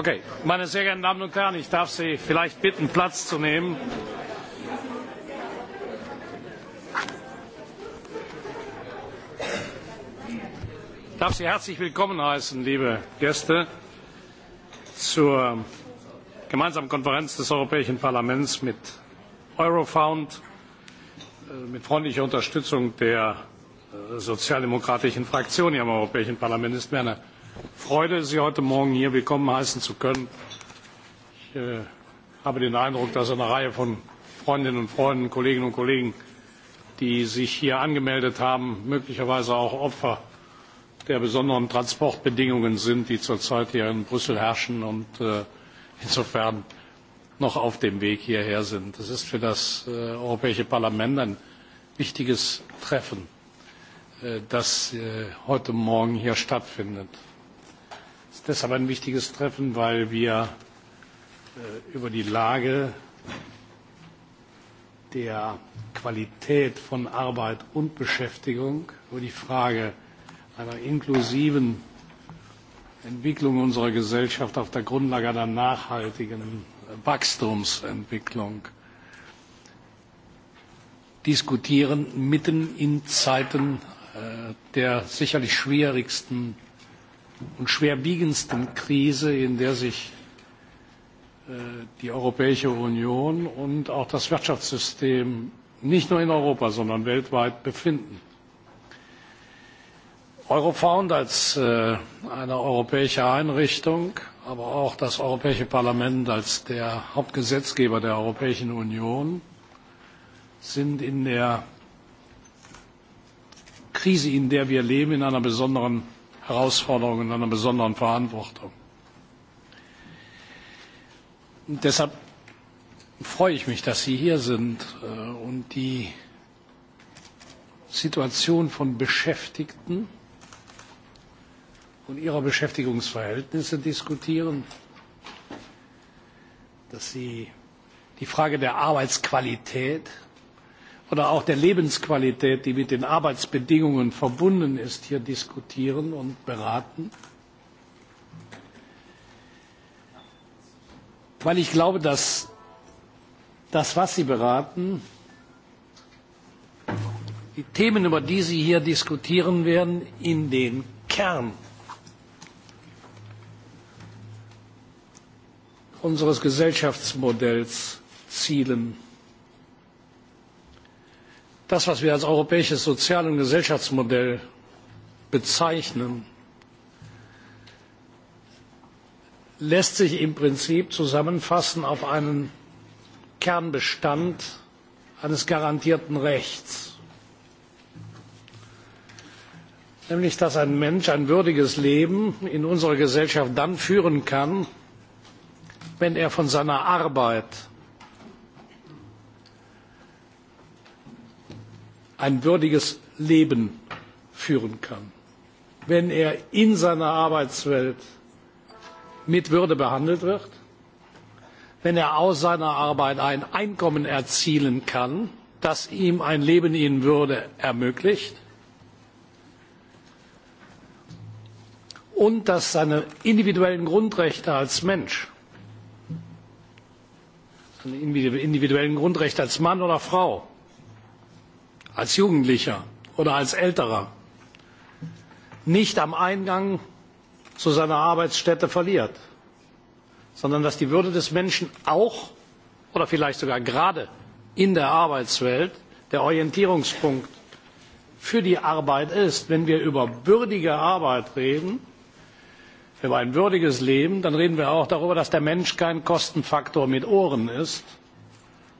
Okay, meine sehr geehrten Damen und Herren, ich darf Sie vielleicht bitten, Platz zu nehmen. Ich darf Sie herzlich willkommen heißen, liebe Gäste, zur gemeinsamen Konferenz des Europäischen Parlaments mit Eurofound äh, mit freundlicher Unterstützung der äh, sozialdemokratischen Fraktion hier im Europäischen Parlament ist mir eine Freude, Sie heute Morgen hier willkommen heißen zu können. Ich äh, habe den Eindruck, dass eine Reihe von Freundinnen und Freunden, Kolleginnen und Kollegen, die sich hier angemeldet haben, möglicherweise auch Opfer der besonderen Transportbedingungen sind, die zurzeit hier in Brüssel herrschen und äh, insofern noch auf dem Weg hierher sind. Das ist für das äh, Europäische Parlament ein wichtiges Treffen, äh, das äh, heute Morgen hier stattfindet ist deshalb ein wichtiges Treffen, weil wir äh, über die Lage der Qualität von Arbeit und Beschäftigung, über die Frage einer inklusiven Entwicklung unserer Gesellschaft auf der Grundlage einer nachhaltigen Wachstumsentwicklung diskutieren, mitten in Zeiten äh, der sicherlich schwierigsten und schwerwiegendsten Krise, in der sich äh, die Europäische Union und auch das Wirtschaftssystem nicht nur in Europa, sondern weltweit befinden. Eurofound als äh, eine europäische Einrichtung, aber auch das Europäische Parlament als der Hauptgesetzgeber der Europäischen Union sind in der Krise, in der wir leben, in einer besonderen Herausforderung und einer besonderen Verantwortung. Und deshalb freue ich mich, dass Sie hier sind äh, und die Situation von Beschäftigten und ihrer Beschäftigungsverhältnisse diskutieren, dass Sie die Frage der Arbeitsqualität oder auch der Lebensqualität, die mit den Arbeitsbedingungen verbunden ist, hier diskutieren und beraten. Weil ich glaube, dass das, was Sie beraten, die Themen, über die Sie hier diskutieren werden, in den Kern unseres Gesellschaftsmodells zielen das, was wir als europäisches Sozial- und Gesellschaftsmodell bezeichnen, lässt sich im Prinzip zusammenfassen auf einen Kernbestand eines garantierten Rechts. Nämlich, dass ein Mensch ein würdiges Leben in unserer Gesellschaft dann führen kann, wenn er von seiner Arbeit ein würdiges Leben führen kann, wenn er in seiner Arbeitswelt mit Würde behandelt wird, wenn er aus seiner Arbeit ein Einkommen erzielen kann, das ihm ein Leben in Würde ermöglicht und dass seine individuellen Grundrechte als Mensch, seine individuellen Grundrechte als Mann oder Frau als Jugendlicher oder als Älterer nicht am Eingang zu seiner Arbeitsstätte verliert, sondern dass die Würde des Menschen auch oder vielleicht sogar gerade in der Arbeitswelt der Orientierungspunkt für die Arbeit ist. Wenn wir über würdige Arbeit reden, über ein würdiges Leben, dann reden wir auch darüber, dass der Mensch kein Kostenfaktor mit Ohren ist,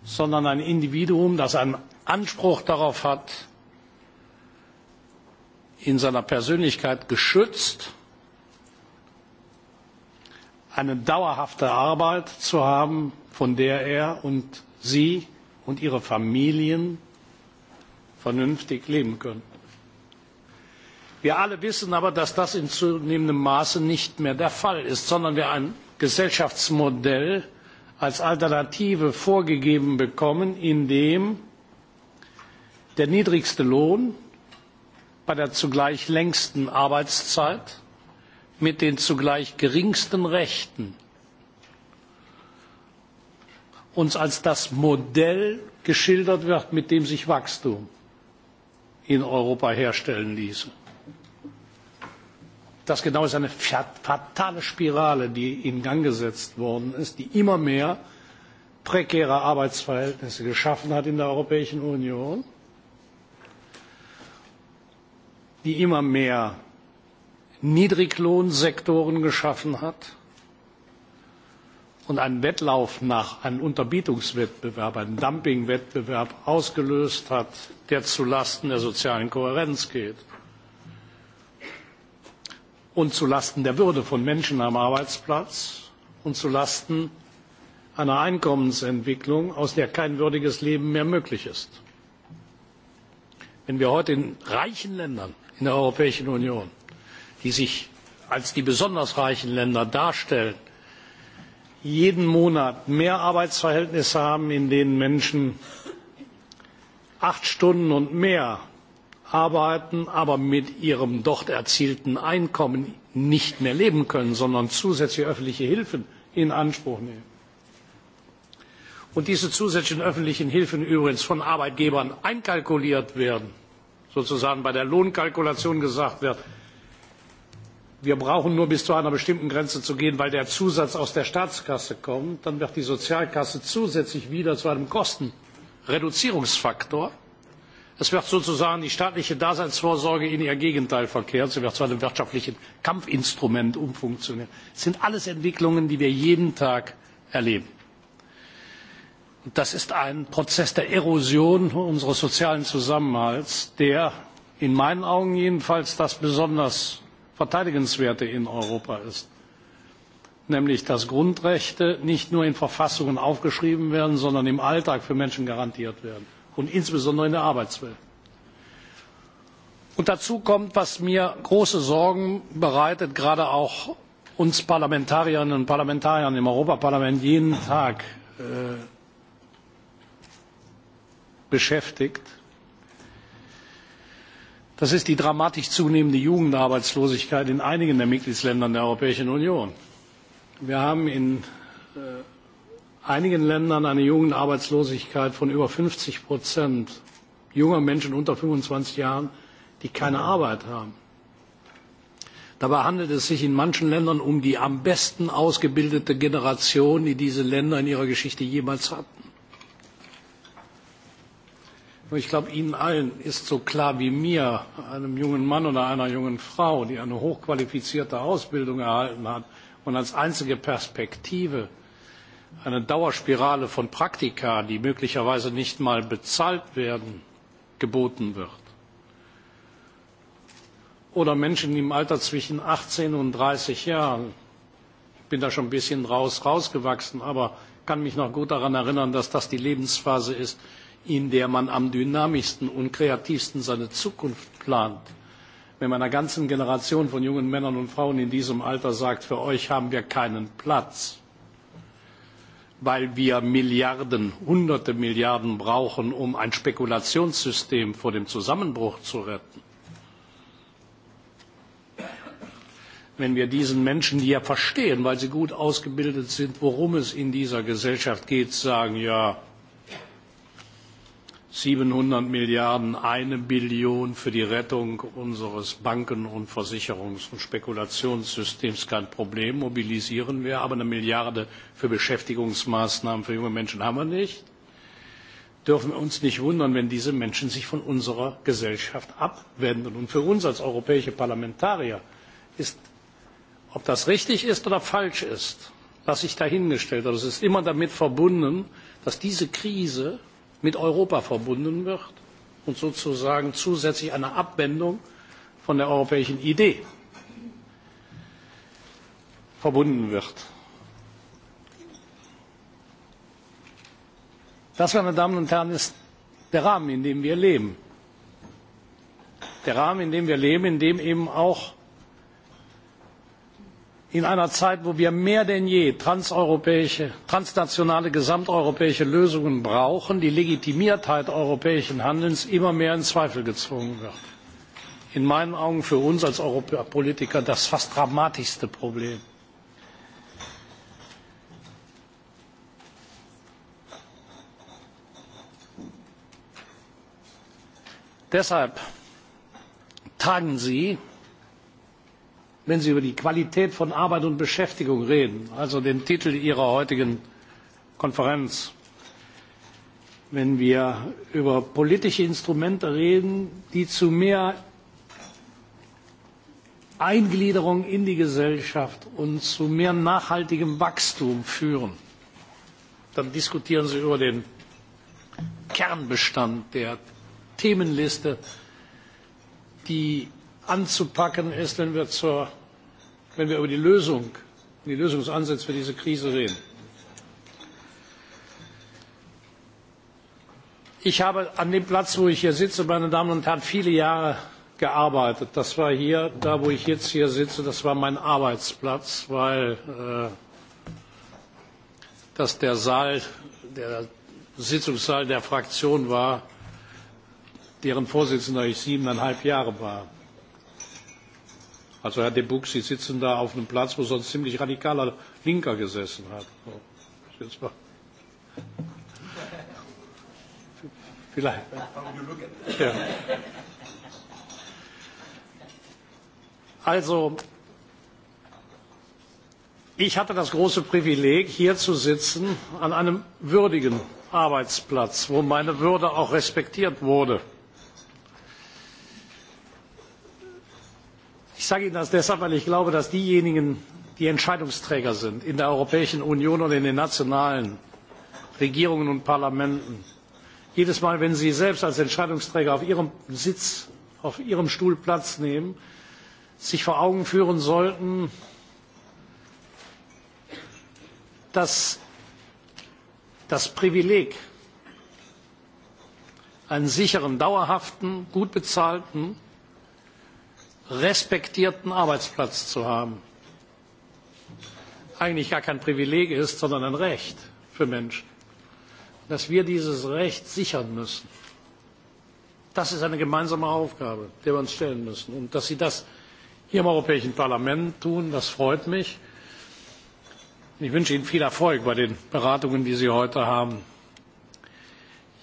sondern ein Individuum, das Anspruch darauf hat, in seiner Persönlichkeit geschützt, eine dauerhafte Arbeit zu haben, von der er und sie und ihre Familien vernünftig leben können. Wir alle wissen aber, dass das in zunehmendem Maße nicht mehr der Fall ist, sondern wir ein Gesellschaftsmodell als Alternative vorgegeben bekommen, in dem der niedrigste Lohn bei der zugleich längsten Arbeitszeit mit den zugleich geringsten Rechten uns als das Modell geschildert wird, mit dem sich Wachstum in Europa herstellen ließe. Das genau ist eine fatale Spirale, die in Gang gesetzt worden ist, die immer mehr prekäre Arbeitsverhältnisse geschaffen hat in der Europäischen Union die immer mehr Niedriglohnsektoren geschaffen hat und einen Wettlauf nach, einem Unterbietungswettbewerb, einen Dumpingwettbewerb ausgelöst hat, der zulasten der sozialen Kohärenz geht und zulasten der Würde von Menschen am Arbeitsplatz und zulasten einer Einkommensentwicklung, aus der kein würdiges Leben mehr möglich ist. Wenn wir heute in reichen Ländern in der Europäischen Union, die sich als die besonders reichen Länder darstellen, jeden Monat mehr Arbeitsverhältnisse haben, in denen Menschen acht Stunden und mehr arbeiten, aber mit ihrem dort erzielten Einkommen nicht mehr leben können, sondern zusätzliche öffentliche Hilfen in Anspruch nehmen. Und diese zusätzlichen öffentlichen Hilfen übrigens von Arbeitgebern einkalkuliert werden, sozusagen bei der Lohnkalkulation gesagt wird, wir brauchen nur bis zu einer bestimmten Grenze zu gehen, weil der Zusatz aus der Staatskasse kommt, dann wird die Sozialkasse zusätzlich wieder zu einem Kostenreduzierungsfaktor. Es wird sozusagen die staatliche Daseinsvorsorge in ihr Gegenteil verkehrt. Sie wird zu einem wirtschaftlichen Kampfinstrument umfunktioniert. Es sind alles Entwicklungen, die wir jeden Tag erleben. Das ist ein Prozess der Erosion unseres sozialen Zusammenhalts, der in meinen Augen jedenfalls das besonders Verteidigenswerte in Europa ist. Nämlich, dass Grundrechte nicht nur in Verfassungen aufgeschrieben werden, sondern im Alltag für Menschen garantiert werden. Und insbesondere in der Arbeitswelt. Und dazu kommt, was mir große Sorgen bereitet, gerade auch uns Parlamentarierinnen und Parlamentariern im Europaparlament jeden Tag. Äh, beschäftigt. Das ist die dramatisch zunehmende Jugendarbeitslosigkeit in einigen der Mitgliedsländern der Europäischen Union. Wir haben in äh, einigen Ländern eine Jugendarbeitslosigkeit von über 50 Prozent junger Menschen unter 25 Jahren, die keine Arbeit haben. Dabei handelt es sich in manchen Ländern um die am besten ausgebildete Generation, die diese Länder in ihrer Geschichte jemals hatten ich glaube, Ihnen allen ist so klar wie mir, einem jungen Mann oder einer jungen Frau, die eine hochqualifizierte Ausbildung erhalten hat und als einzige Perspektive eine Dauerspirale von Praktika, die möglicherweise nicht mal bezahlt werden, geboten wird. Oder Menschen im Alter zwischen 18 und 30 Jahren. Ich bin da schon ein bisschen raus, rausgewachsen, aber kann mich noch gut daran erinnern, dass das die Lebensphase ist, in der man am dynamischsten und kreativsten seine Zukunft plant, wenn man einer ganzen Generation von jungen Männern und Frauen in diesem Alter sagt, für euch haben wir keinen Platz, weil wir Milliarden, hunderte Milliarden brauchen, um ein Spekulationssystem vor dem Zusammenbruch zu retten. Wenn wir diesen Menschen, die ja verstehen, weil sie gut ausgebildet sind, worum es in dieser Gesellschaft geht, sagen, ja, 700 Milliarden, eine Billion für die Rettung unseres Banken- und Versicherungs- und Spekulationssystems kein Problem, mobilisieren wir, aber eine Milliarde für Beschäftigungsmaßnahmen für junge Menschen haben wir nicht. Dürfen wir uns nicht wundern, wenn diese Menschen sich von unserer Gesellschaft abwenden. Und für uns als europäische Parlamentarier ist, ob das richtig ist oder falsch ist, was sich dahingestellt hat, es ist immer damit verbunden, dass diese Krise mit Europa verbunden wird und sozusagen zusätzlich eine Abwendung von der europäischen Idee verbunden wird. Das, meine Damen und Herren, ist der Rahmen, in dem wir leben. Der Rahmen, in dem wir leben, in dem eben auch in einer Zeit, wo wir mehr denn je transeuropäische, transnationale, gesamteuropäische Lösungen brauchen, die Legitimiertheit europäischen Handelns immer mehr in Zweifel gezwungen wird. In meinen Augen für uns als Europapolitiker das fast dramatischste Problem. Deshalb tagen Sie wenn Sie über die Qualität von Arbeit und Beschäftigung reden, also den Titel Ihrer heutigen Konferenz, wenn wir über politische Instrumente reden, die zu mehr Eingliederung in die Gesellschaft und zu mehr nachhaltigem Wachstum führen, dann diskutieren Sie über den Kernbestand der Themenliste, die anzupacken ist, wenn wir, zur, wenn wir über die Lösung, die Lösungsansätze für diese Krise reden. Ich habe an dem Platz, wo ich hier sitze, meine Damen und Herren, viele Jahre gearbeitet. Das war hier, da wo ich jetzt hier sitze, das war mein Arbeitsplatz, weil äh, das der Saal, der Sitzungssaal der Fraktion war, deren Vorsitzender ich siebeneinhalb Jahre war. Also Herr de Buch, Sie sitzen da auf einem Platz, wo sonst ziemlich radikaler Linker gesessen hat. So. Vielleicht. Ja. Also, ich hatte das große Privileg, hier zu sitzen, an einem würdigen Arbeitsplatz, wo meine Würde auch respektiert wurde. Ich sage Ihnen das deshalb, weil ich glaube, dass diejenigen, die Entscheidungsträger sind in der Europäischen Union und in den nationalen Regierungen und Parlamenten, jedes Mal, wenn sie selbst als Entscheidungsträger auf ihrem Sitz, auf ihrem Stuhl Platz nehmen, sich vor Augen führen sollten, dass das Privileg, einen sicheren, dauerhaften, gut bezahlten respektierten Arbeitsplatz zu haben, eigentlich gar kein Privileg ist, sondern ein Recht für Menschen, dass wir dieses Recht sichern müssen. Das ist eine gemeinsame Aufgabe, der wir uns stellen müssen. Und dass Sie das hier im Europäischen Parlament tun, das freut mich. Ich wünsche Ihnen viel Erfolg bei den Beratungen, die Sie heute haben.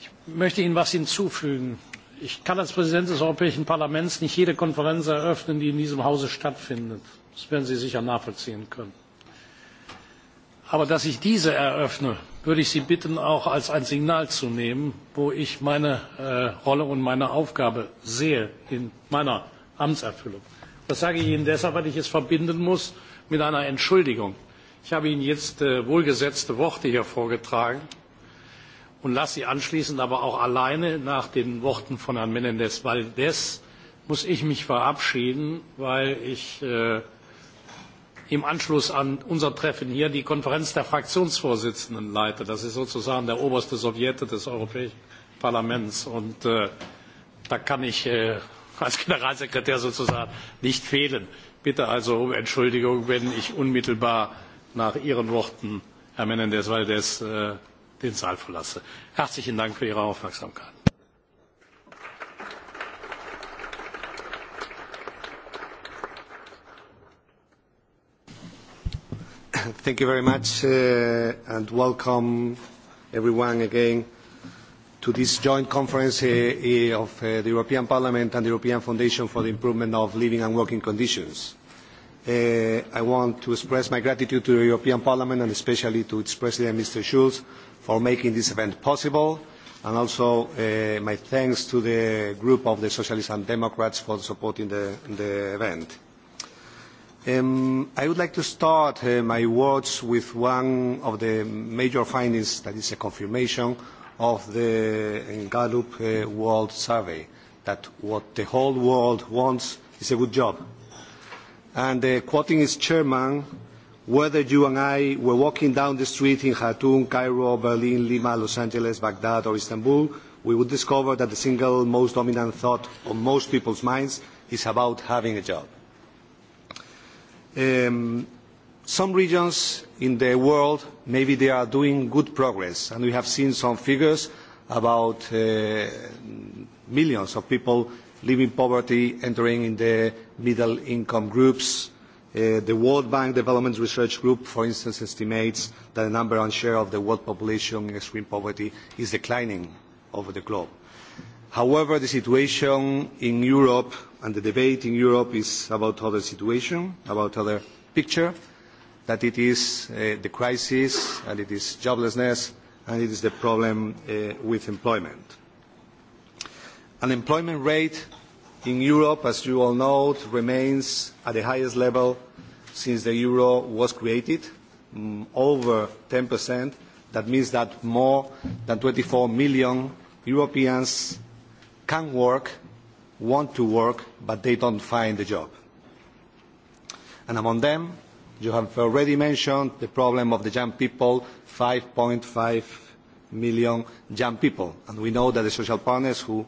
Ich möchte Ihnen etwas hinzufügen ich kann als Präsident des Europäischen Parlaments nicht jede Konferenz eröffnen, die in diesem Hause stattfindet. Das werden Sie sicher nachvollziehen können. Aber dass ich diese eröffne, würde ich Sie bitten, auch als ein Signal zu nehmen, wo ich meine äh, Rolle und meine Aufgabe sehe in meiner Amtserfüllung. Das sage ich Ihnen deshalb, weil ich es verbinden muss mit einer Entschuldigung. Ich habe Ihnen jetzt äh, wohlgesetzte Worte hier vorgetragen und lasse sie anschließend aber auch alleine nach den Worten von Herrn Menendez Valdez muss ich mich verabschieden, weil ich äh, im Anschluss an unser Treffen hier die Konferenz der Fraktionsvorsitzenden leite. Das ist sozusagen der oberste Sowjet des Europäischen Parlaments. Und äh, da kann ich äh, als Generalsekretär sozusagen nicht fehlen. Bitte also um Entschuldigung, wenn ich unmittelbar nach Ihren Worten, Herr Menendez Valdez, äh, den Saal verlasse. Herzlichen Dank für Ihre Aufmerksamkeit. Thank you very much uh, and welcome everyone again to this joint conference uh, uh, of uh, the European Parliament and the European Foundation for the Improvement of Living and Working Conditions. Uh, I want to express my gratitude to the European Parliament and especially to its President, Mr. Schulz, for making this event possible. And also uh, my thanks to the group of the Socialists and Democrats for supporting the, the event. Um, I would like to start uh, my words with one of the major findings that is a confirmation of the Gallup uh, World Survey, that what the whole world wants is a good job. And uh, quoting its chairman, whether you and I were walking down the street in Khartoum, Cairo, Berlin, Lima, Los Angeles, Baghdad or Istanbul, we would discover that the single most dominant thought on most people's minds is about having a job. Um, some regions in the world, maybe they are doing good progress, and we have seen some figures about uh, millions of people leaving poverty, entering in the middle income groups, Uh, the World Bank Development Research Group, for instance, estimates that the number and share of the world population in extreme poverty is declining over the globe. However, the situation in Europe and the debate in Europe is about other situation, about other picture, that it is uh, the crisis and it is joblessness and it is the problem uh, with employment. Unemployment rate in Europe, as you all know, remains at the highest level since the euro was created, um, over 10%. That means that more than 24 million Europeans can work, want to work, but they don't find a job. And among them, you have already mentioned the problem of the young people, 5.5 million young people. And we know that the social partners who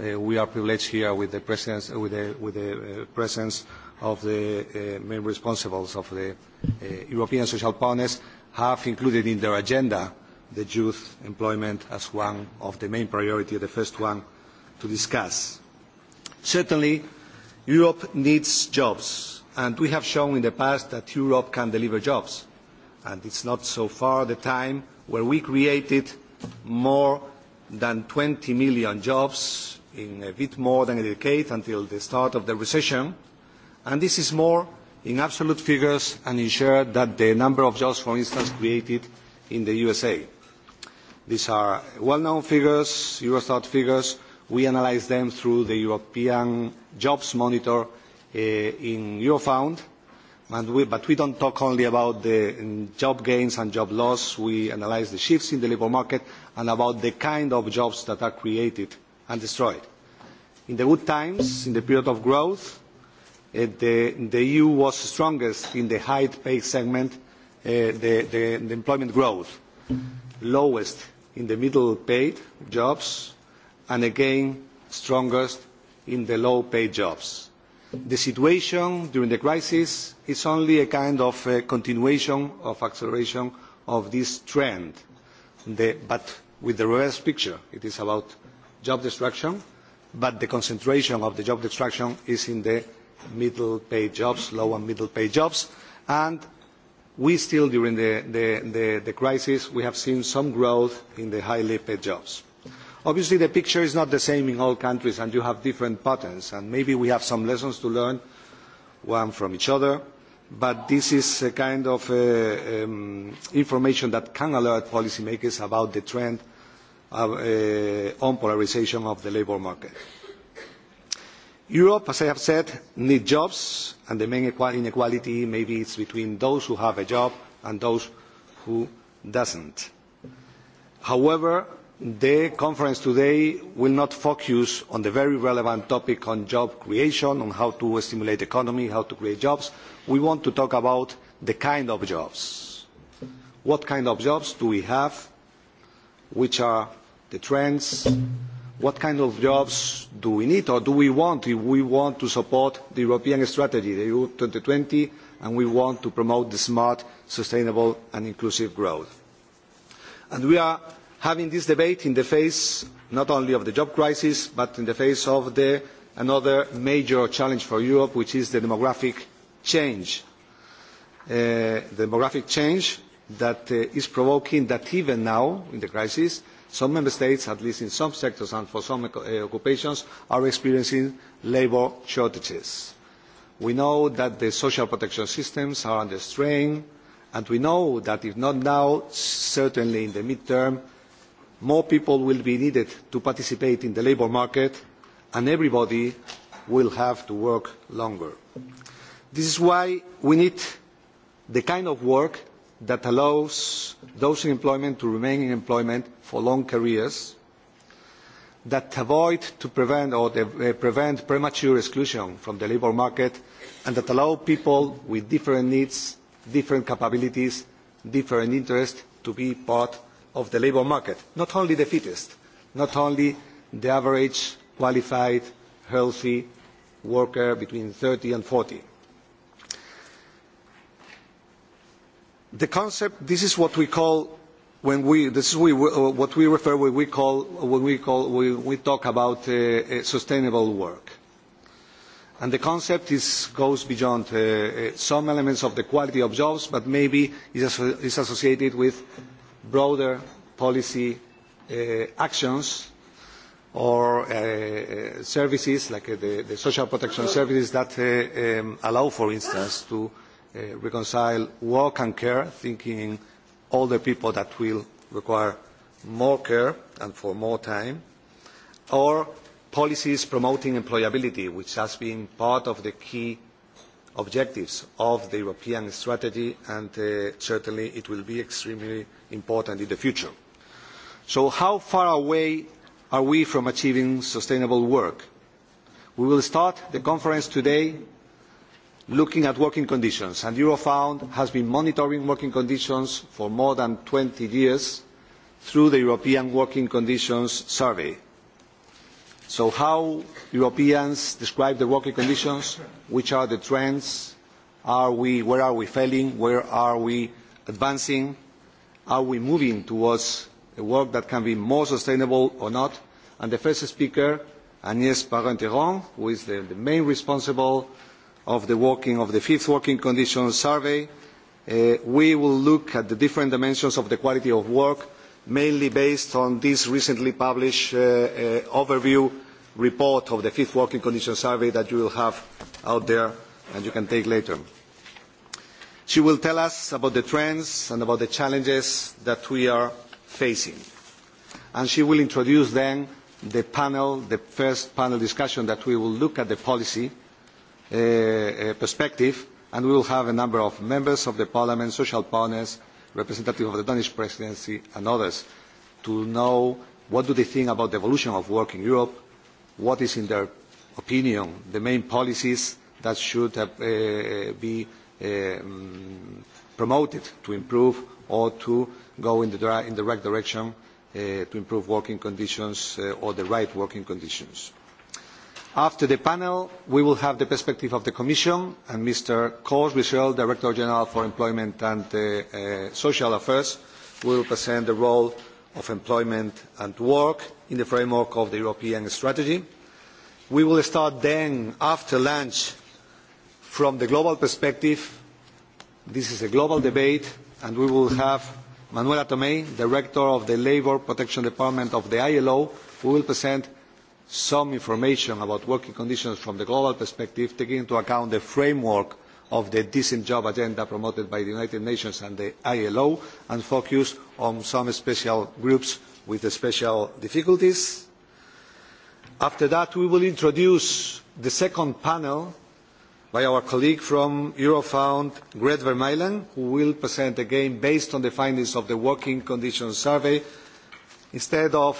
uh, we are privileged here with the presence, with the, with the uh, presence of the uh, main responsibles of the uh, European social partners have included in their agenda the youth employment as one of the main priorities, the first one to discuss. Certainly, Europe needs jobs, and we have shown in the past that Europe can deliver jobs. And it's not so far the time where we created more than 20 million jobs in a bit more than a decade until the start of the recession, And this is more in absolute figures and ensure that the number of jobs, for instance, created in the USA. These are well-known figures, Eurostat figures. We analyse them through the European Jobs Monitor uh, in Eurofound. And we, but we don't talk only about the mm, job gains and job loss. We analyse the shifts in the labour market and about the kind of jobs that are created and destroyed. In the good times, in the period of growth, Uh, the, EU e was strongest in the high pay segment, uh, the, the, the employment growth, lowest in the middle paid jobs, and again strongest in the low paid jobs. The situation during the crisis is only a kind of a uh, continuation of acceleration of this trend, the, but with the reverse picture. It is about job destruction, but the concentration of the job destruction is in the middle paid jobs, low and middle paid jobs, and we still, during the, crisis, we have seen some growth in the highly paid jobs. Obviously, the picture is not the same in all countries, and you have different patterns, and maybe we have some lessons to learn, one from each other, but this is a kind of uh, um, information that can alert policymakers about the trend of, uh, on polarization of the labor market. Europe, as I have said, needs jobs, and the main inequality maybe is between those who have a job and those who doesn't. However, the conference today will not focus on the very relevant topic on job creation, on how to stimulate the economy, how to create jobs. We want to talk about the kind of jobs. What kind of jobs do we have? Which are the trends? what kind of jobs do we need or do we want? If we want to support the European strategy, the EU twenty, and we want to promote the smart, sustainable and inclusive growth. And we are having this debate in the face not only of the job crisis but in the face of the, another major challenge for Europe which is the demographic change. Uh, the demographic change that uh, is provoking that even now in the crisis Some member states, at least in some sectors and for some eh, occupations, are experiencing labour shortages. We know that the social protection systems are under strain, and we know that if not now, certainly in the mid term, more people will be needed to participate in the labour market, and everybody will have to work longer. This is why we need the kind of work that allows those in employment to remain in employment for long careers, that avoid to prevent or eh, prevent premature exclusion from the labour market, and that allow people with different needs, different capabilities, different interests to be part of the labour market. Not only the fittest, not only the average qualified, healthy worker between 30 and 40. the concept, this is what we call when we, this is we, uh, what we refer when we call, when we, call, when we talk about uh, uh, sustainable work. And the concept is, goes beyond uh, uh, some elements of the quality of jobs, but maybe is, is associated with broader policy uh, actions or uh, services like uh, the, the social protection services that uh, um, allow, for instance, to uh, uh, reconcile work and care, thinking all the people that will require more care and for more time, or policies promoting employability, which has been part of the key objectives of the European strategy, and uh, certainly it will be extremely important in the future. So how far away are we from achieving sustainable work? We will start the conference today looking at working conditions, and Eurofound has been monitoring working conditions for more than twenty years through the European Working Conditions Survey. So how Europeans describe the working conditions, which are the trends, are we, where are we failing, where are we advancing, are we moving towards a work that can be more sustainable or not, and the first speaker, Agnès parent who is the, the main responsible of the working of the fifth working conditions survey, uh, we will look at the different dimensions of the quality of work, mainly based on this recently published uh, uh, overview report of the fifth working conditions survey that you will have out there and you can take later. She will tell us about the trends and about the challenges that we are facing. And she will introduce then the panel, the first panel discussion that we will look at the policy Uh, uh, perspective, and we will have a number of members of the Parliament, social partners, representatives of the Danish presidency, and others to know what do they think about the evolution of work in Europe, what is in their opinion the main policies that should uh, be uh, promoted to improve or to go in the, in the right direction uh, to improve working conditions uh, or the right working conditions. After the panel, we will have the perspective of the Commission and Mr. Kors Michel, Director General for Employment and uh, uh, Social Affairs, will present the role of employment and work in the framework of the European strategy. We will start then, after lunch, from the global perspective. This is a global debate, and we will have Manuela Tomei, Director of the Labour Protection Department of the ILO, who will present some information about working conditions from the global perspective, taking into account the framework of the decent job agenda promoted by the United Nations and the ILO, and focus on some special groups with special difficulties. After that, we will introduce the second panel by our colleague from Eurofound, Gret Vermeulen, who will present again based on the findings of the Working Conditions Survey, instead of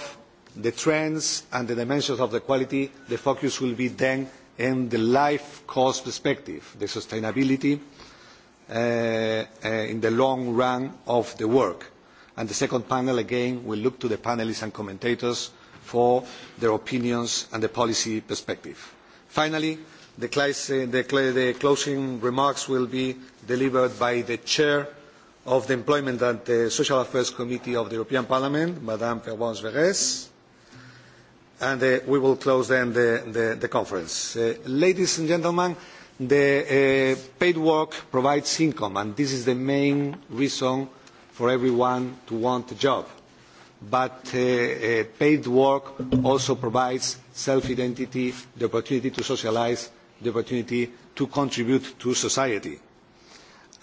the trends and the dimensions of the quality, the focus will be then in the life cost perspective, the sustainability uh, uh, in the long run of the work. And the second panel, again, will look to the panelists and commentators for their opinions and the policy perspective. Finally, the, uh, the, the closing remarks will be delivered by the chair of the Employment and the uh, Social Affairs Committee of the European Parliament, Madame Pervance Verres and uh, we will close then the, the, the conference. Uh, ladies and gentlemen, the uh, paid work provides income, and this is the main reason for everyone to want a job. But uh, uh, paid work also provides self-identity, the opportunity to socialize, the opportunity to contribute to society.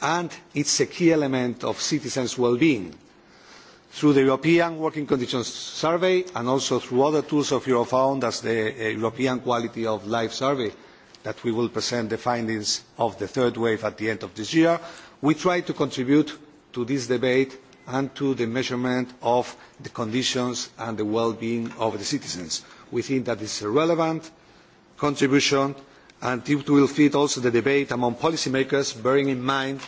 And it's a key element of citizens' well-being through the European Working Conditions Survey and also through other tools of Eurofound as the uh, European Quality of Life Survey that we will present the findings of the third wave at the end of this year, we try to contribute to this debate and to the measurement of the conditions and the well-being of the citizens. We think that is a relevant contribution and it will feed also the debate among policymakers, bearing in mind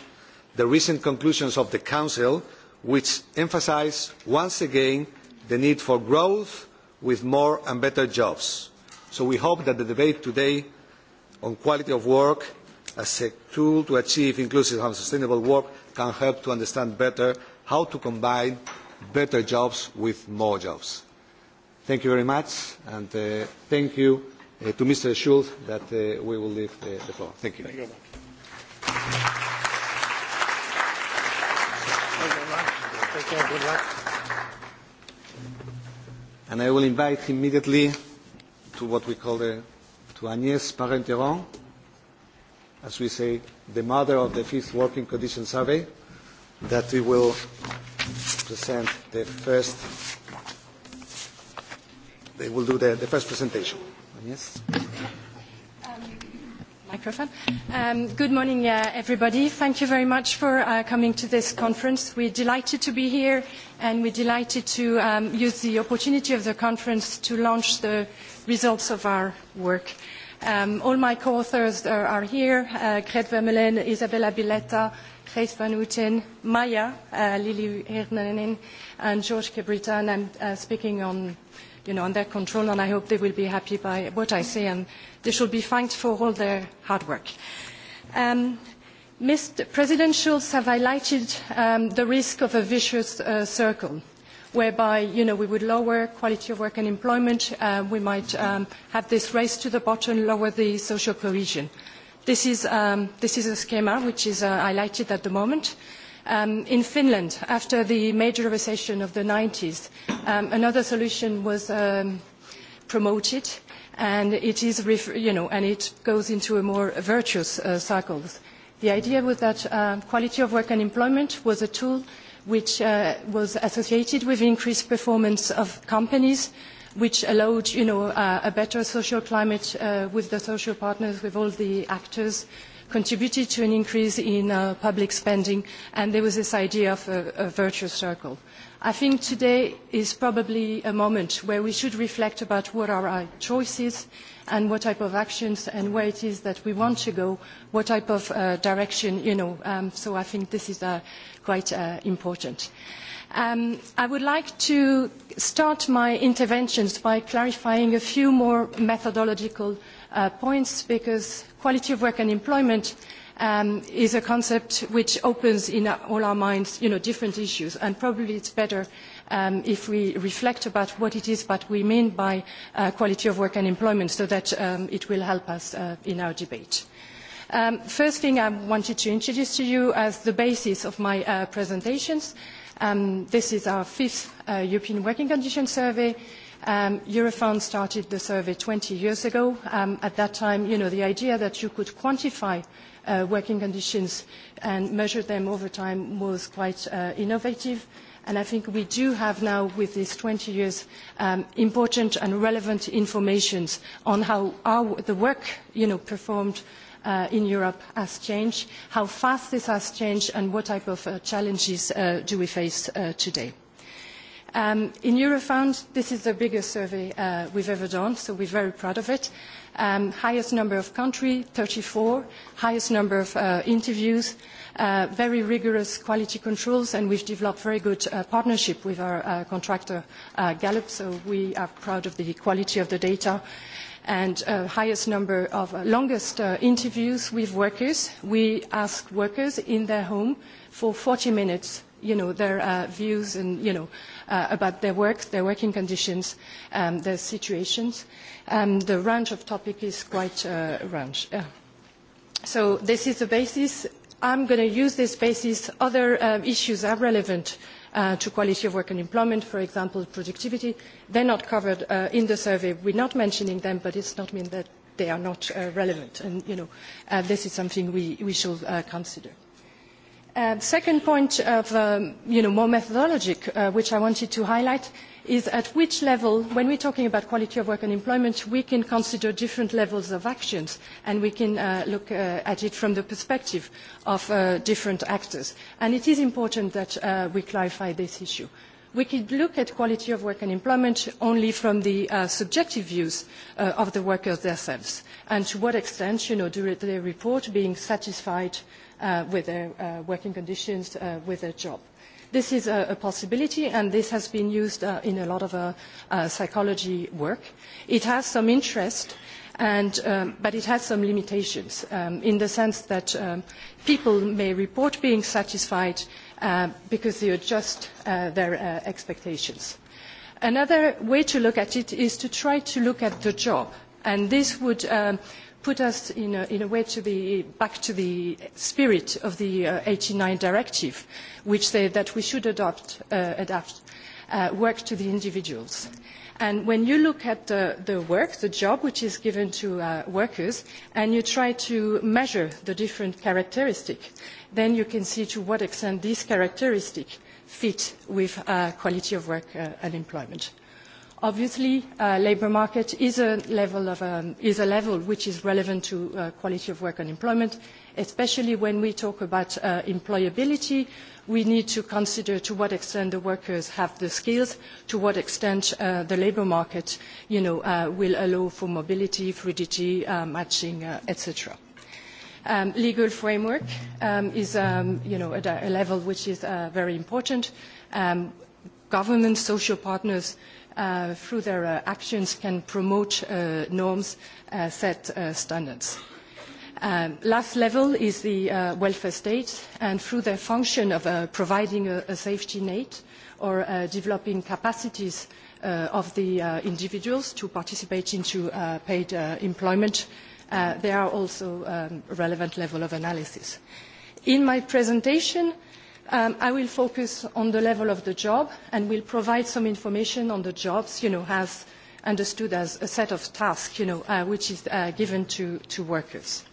the recent conclusions of the Council which emphasise once again the need for growth with more and better jobs. So we hope that the debate today on quality of work as a tool to achieve inclusive and sustainable work can help to understand better how to combine better jobs with more jobs. Thank you very much, and uh, thank you uh, to Mr. Schulz that uh, we will leave the, uh, the floor. Thank you. Thank you And I will invite immediately to what we call the, to Agnès Parenteron, as we say, the mother of the fifth working condition survey, that we will present the first, they will do the, the first presentation. Agnès? microphone. Um, good morning, uh, everybody. Thank you very much for uh, coming to this conference. We're delighted to be here, and we're delighted to um, use the opportunity of the conference to launch the results of our work. Um, all my co-authors are, are here, uh, Gret Vermeulen, Isabella Biletta, Gijs van Houten, Maya, uh, Lili Hirnanen, and George Kebrita, and I'm uh, speaking on you know, under control, and I hope they will be happy by what I say, and they should be thanked for all their hard work. Um, Mr. President Schulz have highlighted um, the risk of a vicious uh, circle whereby you know, we would lower quality of work and employment, uh, we might um, have this race to the bottom, lower the social cohesion. This is, um, this is a schema which is uh, highlighted at the moment. Um, in Finland, after the major recession of the 90s, um, another solution was um, promoted, and it, is you know, and it goes into a more virtuous uh, cycle. The idea was that uh, quality of work and employment was a tool which uh, was associated with increased performance of companies, which allowed you know, uh, a better social climate uh, with the social partners, with all the actors, contributed to an increase in uh, public spending, and there was this idea of a, a virtuous circle. I think today is probably a moment where we should reflect about what are our choices and what type of actions and where it is that we want to go, what type of uh, direction, you know. Um, so I think this is uh, quite uh, important. Um, I would like to start my interventions by clarifying a few more methodological uh, points because quality of work and employment um, is a concept which opens in all our minds you know, different issues and probably it's better um, if we reflect about what it is that we mean by uh, quality of work and employment so that um, it will help us uh, in our debate. Um, first thing I wanted to introduce to you as the basis of my uh, presentations, um, this is our fifth uh, European Working Conditions Survey Um, Eurofound started the survey 20 years ago. Um, at that time, you know, the idea that you could quantify uh, working conditions and measure them over time was quite uh, innovative. And I think we do have now, with these 20 years, um, important and relevant information on how our, the work you know, performed uh, in Europe has changed, how fast this has changed, and what type of uh, challenges uh, do we face uh, today. Um, in Eurofound, this is the biggest survey uh, we've ever done, so we're very proud of it. Um, highest number of country, 34, highest number of uh, interviews, uh, very rigorous quality controls, and we've developed very good uh, partnership with our uh, contractor uh, Gallup, so we are proud of the quality of the data and uh, highest number of uh, longest uh, interviews with workers. We ask workers in their home for 40 minutes, you know, their uh, views and, you know, uh, about their work, their working conditions, um, their situations. Um, the range of topic is quite a uh, range. Uh, so this is the basis. I'm going to use this basis. Other uh, issues are relevant uh, to quality of work and employment, for example, productivity. They're not covered uh, in the survey. We're not mentioning them, but it's not mean that they are not uh, relevant. And, you know, uh, this is something we, we should uh, consider. Uh, second point of um, you know, more methodologic, uh, which I wanted to highlight, is at which level, when we're talking about quality of work and employment, we can consider different levels of actions and we can uh, look uh, at it from the perspective of uh, different actors. And it is important that uh, we clarify this issue. We could look at quality of work and employment only from the uh, subjective views uh, of the workers themselves and to what extent you know, do they report being satisfied uh, with their uh, working conditions, uh, with their job. This is a, a possibility, and this has been used uh, in a lot of uh, uh, psychology work. It has some interest, and, um, but it has some limitations um, in the sense that um, people may report being satisfied uh, because they adjust uh, their uh, expectations. Another way to look at it is to try to look at the job, and this would um, put us in a, in a way to the, back to the spirit of the uh, 89 directive, which said that we should adopt, uh, adapt uh, work to the individuals. And when you look at the, the work, the job which is given to uh, workers, and you try to measure the different characteristics, then you can see to what extent these characteristics fit with uh, quality of work uh, and employment. Obviously, uh, labour market is a, level of, um, is a level which is relevant to uh, quality of work and employment, especially when we talk about uh, employability. We need to consider to what extent the workers have the skills, to what extent uh, the labour market you know, uh, will allow for mobility, fluidity, uh, matching, uh, etc. Um, legal framework um, is um, you know, at a, a level which is uh, very important. Um, governments, social partners, uh, through their uh, actions, can promote uh, norms, uh, set uh, standards. Um, last level is the uh, welfare state, and through their function of uh, providing a, a safety net or uh, developing capacities uh, of the uh, individuals to participate into uh, paid uh, employment, uh, are also um, relevant level of analysis. In my presentation, Um, I will focus on the level of the job and will provide some information on the jobs, you know, as understood as a set of tasks, you know, uh, which is uh, given to, to workers.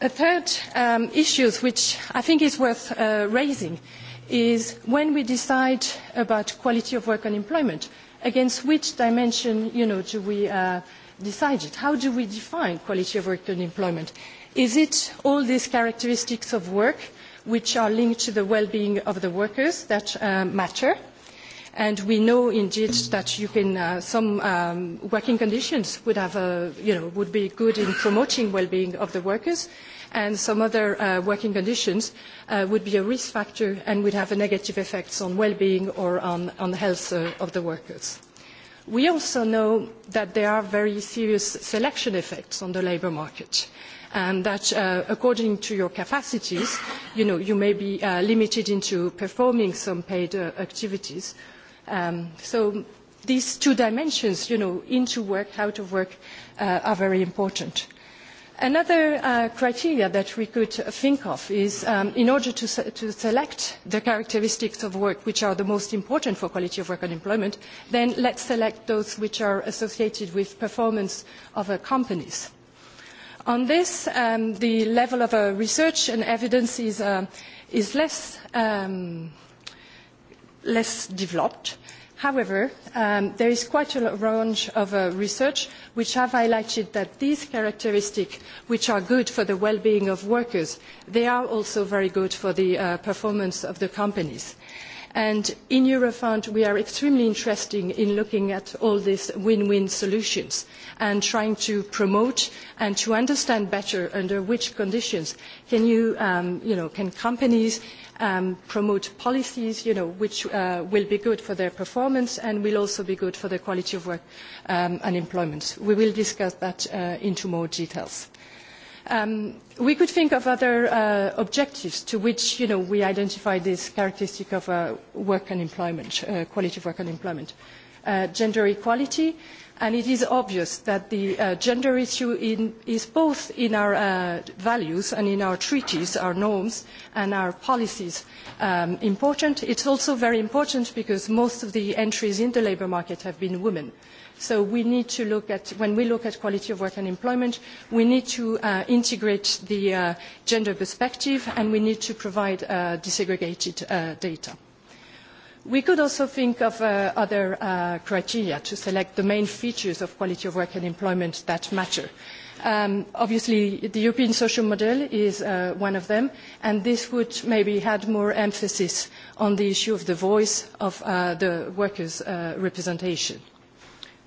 A third um, issue which I think is worth uh, raising is when we decide about quality of work and employment, against which dimension you know, do we uh, decide it? How do we define quality of work and employment? Is it all these characteristics of work which are linked to the well-being of the workers that uh, matter. And we know indeed that you can, uh, some um, working conditions would, have a, you know, would be good in promoting well-being of the workers, and some other uh, working conditions uh, would be a risk factor and would have a negative effects on well-being or on, on the health uh, of the workers. We also know that there are very serious selection effects on the labour market. Uh, and that uh, according to your capacities, you, know, you may be uh, limited into performing some paid uh, activities. Um, so these two dimensions, you know, into work, out of work, uh, are very important. Another uh, criteria that we could think of is um, in order to, se to select the characteristics of work which are the most important for quality of work and employment, then let's select those which are associated with performance of uh, companies. On this, um, the level of uh, research and evidence is, uh, is less, um, less developed. However, um, there is quite a range of uh, research which have highlighted that these characteristics, which are good for the well-being of workers, they are also very good for the uh, performance of the companies. And in Eurofund, we are extremely interested in looking at all these win-win solutions and trying to promote and to understand better under which conditions can, you, um, you know, can companies um, promote policies you know, which uh, will be good for their performance and will also be good for the quality of work um, and employment. We will discuss that uh, into more details. Um, we could think of other uh, objectives to which you know, we identify this characteristic of uh, work and employment, uh, quality of work and employment. Uh, gender equality, and it is obvious that the uh, gender issue in, is both in our uh, values and in our treaties, our norms and our policies um, important. It's also very important because most of the entries in the labour market have been women. Uh, So we need to look at, when we look at quality of work and employment, we need to uh, integrate the uh, gender perspective and we need to provide uh, desegregated uh, data. We could also think of uh, other uh, criteria to select the main features of quality of work and employment that matter. Um, obviously, the European social model is uh, one of them, and this would maybe add more emphasis on the issue of the voice of uh, the workers' uh, representation.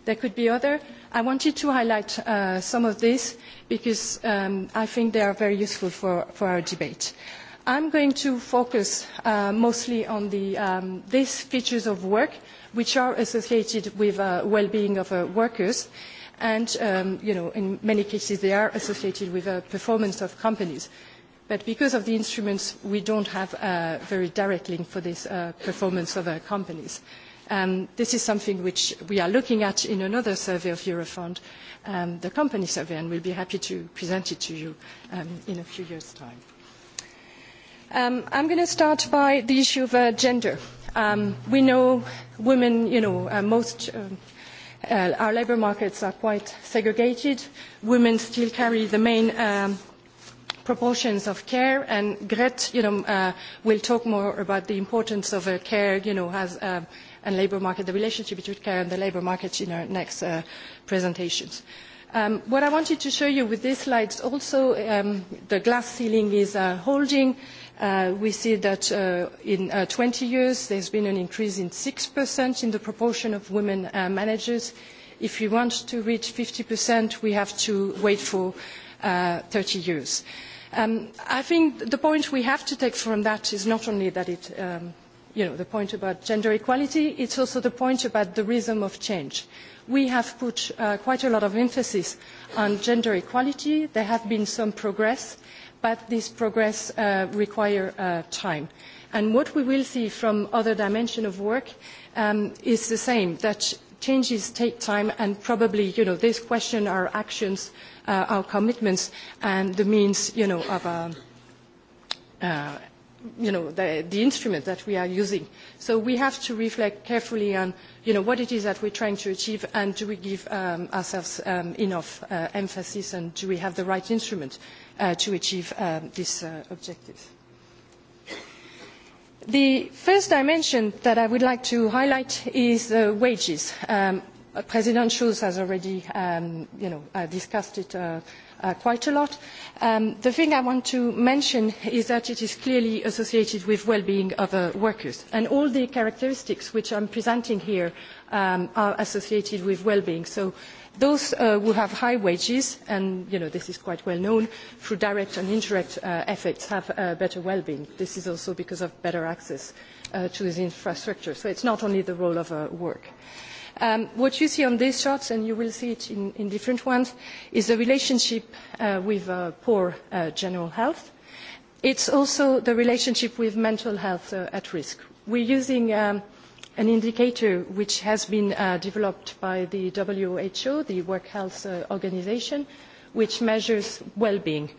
There could be other. I wanted to highlight uh, some of these because um, I think they are very useful for, for our debate. I'm going to focus uh, mostly on the, um, these features of work which are associated with uh, well-being of uh, workers and um, you know, in many cases they are associated with uh, performance of companies. But because of the instruments, we don't have a very direct link for this uh, performance of uh, companies. Um, this is something which we are looking at in another survey of Eurofund, um, the company survey, and we'll be happy to present it to you um, in a few years' time. Um, I'm going to start by the issue of uh, gender. Um, we know women, you know, uh, most, uh uh, our labour markets are quite segregated. Women still carry the main um, proportions of care, and Gret, you know, uh, will talk more about the importance of uh, care, you know, as uh, and labour market, the relationship between care and the labour market in our next uh, presentations. Um, what I wanted to show you with this slide is also um, the glass ceiling is uh, holding. Uh, we see that uh, in uh, 20 years there's been an increase in 6% in the proportion of women uh, managers. If we want to reach 50%, we have to wait for uh, 30 years. Um, I think the point we have to take from that is not only that it um, you know, the point about gender equality, it's also the point about the rhythm of change. We have put uh, quite a lot of emphasis on gender equality. There have been some progress, but this progress uh, requires uh, time. And what we will see from other dimensions of work um, is the same, that changes take time and probably, you know, this question our actions, uh, our commitments and the means, you know, of um, uh, uh, you know, the, the instrument that we are using. So we have to reflect carefully on, you know, what it is that we're trying to achieve and do we give um, ourselves um, enough uh, emphasis and do we have the right instrument uh, to achieve um, this uh, objective. The first dimension that I would like to highlight is uh, wages. Um, President Schulz has already, um, you know, uh, discussed it uh, uh, quite a lot. Um, the thing I want to mention is that it is clearly associated with well-being of uh, workers, and all the characteristics which I'm presenting here um, are associated with well-being. So those uh, who have high wages, and you know, this is quite well known, through direct and indirect uh, efforts have uh, better well-being. This is also because of better access uh, to the infrastructure. So it's not only the role of uh, work. Uh, Um, what you see on these charts, and you will see it in, in different ones, is the relationship uh, with uh, poor uh, general health. It's also the relationship with mental health uh, at risk. We're using um, an indicator which has been uh, developed by the WHO, the Work Health uh, Organization, which measures well-being.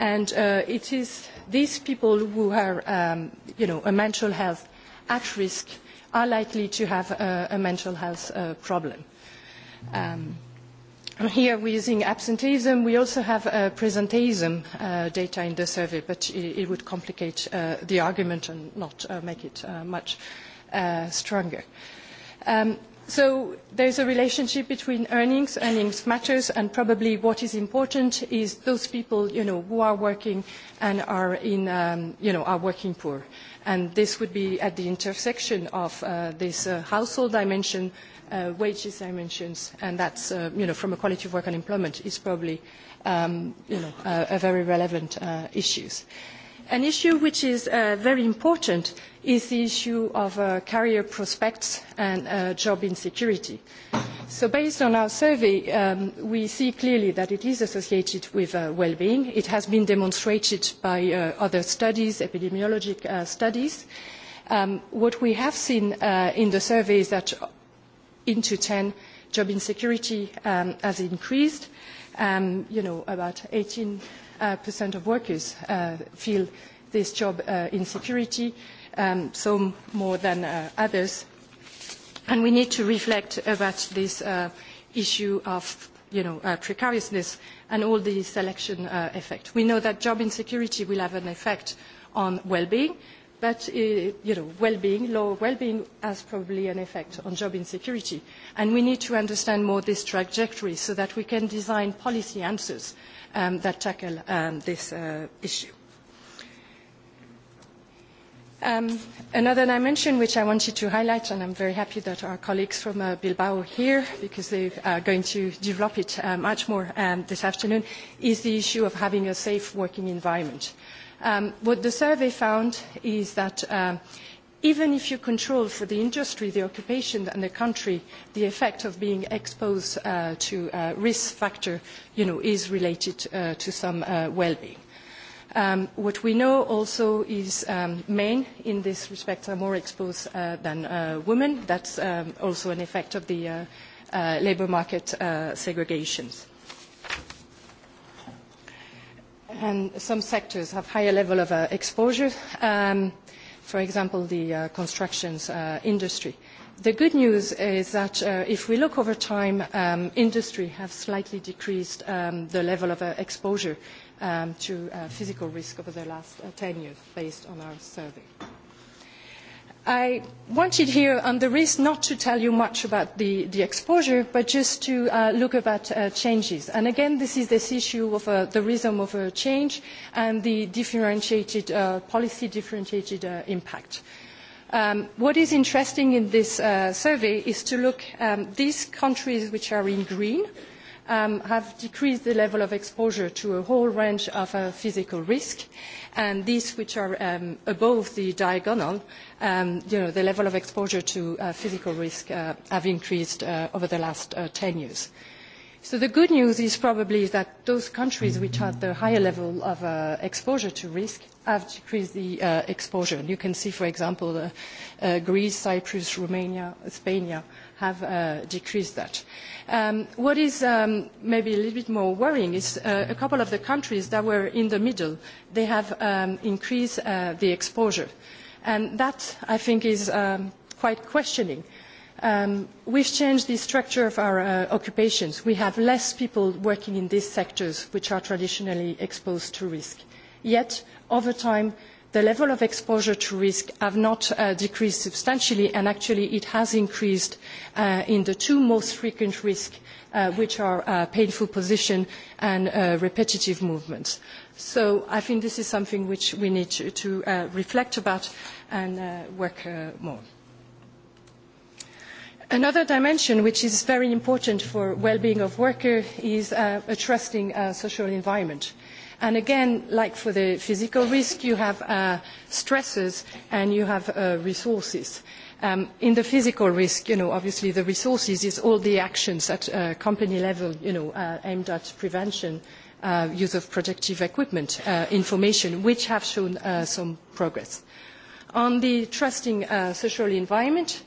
And uh, it is these people who are, um, you know, a mental health at risk are likely to have a, a mental health uh, problem. Um, here we're using absenteeism. We also have uh, presenteeism uh, data in the survey, but it, it would complicate uh, the argument and not uh, make it uh, much uh, stronger. Um, so there's a relationship between earnings, earnings matters, and probably what is important is those people, you know, who are working and are, in, um, you know, are working poor. Uh, And this would be at the intersection of uh, this uh, household dimension, uh, wages dimensions, and that's, uh, you know, from a quality of work and employment is probably, um, you know, a, uh, a very relevant uh, issues. An issue which is uh, very important is the issue of uh, career prospects and uh, job insecurity. So based on our survey, um, we see clearly that it is associated with uh, well-being. It has been demonstrated by uh, other studies, epidemiologic uh, studies. Um, what we have seen uh, in the survey is that into 10, job insecurity um, has increased um, you know, about 18% uh, percent of workers uh, feel this job uh, insecurity, um, some more than uh, others. And we need to reflect about this uh, issue of you know, uh, precariousness and all the selection uh, effect. We know that job insecurity will have an effect on well-being, but uh, you know, well-being, low well-being has probably an effect on job insecurity. And we need to understand more this trajectory so that we can design policy answers um, that tackle um, this uh, issue. Um, another dimension which I wanted to highlight, and I'm very happy that our colleagues from uh, Bilbao are here because they are going to develop it uh, much more um, this afternoon, is the issue of having a safe working environment. Um, what the survey found is that um, even if you control for the industry, the occupation and the country, the effect of being exposed uh, to uh, risk factor you know, is related uh, to some uh, well-being. Um, what we know also is um, men in this respect are more exposed uh, than uh, women. That's um, also an effect of the uh, uh, labour market uh, segregations and some sectors have higher level of uh, exposure, um, for example, the uh, constructions uh, industry. The good news is that uh, if we look over time, um, industry have slightly decreased um, the level of uh, exposure um, to uh, physical risk over the last uh, 10 years based on our survey. I wanted here on the risk not to tell you much about the, the exposure, but just to uh, look about uh, changes. And again, this is this issue of uh, the rhythm of uh, change and the differentiated uh, policy differentiated uh, impact. Um, what is interesting in this uh, survey is to look at um, these countries which are in green um, have decreased the level of exposure to a whole range of uh, physical risk, and these which are um, above the diagonal um, you know, the level of exposure to uh, physical risk uh, have increased uh, over the last uh, 10 years. So the good news is probably that those countries which had the higher level of uh, exposure to risk have decreased the uh, exposure. You can see, for example, uh, uh, Greece, Cyprus, Romania, Spain have uh, decreased that. Um, what is um, maybe a little bit more worrying is uh, a couple of the countries that were in the middle, they have um, increased uh, the exposure. And that, I think, is um, quite questioning. Um, we've changed the structure of our uh, occupations. We have less people working in these sectors which are traditionally exposed to risk. Yet, over time, the level of exposure to risk have not uh, decreased substantially and actually it has increased uh, in the two most frequent risks, uh, which are uh, painful position and uh, repetitive movements. So I think this is something which we need to, to uh, reflect about and uh, work uh, more. Another dimension which is very important for well-being of workers is uh, a trusting uh, social environment. And again, like for the physical risk, you have uh, stresses and you have uh, resources. Um, in the physical risk, you know, obviously the resources is all the actions at uh, company level, you know, uh, aimed at prevention, uh, uh, use of protective equipment uh, information, which have shown uh, some progress. On the trusting uh, social environment,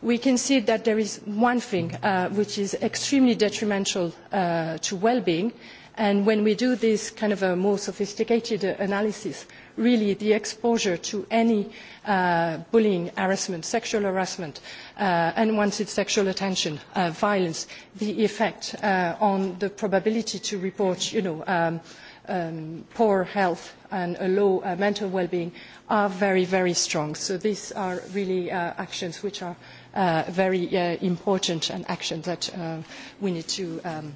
we can see that there is one thing uh, which is extremely detrimental uh, to well-being, and when we do this kind of a more sophisticated analysis, really the exposure to any uh, bullying, harassment, sexual harassment, uh, unwanted sexual attention, uh, violence, the effect uh, on the probability to report, you know, um, um, poor health and a low uh, mental well-being are very, very strong. So these are really uh, actions which are uh, very uh, important and actions that uh, we need to um,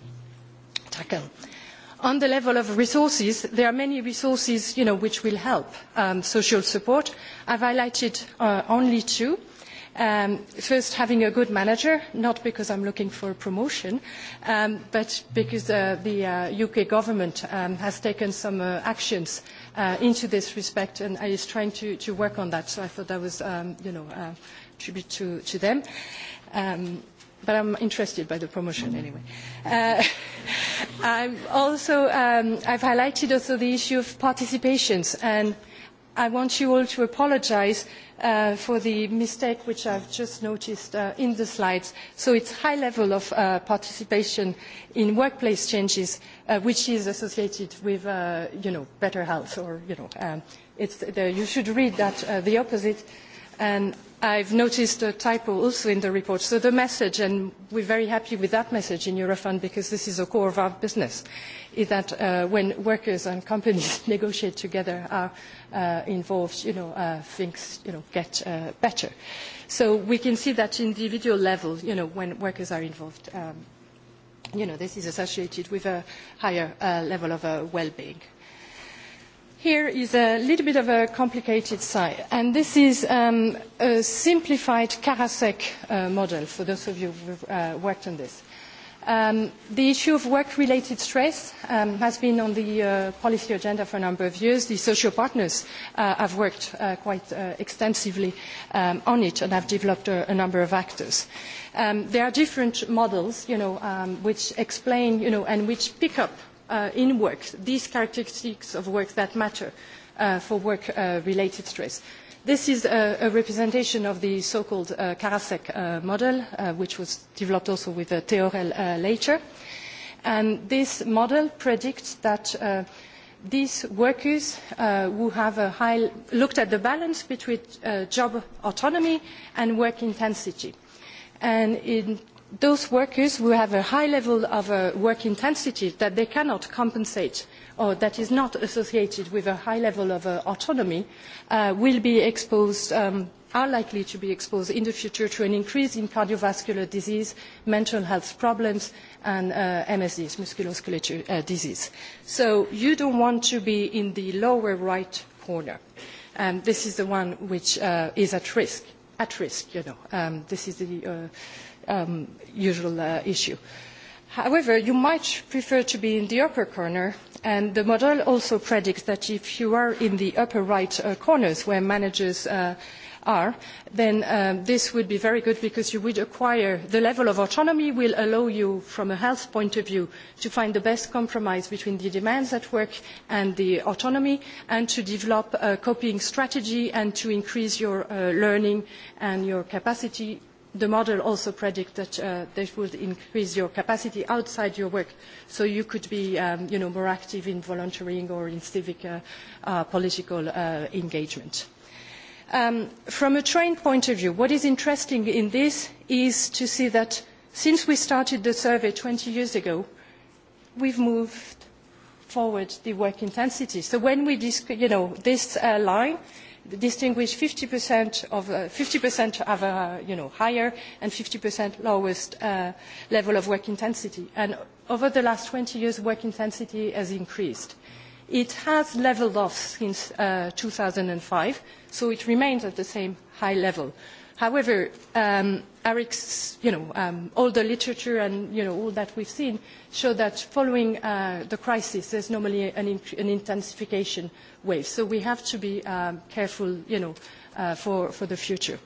tackle. On the level of resources, there are many resources you know, which will help um, social support. I have highlighted uh, only two. Um, first, having a good manager, not because I am looking for a promotion, um, but because uh, the uh, UK government um, has taken some uh, actions uh, into this respect and is trying to, to, work on that. So I thought that was, um, you know, a uh, tribute to, to them. Um, but I'm interested by the promotion anyway. Uh, I'm also, um, I've highlighted also the issue of participations, and I want you all to apologize uh, for the mistake which I've just noticed uh, in the slides. So it's high level of uh, participation in workplace changes, uh, which is associated with, uh, you know, better health or, you know, um, it's the, you should read that uh, the opposite. And I've noticed a typo also in the report. So the message, and we're very happy with that message in Eurofund because this is the core of our business, is that uh, when workers and companies negotiate together, are uh, involved, you know, uh, things you know, get uh, better. So we can see that individual level, you know, when workers are involved, um, you know, this is associated with a higher uh, level of uh, well-being. Here is a little bit of a complicated side, and this is um, a simplified Karasek uh, model, for those of you who uh, worked on this. Um, the issue of work-related stress um, has been on the uh, policy agenda for a number of years. The social partners uh, have worked uh, quite uh, extensively um, on it and have developed a, a number of actors. Um, there are different models, you know, um, which explain, you know, and which pick up uh, in work, these characteristics of work that matter uh, for work-related uh, stress. This is a, a representation of the so-called uh, Karasek uh, model, uh, which was developed also with uh, Theorel uh, later. And this model predicts that uh, these workers uh, who have a high, looked at the balance between uh, job autonomy and work intensity. And it those workers who have a high level of uh, work intensity that they cannot compensate or that is not associated with a high level of uh, autonomy uh, will be exposed, um, are likely to be exposed in the future to an increase in cardiovascular disease, mental health problems and uh, MSDs, musculoskeletal uh, disease. So you don't want to be in the lower right corner. And this is the one which uh, is at risk, at risk, you know. Um, this is the... Uh, um, usual uh, issue. However, you might prefer to be in the upper corner, and the model also predicts that if you are in the upper right uh, corners where managers uh, are, then um, this would be very good because you would acquire the level of autonomy will allow you, from a health point of view, to find the best compromise between the demands at work and the autonomy, and to develop a copying strategy and to increase your uh, learning and your capacity the model also predicts that uh, they would increase your capacity outside your work, so you could be um, you know, more active in volunteering or in civic uh, uh, political uh, engagement. Um, from a trained point of view, what is interesting in this is to see that since we started the survey 20 years ago, we've moved forward the work intensity. So when we, you know, this uh, line, distinguish 50% of uh, 50% of a uh, you know, higher and 50% lowest uh, level of work intensity. And over the last 20 years, work intensity has increased. It has leveled off since uh, 2005, so it remains at the same high level. However, um, Eric's, you know, um, all the literature and you know, all that we've seen show that following uh, the crisis, there's normally an, an intensification wave. So we have to be um, careful you know, uh, for, for the future.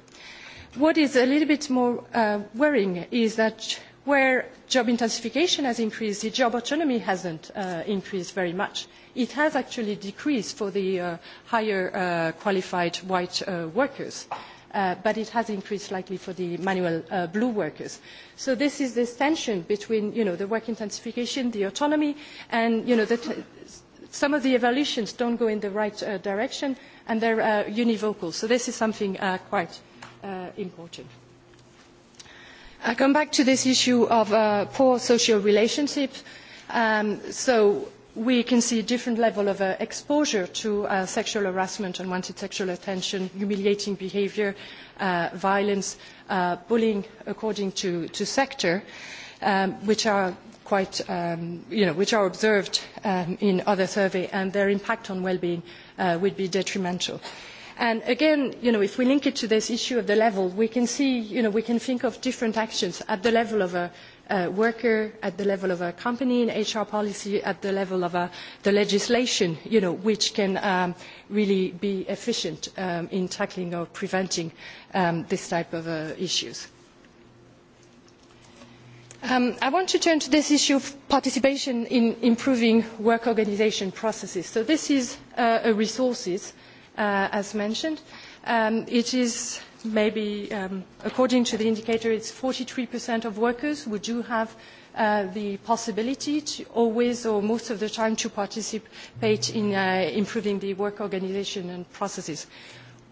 What is a little bit more uh, worrying is that where job intensification has increased, the job autonomy hasn't uh, increased very much. It has actually decreased for the uh, higher uh, qualified white uh, workers uh, but it has increased slightly for the manual uh, blue workers. So this is this tension between, you know, the work intensification, the autonomy, and, you know, the t some of the evolutions don't go in the right uh, direction, and they're uh, univocal. So this is something uh, quite uh, important. I come back to this issue of uh, poor social relationships. Um, so we can see a different level of uh, exposure to uh, sexual harassment, unwanted sexual attention, humiliating behavior, uh, violence, uh, bullying according to, to sector, um, which are quite, um, you know, which are observed um, in other surveys and their impact on well-being uh, would be detrimental. And again, you know, if we link it to this issue of the level, we can see, you know, we can think of different actions at the level of a uh, worker, at the level of a company, in HR policy at the level of a, the legislation, you know, which can um, really be efficient um, in tackling or preventing um, this type of uh, issues. Um, I want to turn to this issue of participation in improving work organisation processes. So this is uh, a resources, uh, as mentioned. Um, it is maybe um, according to the indicator it's 43% of workers who do have uh, the possibility to always or most of the time to participate in uh, improving the work organization and processes.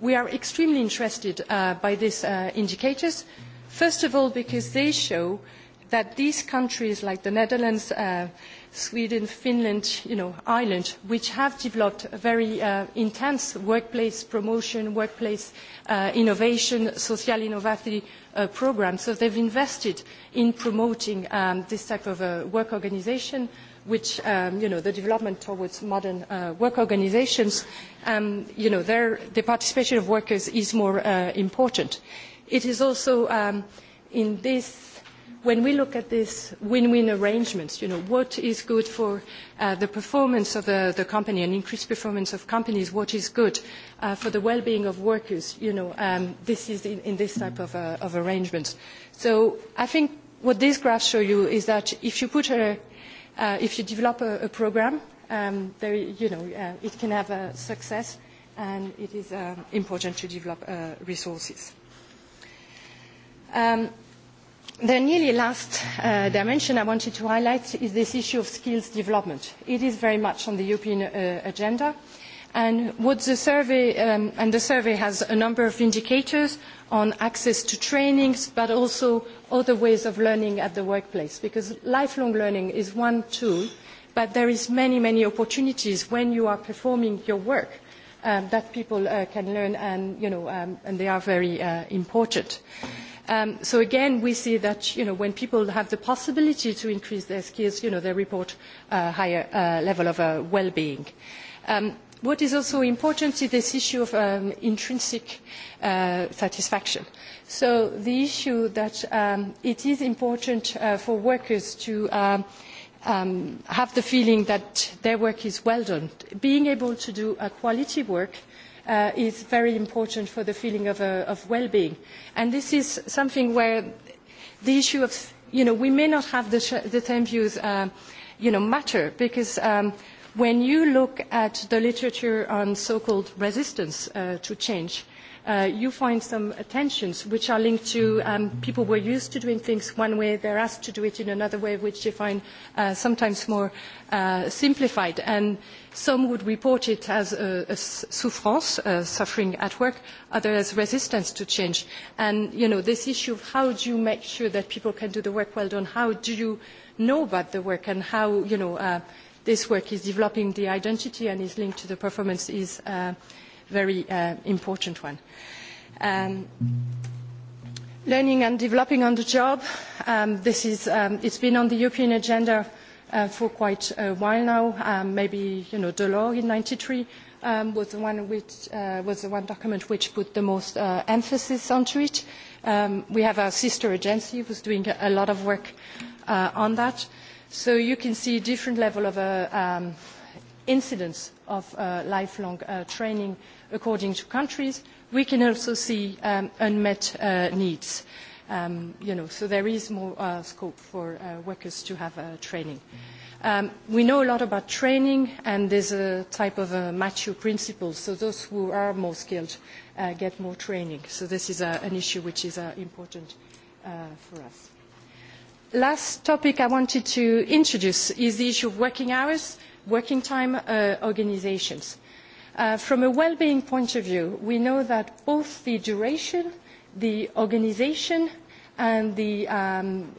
We are extremely interested uh, by these uh, indicators, first of all because they show that these countries like the Netherlands uh, Sweden, Finland, you know, Ireland, which have developed a very uh, intense workplace promotion, workplace uh, innovation, social innovative uh, program. So they've invested in promoting um, this type of uh, work organization, which, um, you know, the development towards modern uh, work organizations, um, you know, their, the participation of workers is more uh, important. It is also um, in this when we look at this win-win arrangements, you know, what is good for uh, the performance of the, uh, the company and increased performance of companies, what is good uh, for the well-being of workers, you know, um, this is in, in this type of, uh, of arrangements. So I think what these graphs show you is that if you put a, uh, if you develop a, a program, um, there, you know, uh, it can have a success and it is um, important to develop uh, resources. Um, The nearly last uh, dimension I wanted to highlight is this issue of skills development. It is very much on the European uh, agenda. And, what the survey, um, and the survey has a number of indicators on access to trainings, but also other ways of learning at the workplace, because lifelong learning is one tool, but there is many, many opportunities when you are performing your work um, that people uh, can learn, and, you know, um, and they are very uh, important. Mm -hmm. Um, so again, we see that you know, when people have the possibility to increase their skills, you know, they report a uh, higher uh, level of uh, well-being. Um, what is also important is this issue of um, intrinsic uh, satisfaction. So the issue that um, it is important uh, for workers to um, um, have the feeling that their work is well done, being able to do a quality work uh, is very important for the feeling of, uh, of well-being. And this is something where the issue of, you know, we may not have the, sh the same views, uh, you know, matter because um, when you look at the literature on so-called resistance uh, to change, uh, you find some tensions which are linked to um, people were used to doing things one way, they're asked to do it in another way, which they find uh, sometimes more uh, simplified. And Some would report it as a, a souffrance, uh, suffering at work, others as resistance to change. And, you know, this issue of how do you make sure that people can do the work well done, how do you know about the work and how, you know, uh, this work is developing the identity and is linked to the performance is a uh, very uh, important one. Um, learning and developing on the job, um, this is, um, it's been on the European agenda uh, for quite a while now. Um, maybe, you know, Delors law in 93 um, was, the one which, uh, was the one document which put the most uh, emphasis onto it. Um, we have our sister agency who's doing a lot of work uh, on that. So you can see different level of uh, um, incidence of uh, lifelong uh, training according to countries. We can also see um, unmet uh, needs. Um, you know, so there is more uh, scope for uh, workers to have uh, training. Um, we know a lot about training, and there's a type of a macho principle, so those who are more skilled uh, get more training. So this is uh, an issue which is uh, important uh, for us. Last topic I wanted to introduce is the issue of working hours, working time uh, organizations. Uh, from a well-being point of view, we know that both the duration – the organization and the um,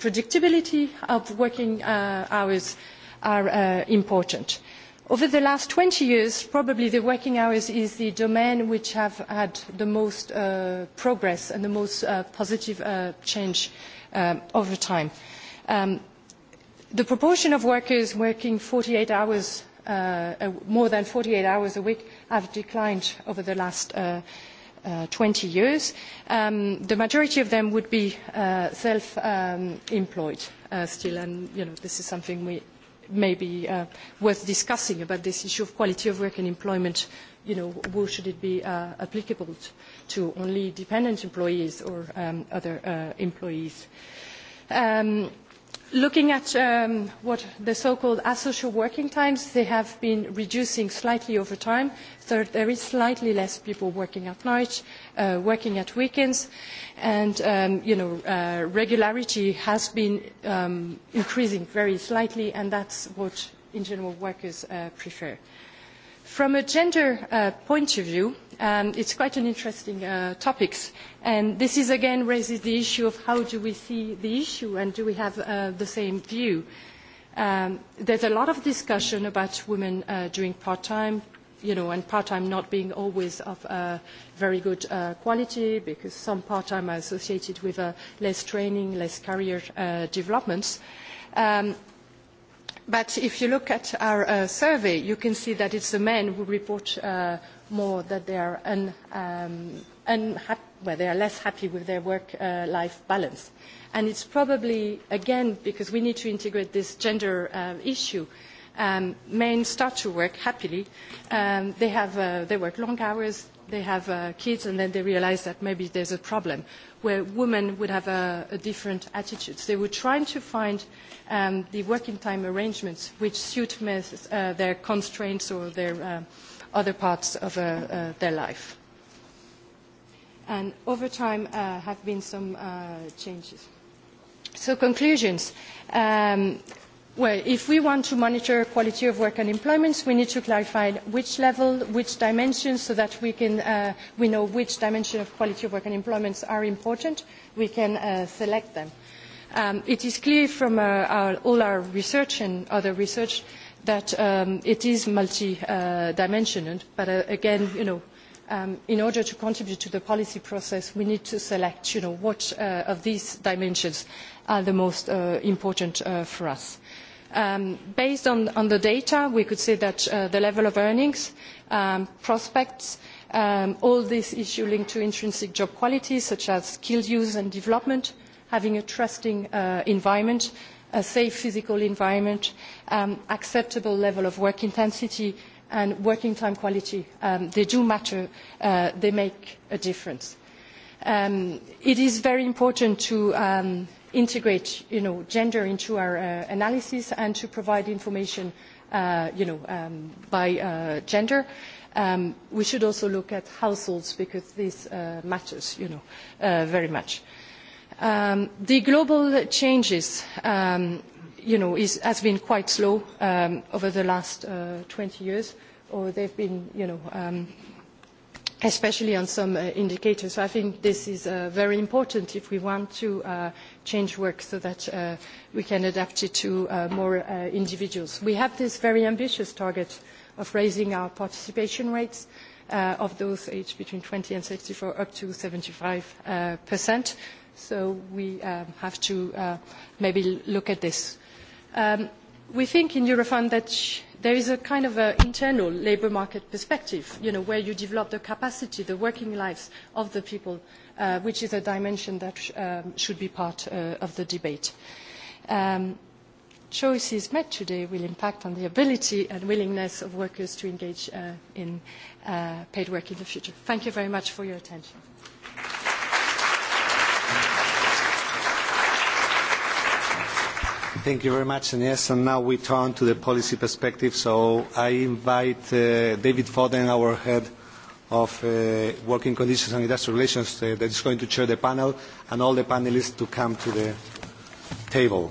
predictability of working uh, hours are uh, important. Over the last 20 years, probably the working hours is the domain which have had the most uh, progress and the most uh, positive uh, change uh, over time. Um, the proportion of workers working 48 hours, uh, more than 48 hours a week have declined over the last uh, Uh, twenty 20 years, um, the majority of them would be uh, self-employed um, uh, still, and you know, this is something we may be uh, worth discussing about this issue of quality of work and employment, you know, who should it be uh, applicable to, only dependent employees or um, other uh, employees. Um, Looking at um, what the so-called asocial working times, they have been reducing slightly over time. So there is slightly less people working at night, uh, working at weekends, and um, you know, uh, regularity has been um, increasing very slightly, and that's what in general workers uh, prefer. From a gender uh, point of view, Um, it's quite an interesting uh, topic. And this is again raises the issue of how do we see the issue and do we have uh, the same view. Um, there's a lot of discussion about women uh, doing part-time, you know, and part-time not being always of uh, very good uh, quality because some part-time are associated with uh, less training, less career uh, developments. Um, but if you look at our uh, survey, you can see that it's the men who report uh, more that they are un, um, unhappy, well, they are less happy with their work-life uh, balance. And it's probably, again, because we need to integrate this gender uh, issue, um, men start to work happily. Um, they, have, uh, they work long hours, they have uh, kids, and then they realize that maybe there's a problem where women would have a, a different So They were trying to find um, the working time arrangements which suit uh, their constraints or their uh, other parts of uh, uh, their life. And over time uh, have been some uh, changes. So conclusions. Um, well, if we want to monitor quality of work and employment, we need to clarify which level, which dimensions, so that we, can, uh, we know which dimension of quality of work and employment are important. We can uh, select them. Um, it is clear from uh, our, all our research and other research that um, it is multi-dimensional, uh, but uh, again, you know, um, in order to contribute to the policy process, we need to select, you know, what uh, of these dimensions are the most uh, important uh, for us. Um, based on, on the data, we could say that uh, the level of earnings, um, prospects, um, all these issues linked to intrinsic job quality, such as skilled use and development, having a trusting uh, environment, a safe physical environment, um, acceptable level of work intensity and working time quality. Um, they do matter. Uh, they make a difference. Um, it is very important to um, integrate you know, gender into our uh, analysis and to provide information uh, you know, um, by uh, gender. Um, we should also look at households because this uh, matters you know, uh, very much. Um, the global changes um, you know, is, has been quite slow um, over the last uh, 20 years, or they've been, you know, um, especially on some uh, indicators. So I think this is uh, very important if we want to uh, change work so that uh, we can adapt it to uh, more uh, individuals. We have this very ambitious target of raising our participation rates uh, of those aged between 20 and 64 up to 75 uh, percent. So we um, have to uh, maybe look at this. Um, we think in Eurofund that there is a kind of an internal labour market perspective, you know, where you develop the capacity, the working lives of the people, uh, which is a dimension that sh um, should be part uh, of the debate. Um, choices made today will impact on the ability and willingness of workers to engage uh, in uh, paid work in the future. Thank you very much for your attention. Thank you very much. And yes, and now we turn to the policy perspective. So I invite uh, David Foden, our head of uh, working conditions and industrial relations uh, that is going to chair the panel and all the panelists to come to the table.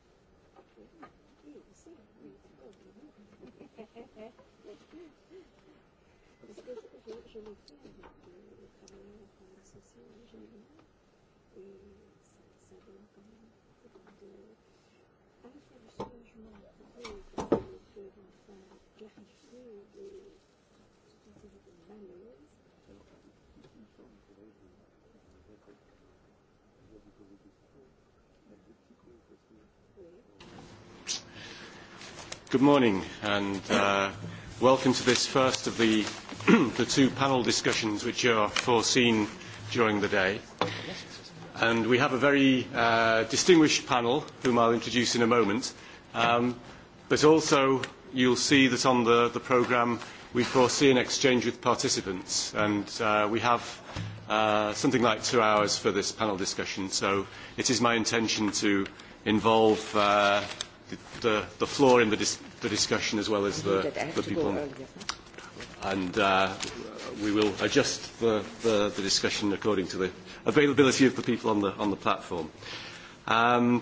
Parce que je, je l'ai fait avec le travailleurs et les sociaux en général, et ça, ça donne quand même beaucoup de. à la fois du soulagement pour eux, parce qu'ils peuvent enfin clarifier des, une série de malaises. Oui. Good morning and uh, welcome to this first of the, the two panel discussions which are foreseen during the day. And we have a very uh, distinguished panel whom I'll introduce in a moment. Um, but also you'll see that on the, the programme we foresee an exchange with participants and uh, we have uh, something like two hours for this panel discussion. So it is my intention to involve uh, the, the floor in the, dis the discussion as well as the, the people. And uh, we will adjust the, the, the discussion according to the availability of the people on the, on the platform. Um,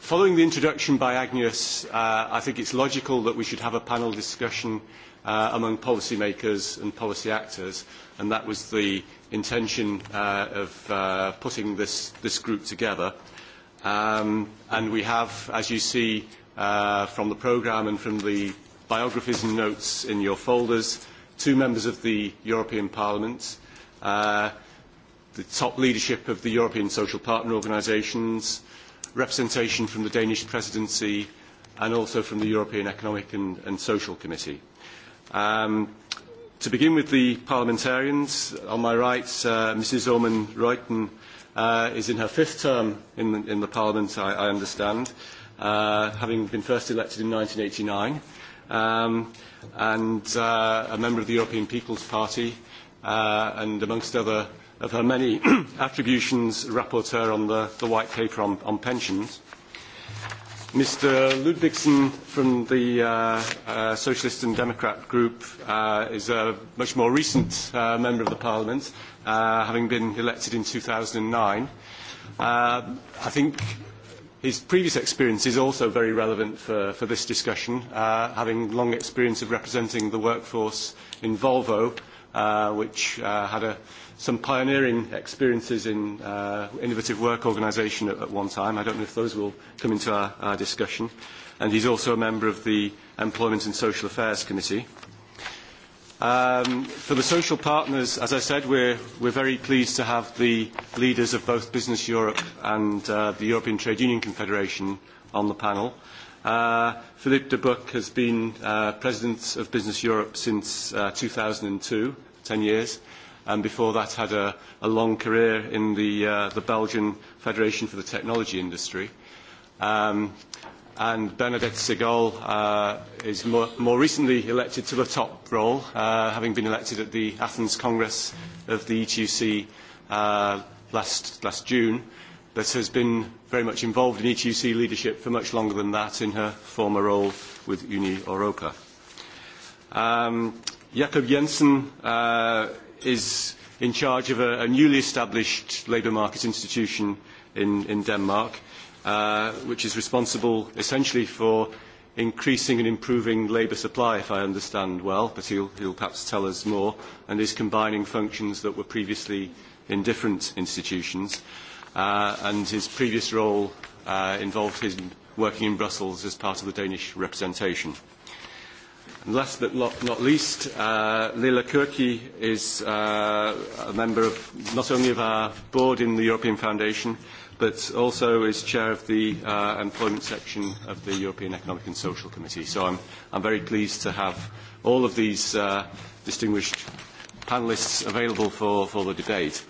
following the introduction by Agnes, uh, I think it's logical that we should have a panel discussion uh, among policymakers and policy actors, and that was the intention uh, of uh, putting this, this group together. Um, and we have, as you see uh, from the programme and from the biographies and notes in your folders, two members of the European Parliament, uh, the top leadership of the European Social Partner Organisations, representation from the Danish Presidency, and also from the European Economic and, and Social Committee. Um, to begin with the parliamentarians, on my right, uh, Mrs. Ruijten Reuten uh, is in her fifth term in the, in the Parliament, I, I understand, uh, having been first elected in 1989, um, and uh, a member of the European People's Party, uh, and amongst other of her many attributions, rapporteur on the, the White Paper on, on pensions. Mr. Ludvigsen from the uh, uh, Socialist and Democrat group uh, is a much more recent uh, member of the Parliament, uh, having been elected in 2009. Uh, I think his previous experience is also very relevant for, for this discussion, uh, having long experience of representing the workforce in Volvo, uh, which uh, had a, some pioneering experiences in uh, innovative work organisation at, at one time. I don't know if those will come into our, our discussion. And he's also a member of the Employment and Social Affairs Committee. Um, for the social partners, as I said, we're, we're very pleased to have the leaders of both Business Europe and uh, the European Trade Union Confederation on the panel. Uh, Philippe de Buc has been uh, President of Business Europe since uh, 2002, 10 years, and before that had a, a long career in the, uh, the Belgian Federation for the Technology Industry. Um, and Bernadette Segal uh, is more, more recently elected to the top role, uh, having been elected at the Athens Congress of the ETUC uh, last, last June, but has been very much involved in ETUC leadership for much longer than that in her former role with Uni Europa. Um, Jakob Jensen uh, is in charge of a, a newly established labour market institution in, in Denmark, uh, which is responsible essentially for increasing and improving labour supply, if I understand well, but he'll, he'll perhaps tell us more, and is combining functions that were previously in different institutions. Uh, and his previous role uh, involved him working in Brussels as part of the Danish representation. And last but not least, uh, Lila Kirky is uh, a member of not only of our board in the European Foundation, but also is chair of the uh, employment section of the European Economic and Social Committee. So I'm, I'm very pleased to have all of these uh, distinguished panelists available for, for the debate.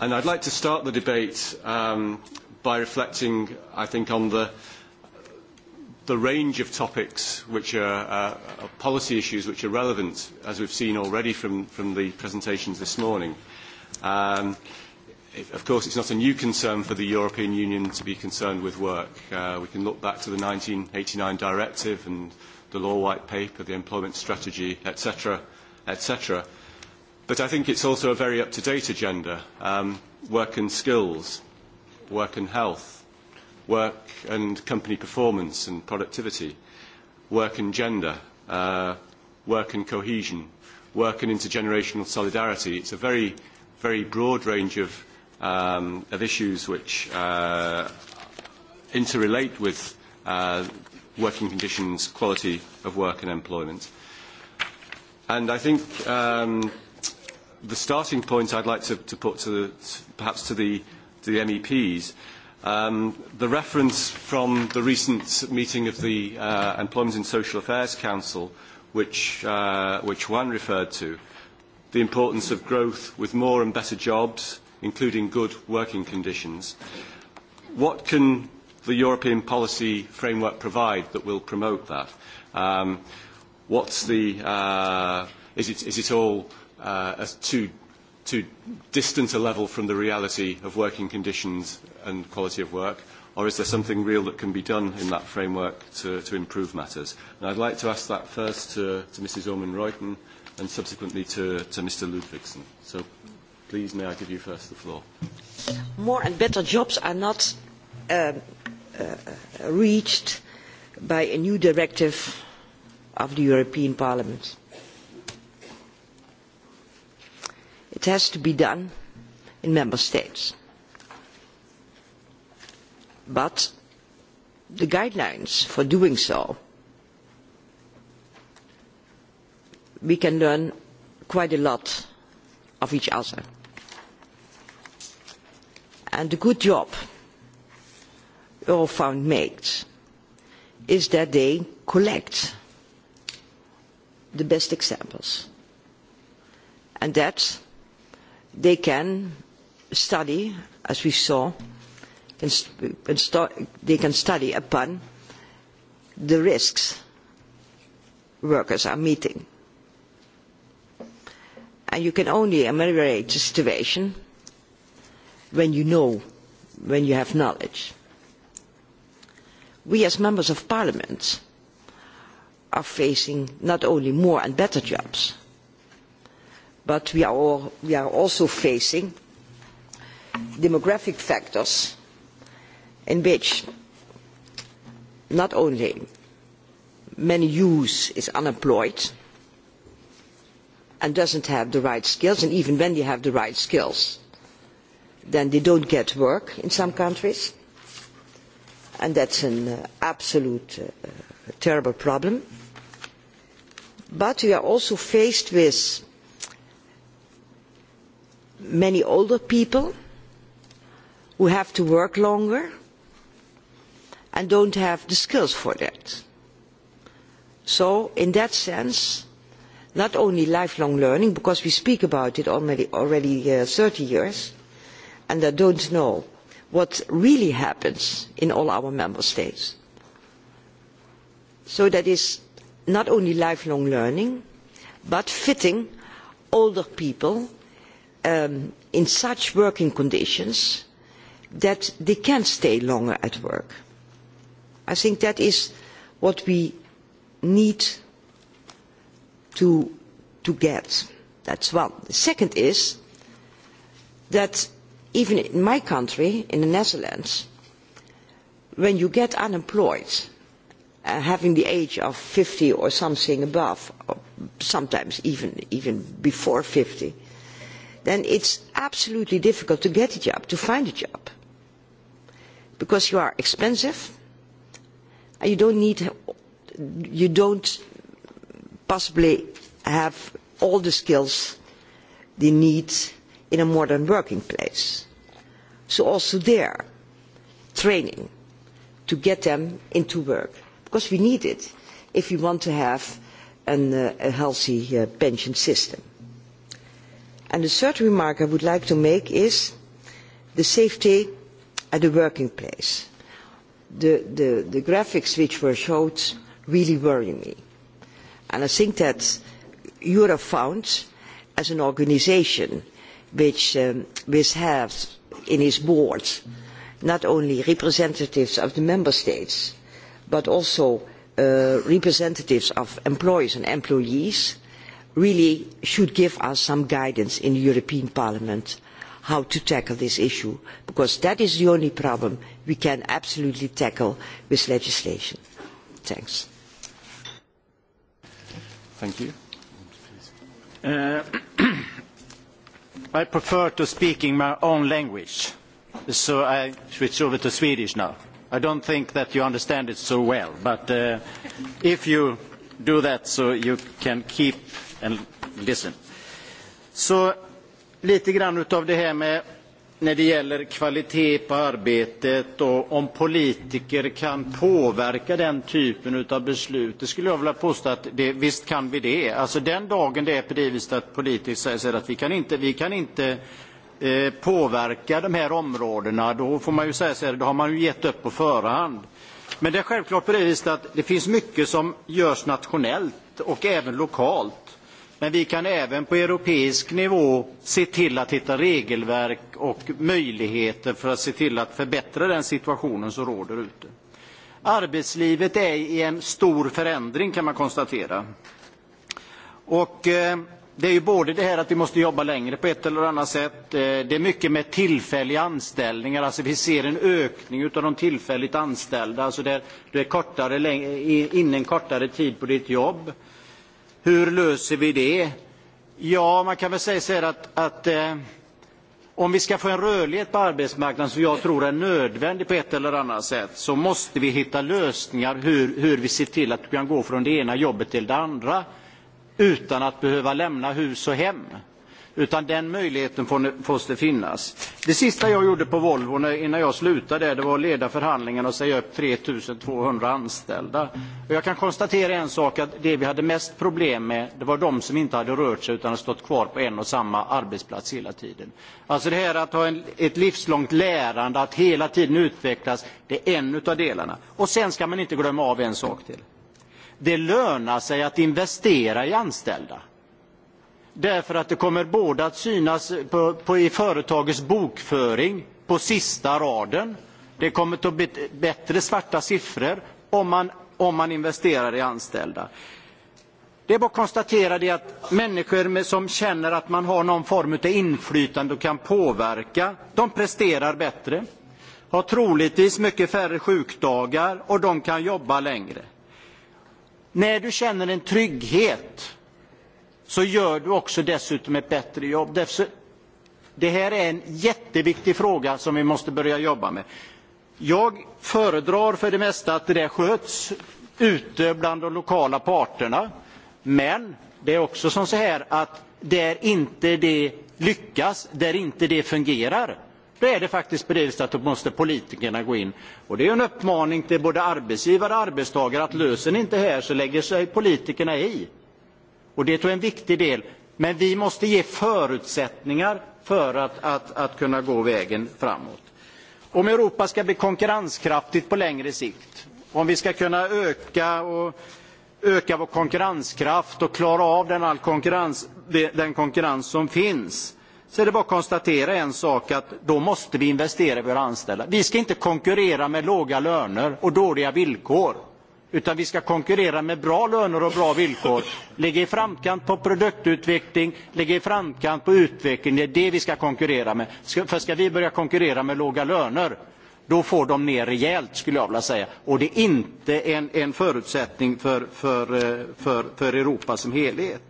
And I'd like to start the debate um, by reflecting, I think, on the, the range of topics which are, uh, uh policy issues which are relevant, as we've seen already from, from the presentations this morning. Um, of course, it's not a new concern for the European Union to be concerned with work. Uh, we can look back to the 1989 directive and the law white paper, the employment strategy, etc., etc. But I think it's also a very up-to-date agenda. Um, work and skills, work and health, work and company performance and productivity, work and gender, uh, work and cohesion, work and intergenerational solidarity. It's a very, very broad range of um, of issues which uh, interrelate with uh, working conditions, quality of work and employment. And I think um, the starting point I'd like to, to put to the, to, perhaps to the, to the MEPs, um, the reference from the recent meeting of the uh, Employment and Social Affairs Council, which, uh, which Juan referred to, the importance of growth with more and better jobs, including good working conditions. What can the European policy framework provide that will promote that? Um, what's the, uh, is, it, is it all uh, too, too distant a level from the reality of working conditions and quality of work? Or is there something real that can be done in that framework to, to improve matters? And I'd like to ask that first to, to Mrs. Oman Reuten and subsequently to, to Mr. Ludvigsen. So Please, may I give you first the floor? More and better jobs are not um, uh, reached by a new directive of the European Parliament. It has to be done in member states. But the guidelines for doing so, we can learn quite a lot of each other. And the good job Eurofound makes is that they collect the best examples and that they can study, as we saw, can they can study upon the risks workers are meeting And you can only ameliorate the situation when you know, when you have knowledge. We as members of parliament are facing not only more and better jobs, but we are, all, we are also facing demographic factors in which not only many youth is unemployed, and doesn't have the right skills, and even when they have the right skills, then they don't get work in some countries. And that's an uh, absolute uh, terrible problem. But we are also faced with many older people who have to work longer and don't have the skills for that. So in that sense, not only lifelong learning, because we speak about it already, already uh, 30 years, and I don't know what really happens in all our member states. So that is not only lifelong learning, but fitting older people um, in such working conditions that they can stay longer at work. I think that is what we need to, to get. That's one. The second is that even in my country, in the Netherlands, when you get unemployed, uh, having the age of 50 or something above, or sometimes even, even before 50, then it's absolutely difficult to get a job, to find a job. Because you are expensive, and you don't need, you don't possibly have all the skills they need in a modern working place. So also there, training to get them into work, because we need it if we want to have an, uh, a healthy uh, pension system. And the third remark I would like to make is the safety at the working place. The, the, the graphics which were showed really worry me And I think that Eurofound, as an organisation which, um, which has in its board not only representatives of the member states, but also uh, representatives of employers and employees, really should give us some guidance in the European Parliament how to tackle this issue, because that is the only problem we can absolutely tackle with legislation. Thanks. Thank you. Uh, I prefer to speak in my own language, so I switch over to Swedish now. I don't think that you understand it so well, but uh, if you do that so you can keep and listen. Så lite grann utav det här med när det gäller kvalitet på arbetet och om politiker kan påverka den typen av beslut. Det skulle jag vilja påstå att det, visst kan vi det. Alltså den dagen det är på det viset att politiker säger att vi kan inte, vi kan inte eh, påverka de här områdena, då får man ju säga så här, då har man ju gett upp på förhand. Men det är självklart på det viset att det finns mycket som görs nationellt och även lokalt. Men vi kan även på europeisk nivå se till att hitta regelverk och möjligheter för att se till att förbättra den situationen som råder ute. Arbetslivet är i en stor förändring kan man konstatera. Och eh, det är ju både det här att vi måste jobba längre på ett eller annat sätt. Eh, det är mycket med tillfälliga anställningar. Alltså vi ser en ökning av de tillfälligt anställda. Alltså där du är kortare, in en kortare tid på ditt jobb. Hur löser vi det? Ja, man kan väl säga så här att, att eh, om vi ska få en rörlighet på arbetsmarknaden som jag tror är nödvändig på ett eller annat sätt så måste vi hitta lösningar hur, hur vi ser till att du kan gå från det ena jobbet till det andra utan att behöva lämna hus och hem. Utan den möjligheten får, måste finnas. Det sista jag gjorde på Volvo innan jag slutade det var att leda förhandlingen och säga upp 3200 anställda. Och jag kan konstatera en sak att det vi hade mest problem med det var de som inte hade rört sig utan hade stått kvar på en och samma arbetsplats hela tiden. Alltså det här att ha en, ett livslångt lärande, att hela tiden utvecklas, det är en av delarna. Och sen ska man inte glömma av en sak till. Det lönar sig att investera i anställda. Därför att det kommer både att synas på, på i företagets bokföring på sista raden. Det kommer att bli bättre svarta siffror om man, om man investerar i anställda. Det är bara att konstatera det att människor med, som känner att man har någon form av inflytande och kan påverka, de presterar bättre, har troligtvis mycket färre sjukdagar och de kan jobba längre. När du känner en trygghet så gör du också dessutom ett bättre jobb. Det här är en jätteviktig fråga som vi måste börja jobba med. Jag föredrar för det mesta att det sköts ute bland de lokala parterna. Men det är också som så här att där inte det lyckas, där inte det fungerar, då är det faktiskt på det viset att då måste politikerna gå in. Och det är en uppmaning till både arbetsgivare och arbetstagare att löser ni inte här så lägger sig politikerna i. Och det är en viktig del. Men vi måste ge förutsättningar för att, att, att kunna gå vägen framåt. Om Europa ska bli konkurrenskraftigt på längre sikt, om vi ska kunna öka, och, öka vår konkurrenskraft och klara av den, all konkurrens, den konkurrens som finns, så är det bara att konstatera en sak att då måste vi investera i våra anställda. Vi ska inte konkurrera med låga löner och dåliga villkor utan vi ska konkurrera med bra löner och bra villkor. Ligga i framkant på produktutveckling, ligga i framkant på utveckling, det är det vi ska konkurrera med. För ska vi börja konkurrera med låga löner, då får de ner rejält skulle jag vilja säga. Och det är inte en, en förutsättning för, för, eh, för, för Europa som helhet.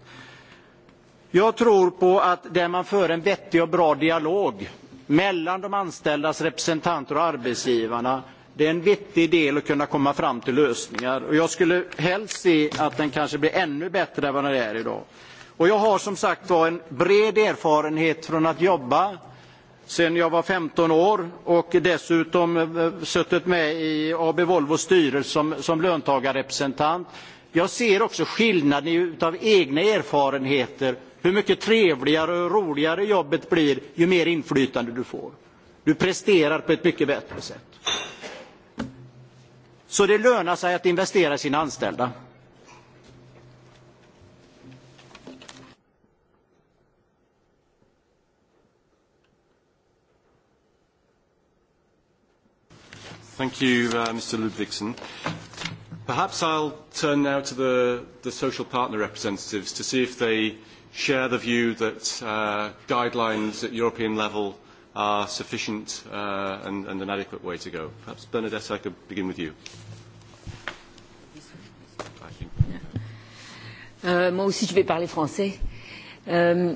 Jag tror på att där man för en vettig och bra dialog mellan de anställdas representanter och arbetsgivarna Det är en viktig del att kunna komma fram till lösningar. Och jag skulle helst se att den kanske blir ännu bättre än vad den är idag. Och jag har som sagt var en bred erfarenhet från att jobba sedan jag var 15 år och dessutom eh, suttit med i AB Volvos styrelse som, som löntagarrepresentant. Jag ser också skillnaden av egna erfarenheter, hur mycket trevligare och roligare jobbet blir ju mer inflytande du får. Du presterar på ett mycket bättre sätt. Så det lönar sig att investera i sina anställda. Thank you, uh, Mr. Ludvigsen. Perhaps I'll turn now to the, the social partner representatives to see if they share the view that uh, guidelines at European level are sufficient uh, and, and an adequate way to go. Perhaps, Bernadette, I could begin with you. Euh, moi aussi, je vais parler français. Euh,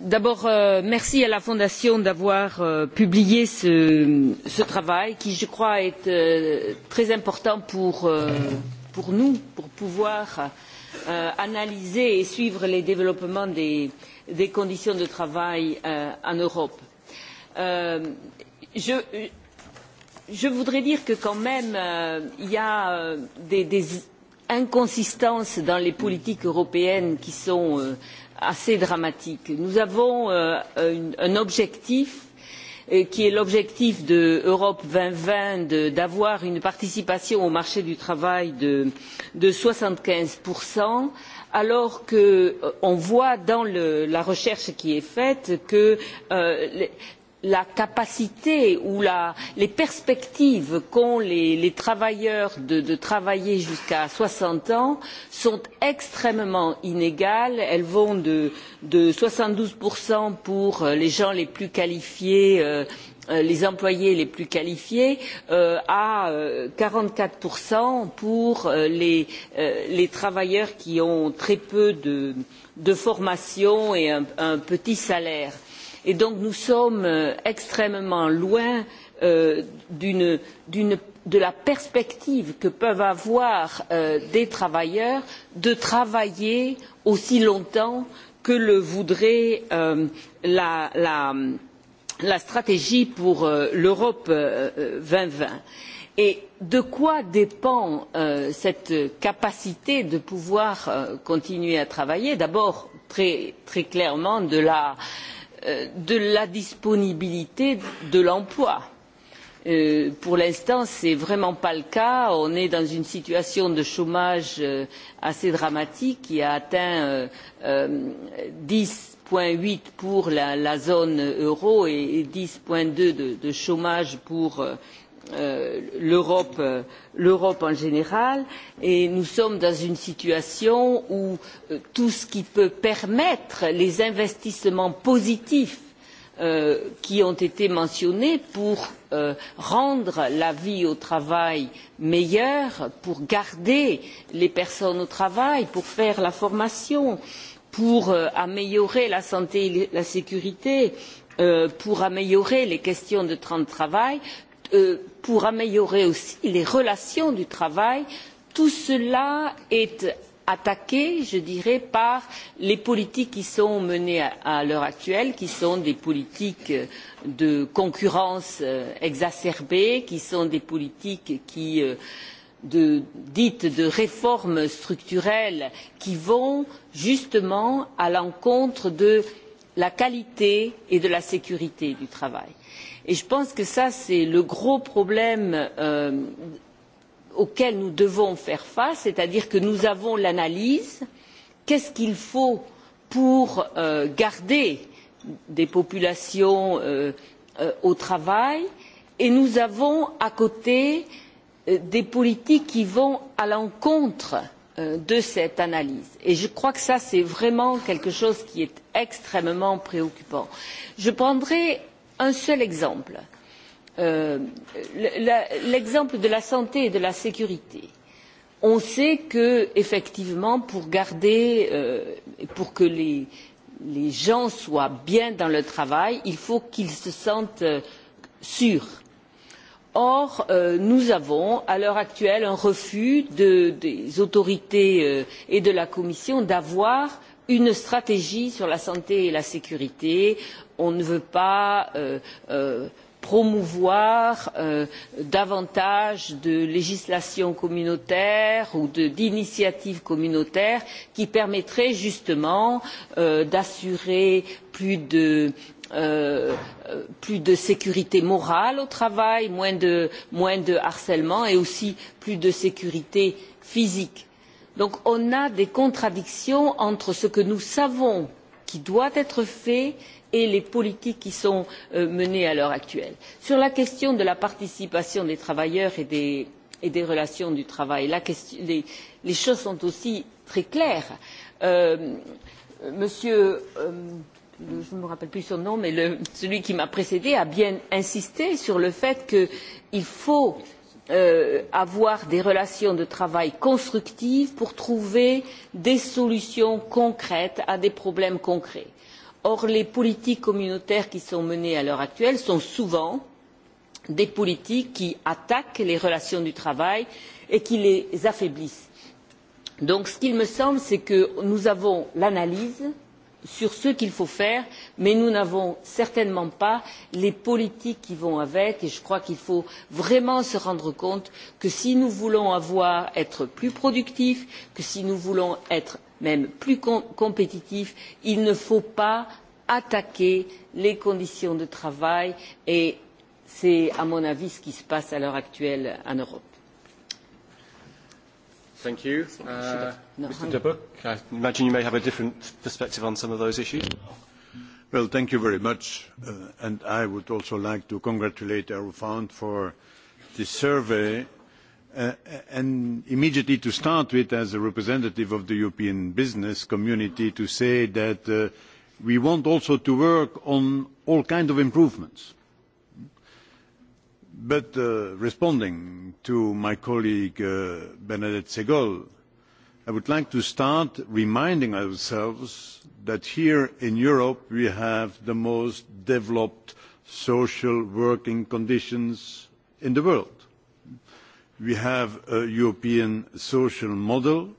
D'abord, euh, merci à la Fondation d'avoir euh, publié ce, ce travail qui, je crois, est euh, très important pour, euh, pour nous, pour pouvoir euh, analyser et suivre les développements des, des conditions de travail euh, en Europe. Euh, je, je voudrais dire que quand même, euh, il y a euh, des, des inconsistances dans les politiques européennes qui sont euh, assez dramatiques. Nous avons euh, un, un objectif euh, qui est l'objectif de Europe deux mille vingt d'avoir une participation au marché du travail de soixante quinze alors qu'on euh, voit dans le, la recherche qui est faite que euh, la capacité ou la, les perspectives qu'ont les, les travailleurs de, de travailler jusqu'à soixante ans sont extrêmement inégales. Elles vont de, de 72 pour euh, les gens les plus qualifiés euh, euh, les employés les plus qualifiés euh, à euh, quarante quatre pour les, euh, les travailleurs qui ont très peu de, de formation et un, un petit salaire. Et donc nous sommes euh, extrêmement loin euh, d une, d une, de la perspective que peuvent avoir euh, des travailleurs de travailler aussi longtemps que le voudrait euh, la, la, la, stratégie pour euh, l'Europe deux mille vingt. Et de quoi dépend euh, cette capacité de pouvoir euh, continuer à travailler D'abord, très, très, clairement, de la, Euh, de la disponibilité de l'emploi. Euh, pour l'instant, ce n'est vraiment pas le cas. On est dans une situation de chômage euh, assez dramatique qui a atteint euh, euh, dix euh, huit pour la, la, zone euro et dix deux de, de chômage pour Euh, euh, l'Europe en général et nous sommes dans une situation où euh, tout ce qui peut permettre les investissements positifs qui ont été mentionnés pour euh, rendre la vie au travail meilleure, pour garder les personnes au travail, pour faire la formation, pour euh, améliorer la santé et la sécurité, euh, pour améliorer les questions de temps de travail, pour améliorer aussi les relations du travail, tout cela est attaqué, je dirais, par les politiques qui sont menées à, l'heure actuelle, qui sont des politiques de concurrence euh, exacerbée, qui sont des politiques qui, euh, de, dites de réformes structurelles, qui vont justement à l'encontre de la qualité et de la sécurité du travail. Et je pense que ça, c'est le gros problème euh, auquel nous devons faire face, c'est-à-dire que nous avons l'analyse, qu'est-ce qu'il faut pour euh, garder des populations euh, euh, au travail, et nous avons à côté euh, des politiques qui vont à l'encontre euh, de cette analyse. Et je crois que ça, c'est vraiment quelque chose qui est extrêmement préoccupant. Je prendrai un seul exemple. Euh, L'exemple de la santé et de la sécurité. On sait que, effectivement, pour garder, euh, pour que les, les gens soient bien dans le travail, il faut qu'ils se sentent euh, sûrs. Or, euh, nous avons à l'heure actuelle un refus de, des autorités euh, et de la Commission d'avoir une stratégie sur la santé et la sécurité. On ne veut pas euh, euh, promouvoir euh, davantage de législation communautaire ou d'initiatives communautaires qui permettraient justement euh, d'assurer plus de euh, euh, plus de sécurité morale au travail, moins de, moins de harcèlement et aussi plus de sécurité physique Donc on a des contradictions entre ce que nous savons qui doit être fait et les politiques qui sont euh, menées à l'heure actuelle. Sur la question de la participation des travailleurs et des, et des relations du travail, la question, les, les, choses sont aussi très claires. Euh, monsieur, euh, je ne me rappelle plus son nom, mais le, celui qui m'a précédé a bien insisté sur le fait qu'il faut euh, euh, avoir des relations de travail constructives pour trouver des solutions concrètes à des problèmes concrets. Or, les politiques communautaires qui sont menées à l'heure actuelle sont souvent des politiques qui attaquent les relations du travail et qui les affaiblissent. Donc, ce qu'il me semble, c'est que nous avons l'analyse, euh, sur ce qu'il faut faire, mais nous n'avons certainement pas les politiques qui vont avec et je crois qu'il faut vraiment se rendre compte que si nous voulons avoir, être plus productifs, que si nous voulons être même plus com compétitifs, il ne faut pas attaquer les conditions de travail et c'est à mon avis ce qui se passe à l'heure actuelle en Europe. Thank you. Uh, Mr. Debuk, I imagine you may have a different perspective on some of those issues. Well, thank you very much. Uh, and I would also like to congratulate Eurofound for this survey. Uh, and immediately to start with, as a representative of the European business community, to say that uh, we want also to work on all kinds of improvements But uh, responding to my colleague uh, Bernadette Segol, I would like to start reminding ourselves that here in Europe we have the most developed social working conditions in the world. We have a European social model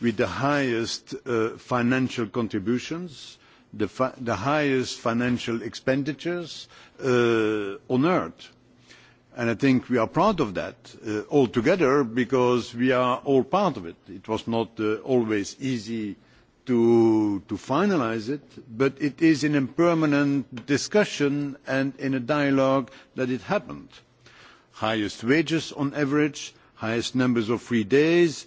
with the highest uh, financial contributions, the, fi the highest financial expenditures uh, on earth And I think we are proud of that uh, all together because we are all part of it. It was not uh, always easy to, to finalize it, but it is in a permanent discussion and in a dialogue that it happened. Highest wages on average, highest numbers of free days,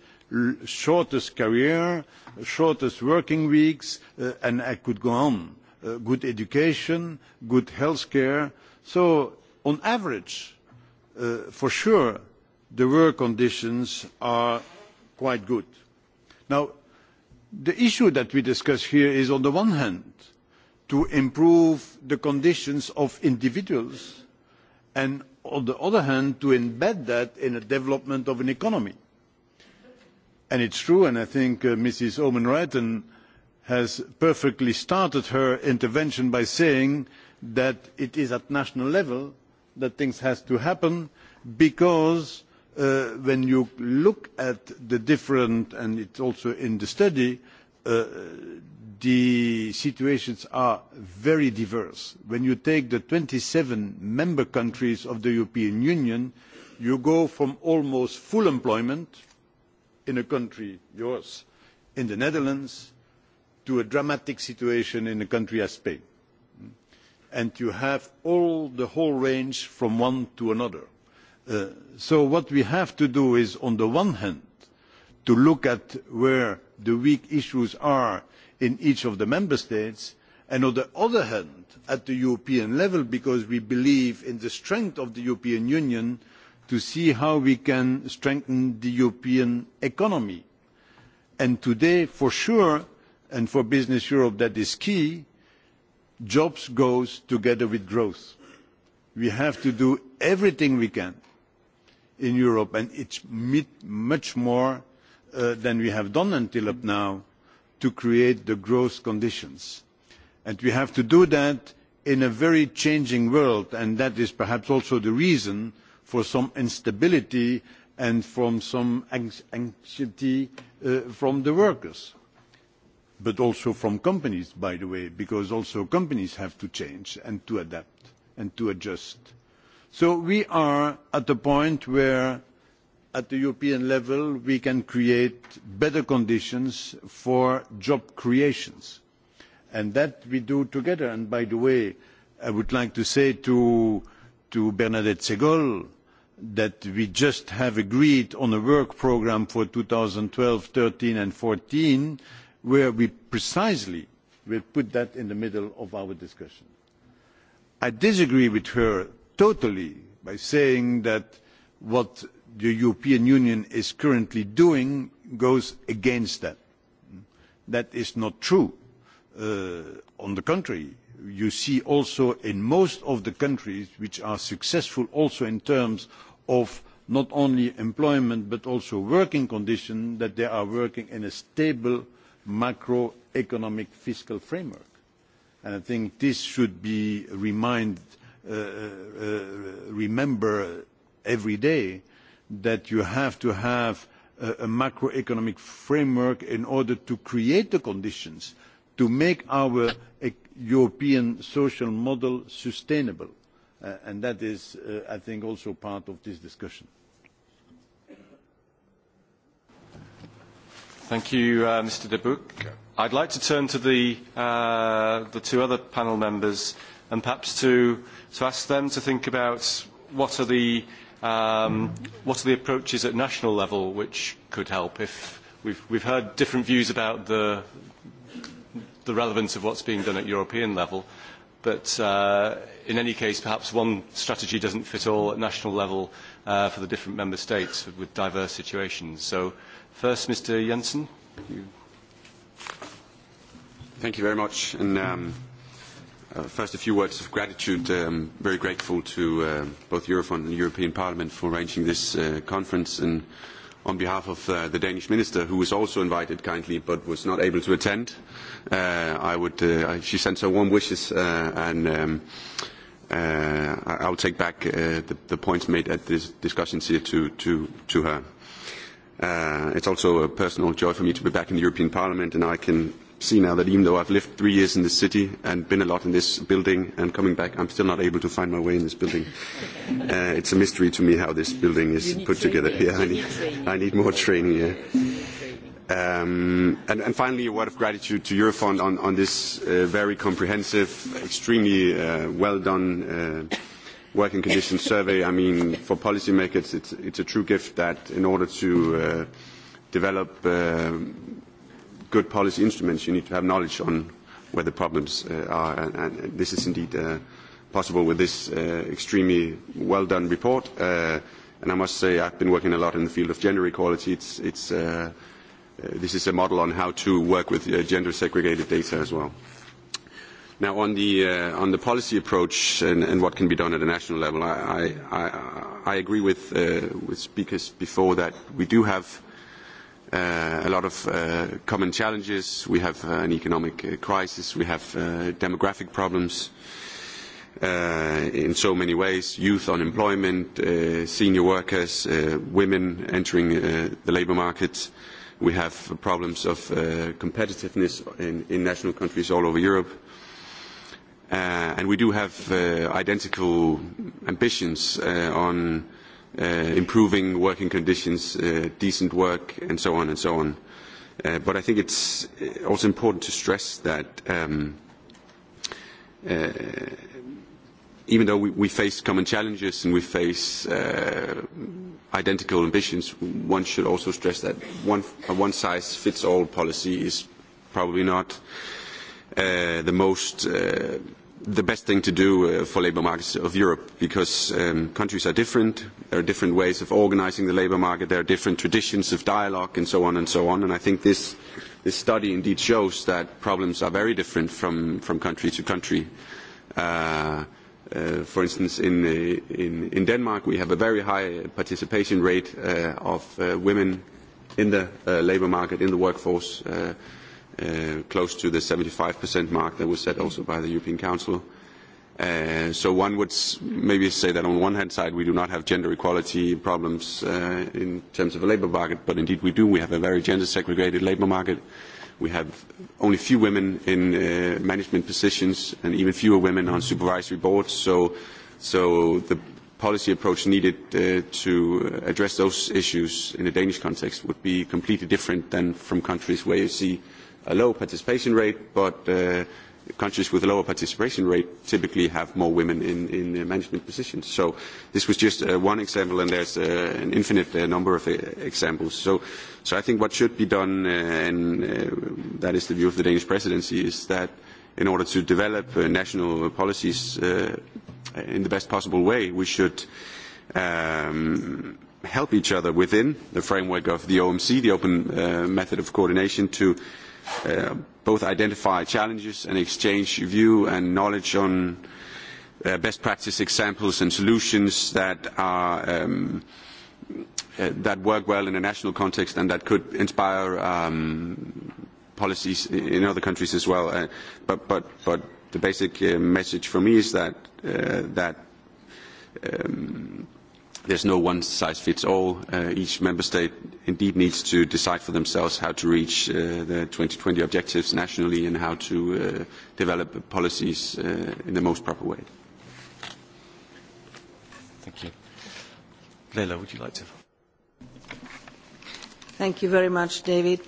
shortest career, shortest working weeks, uh, and I could go on. Uh, good education, good health care. So on average, uh, for sure the work conditions are quite good. Now, the issue that we discuss here is on the one hand to improve the conditions of individuals and on the other hand to embed that in the development of an economy. And it's true, and I think uh, Mrs. Omen Reiten has perfectly started her intervention by saying that it is at national level that things have to happen because uh, when you look at the different, and it's also in the study, uh, the situations are very diverse. When you take the twenty seven member countries of the European Union, you go from almost full employment in a country, yours, in the Netherlands, to a dramatic situation in a country as Spain and you have all the whole range from one to another. Uh, so what we have to do is, on the one hand, to look at where the weak issues are in each of the member states, and on the other hand, at the European level, because we believe in the strength of the European Union, to see how we can strengthen the European economy. And today, for sure, and for Business Europe, that is key, jobs goes together with growth. We have to do everything we can in Europe, and it's much more uh, than we have done until up now to create the growth conditions. And we have to do that in a very changing world, and that is perhaps also the reason for some instability and from some anxiety uh, from the workers but also from companies, by the way, because also companies have to change and to adapt and to adjust. So we are at a point where, at the European level, we can create better conditions for job creations. And that we do together. And by the way, I would like to say to, to Bernadette Segol that we just have agreed on a work programme for 2012, 13 and 14 where we precisely will put that in the middle of our discussion. I disagree with her totally by saying that what the European Union is currently doing goes against that. That is not true. Uh, on the contrary, you see also in most of the countries which are successful also in terms of not only employment but also working conditions that they are working in a stable macroeconomic fiscal framework. And I think this should be remind, uh, uh, uh, remember every day that you have to have a, a macroeconomic framework in order to create the conditions to make our e-, European social model sustainable. Uh, and that is, uh, I think, also part of this discussion. Thank you, uh, Mr. De Boek. I'd like to turn to the, uh, the two other panel members and perhaps to, to ask them to think about what are, the, um, what are the approaches at national level which could help. If we've, we've heard different views about the, the relevance of what's being done at European level, but uh, in any case, perhaps one strategy doesn't fit all at national level uh, for the different member states with diverse situations. So First, Mr. Jensen. You... Thank you very much. And, um, uh, first, a few words of gratitude. Um, very grateful to uh, both Eurofund and the European Parliament for arranging this uh, conference. And on behalf of uh, the Danish minister, who was also invited kindly but was not able to attend, uh, I would, uh, she sends her warm wishes uh, and um, uh, I'll take back uh, the, the points made at this discussions here to, to, to her. Uh, it's also a personal joy for me to be back in the European Parliament, and I can see now that even though I've lived three years in this city and been a lot in this building and coming back, I'm still not able to find my way in this building. uh, it's a mystery to me how this building is put training. together. Yeah, I need, need I need more training. Yeah. Um, and, and finally, a word of gratitude to Eurofund on, on this uh, very comprehensive, extremely uh, well done. Uh, working conditions survey, I mean, for policymakers, it's, it's a true gift that in order to uh, develop uh, good policy instruments, you need to have knowledge on where the problems uh, are, and, and this is indeed uh, possible with this uh, extremely well-done report. Uh, and I must say I've been working a lot in the field of gender equality. It's, it's, uh, uh, this is a model on how to work with uh, gender-segregated data as well. Now, on the, uh, on the policy approach and, and what can be done at a national level, I, I, I agree with, uh, with speakers before that we do have uh, a lot of uh, common challenges. We have uh, an economic uh, crisis. We have uh, demographic problems uh, in so many ways, youth unemployment, uh, senior workers, uh, women entering uh, the labour market. We have problems of uh, competitiveness in, in national countries all over Europe Uh, and we do have uh, identical ambitions uh, on uh, improving working conditions, uh, decent work, and so on and so on. Uh, but I think it's uh, also important to stress that um, uh, even though we, we face common challenges and we face uh, identical ambitions, one should also stress that one, a one-size-fits-all policy is probably not uh, uh, the most uh, the best thing to do uh, for labour markets of Europe because um, countries are different, there are different ways of organising the labour market, there are different traditions of dialogue and so on and so on. And I think this, this study indeed shows that problems are very different from, from country to country. Uh, uh, for instance, in, uh, in, in Denmark we have a very high participation rate uh, of uh, women in the uh, labour market, in the workforce. Uh, uh, close to the 75% mark that was set also by the European Council. Uh, so one would s maybe say that on one hand side we do not have gender equality problems uh, in terms of a labour market, but indeed we do. We have a very gender segregated labour market. We have only few women in uh, management positions and even fewer women on supervisory boards. So, so the policy approach needed uh, to address those issues in the Danish context would be completely different than from countries where you see uh, a low participation rate, but uh, countries with a lower participation rate typically have more women in, in management positions. So this was just uh, one example, and there's uh, an infinite uh, number of uh, examples. So, so I think what should be done, uh, and uh, that is the view of the Danish presidency, is that in order to develop uh, national policies uh, in the best possible way, we should um, help each other within the framework of the OMC, the Open uh, Method of Coordination, to uh, both identify challenges and exchange view and knowledge on uh, best practice examples and solutions that are um, uh, that work well in a national context and that could inspire um, policies in other countries as well. Uh, but, but, but the basic uh, message for me is that, uh, that um, There is no one size fits all. Uh, each member state indeed needs to decide for themselves how to reach uh, the twenty objectives nationally and how to uh, develop policies uh, in the most proper way. Thank you. Leila, would you like to? Thank you very much, David.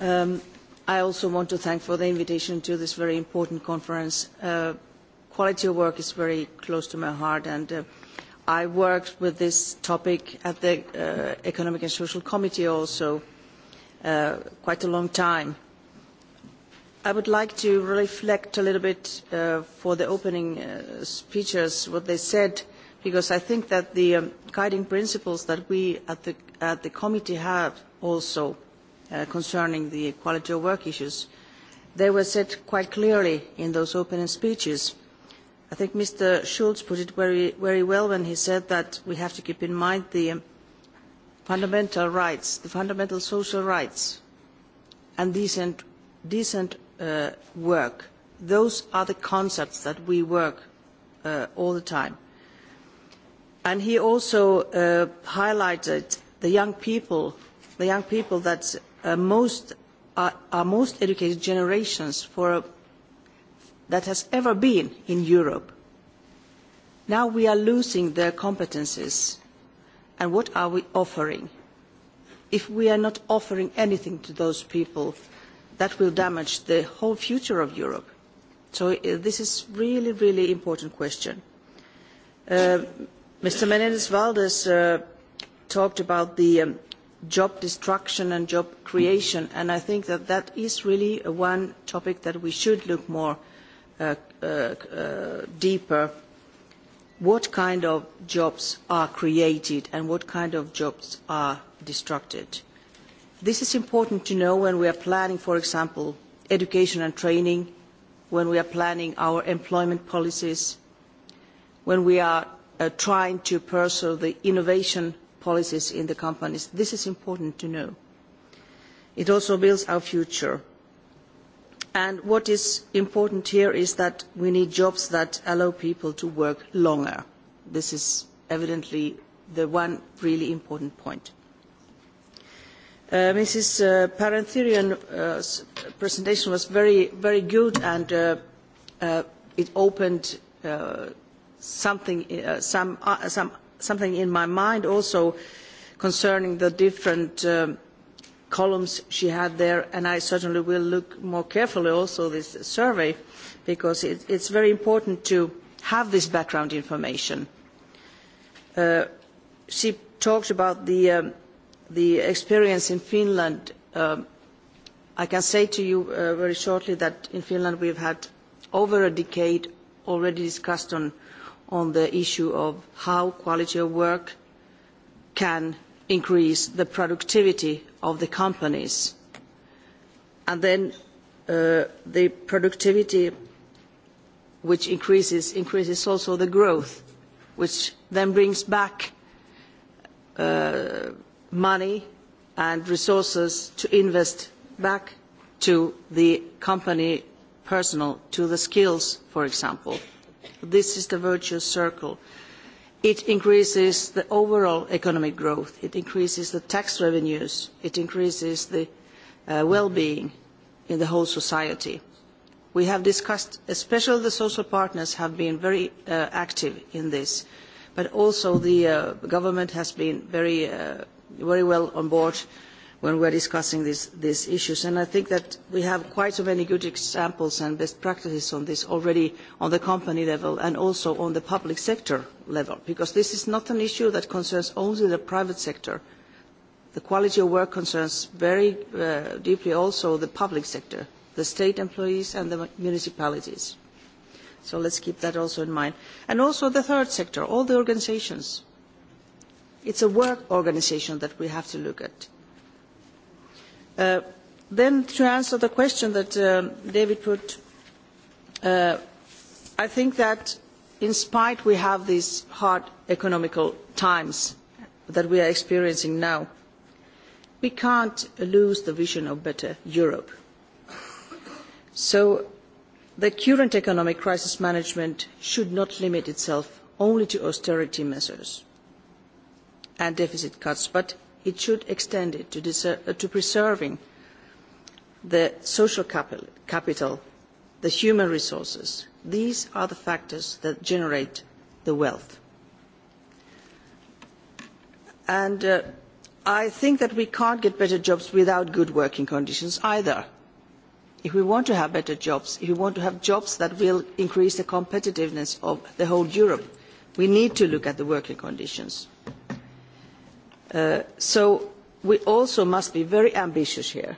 Um, I also want to thank for the invitation to this very important conference. Uh, quality of work is very close to my heart and uh, I worked with this topic at the uh, Economic and Social Committee also uh, quite a long time. I would like to reflect a little bit uh, for the opening uh, speeches, what they said, because I think that the um, guiding principles that we at the, at the committee have also uh, concerning the quality of work issues, they were said quite clearly in those opening speeches. I think Mr. Schulz put it very, very well when he said that we have to keep in mind the fundamental rights, the fundamental social rights and decent, decent uh, work. Those are the concepts that we work uh, all the time. And he also uh, highlighted the young people, the young people that uh, most are, are most educated generations for a that has ever been in Europe. Now we are losing their competences. And what are we offering? If we are not offering anything to those people, that will damage the whole future of Europe. So uh, this is really, really important question. Uh, Mr. Menendez Valdez uh, talked about the um, job destruction and job creation, and I think that that is really one topic that we should look more at Uh, uh, deeper what kind of jobs are created and what kind of jobs are destructed. This is important to know when we are planning, for example, education and training, when we are planning our employment policies, when we are uh, trying to pursue the innovation policies in the companies. This is important to know. It also builds our future. And what is important here is that we need jobs that allow people to work longer. This is evidently the one really important point. Uh, Mrs. Uh, Parenthirian's uh, presentation was very, very good and uh, uh, it opened uh, something, uh, some, uh, some, something in my mind also concerning the different um, uh, columns she had there, and I certainly will look more carefully also this survey, because it, is very important to have this background information. Uh, she talked about the, um, the experience in Finland. Um, I can say to you uh, very shortly that in Finland we have had over a decade already discussed on, on the issue of how quality of work can increase the productivity of the companies. And then uh, the productivity which increases, increases also the growth, which then brings back uh, money and resources to invest back to the company personal, to the skills, for example. This is the virtuous circle. It increases the overall economic growth. It increases the tax revenues. It increases the uh, well-being in the whole society. We have discussed, especially the social partners have been very uh, active in this, but also the uh, government has been very, uh, very well on board when we are discussing these issues. And I think that we have quite so many good examples and best practices on this already on the company level and also on the public sector level, because this is not an issue that concerns only the private sector. The quality of work concerns very uh, deeply also the public sector, the state employees and the municipalities. So let's keep that also in mind. And also the third sector, all the organisations. It's a work organisation that we have to look at. Uh, then to answer the question that uh, David put, uh, I think that in spite we have these hard economical times that we are experiencing now, we can't lose the vision of better Europe. So the current economic crisis management should not limit itself only to austerity measures and deficit cuts, but it should extend it to, uh, to preserving the social capital, capital, the human resources. These are the factors that generate the wealth. And uh, I think that we can't get better jobs without good working conditions either. If we want to have better jobs, if we want to have jobs that will increase the competitiveness of the whole Europe, we need to look at the working conditions. Uh, so we also must be very ambitious here.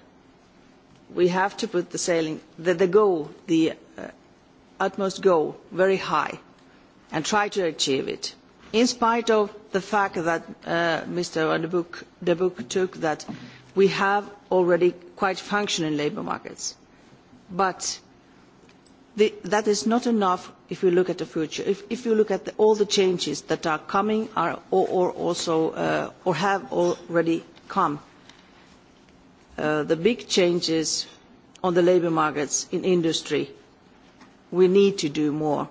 We have to put the sailing, the, the goal, the uh, utmost goal, very high and try to achieve it. In spite of the fact that uh, Mr. Van de Boek, de Boek took that we have already quite functioning labour markets. But the, that is not enough if you look at the future. If, if you look at the, all the changes that are coming are, or, or also uh, or have already come, uh, the big changes on the labour markets in industry, we need to do more.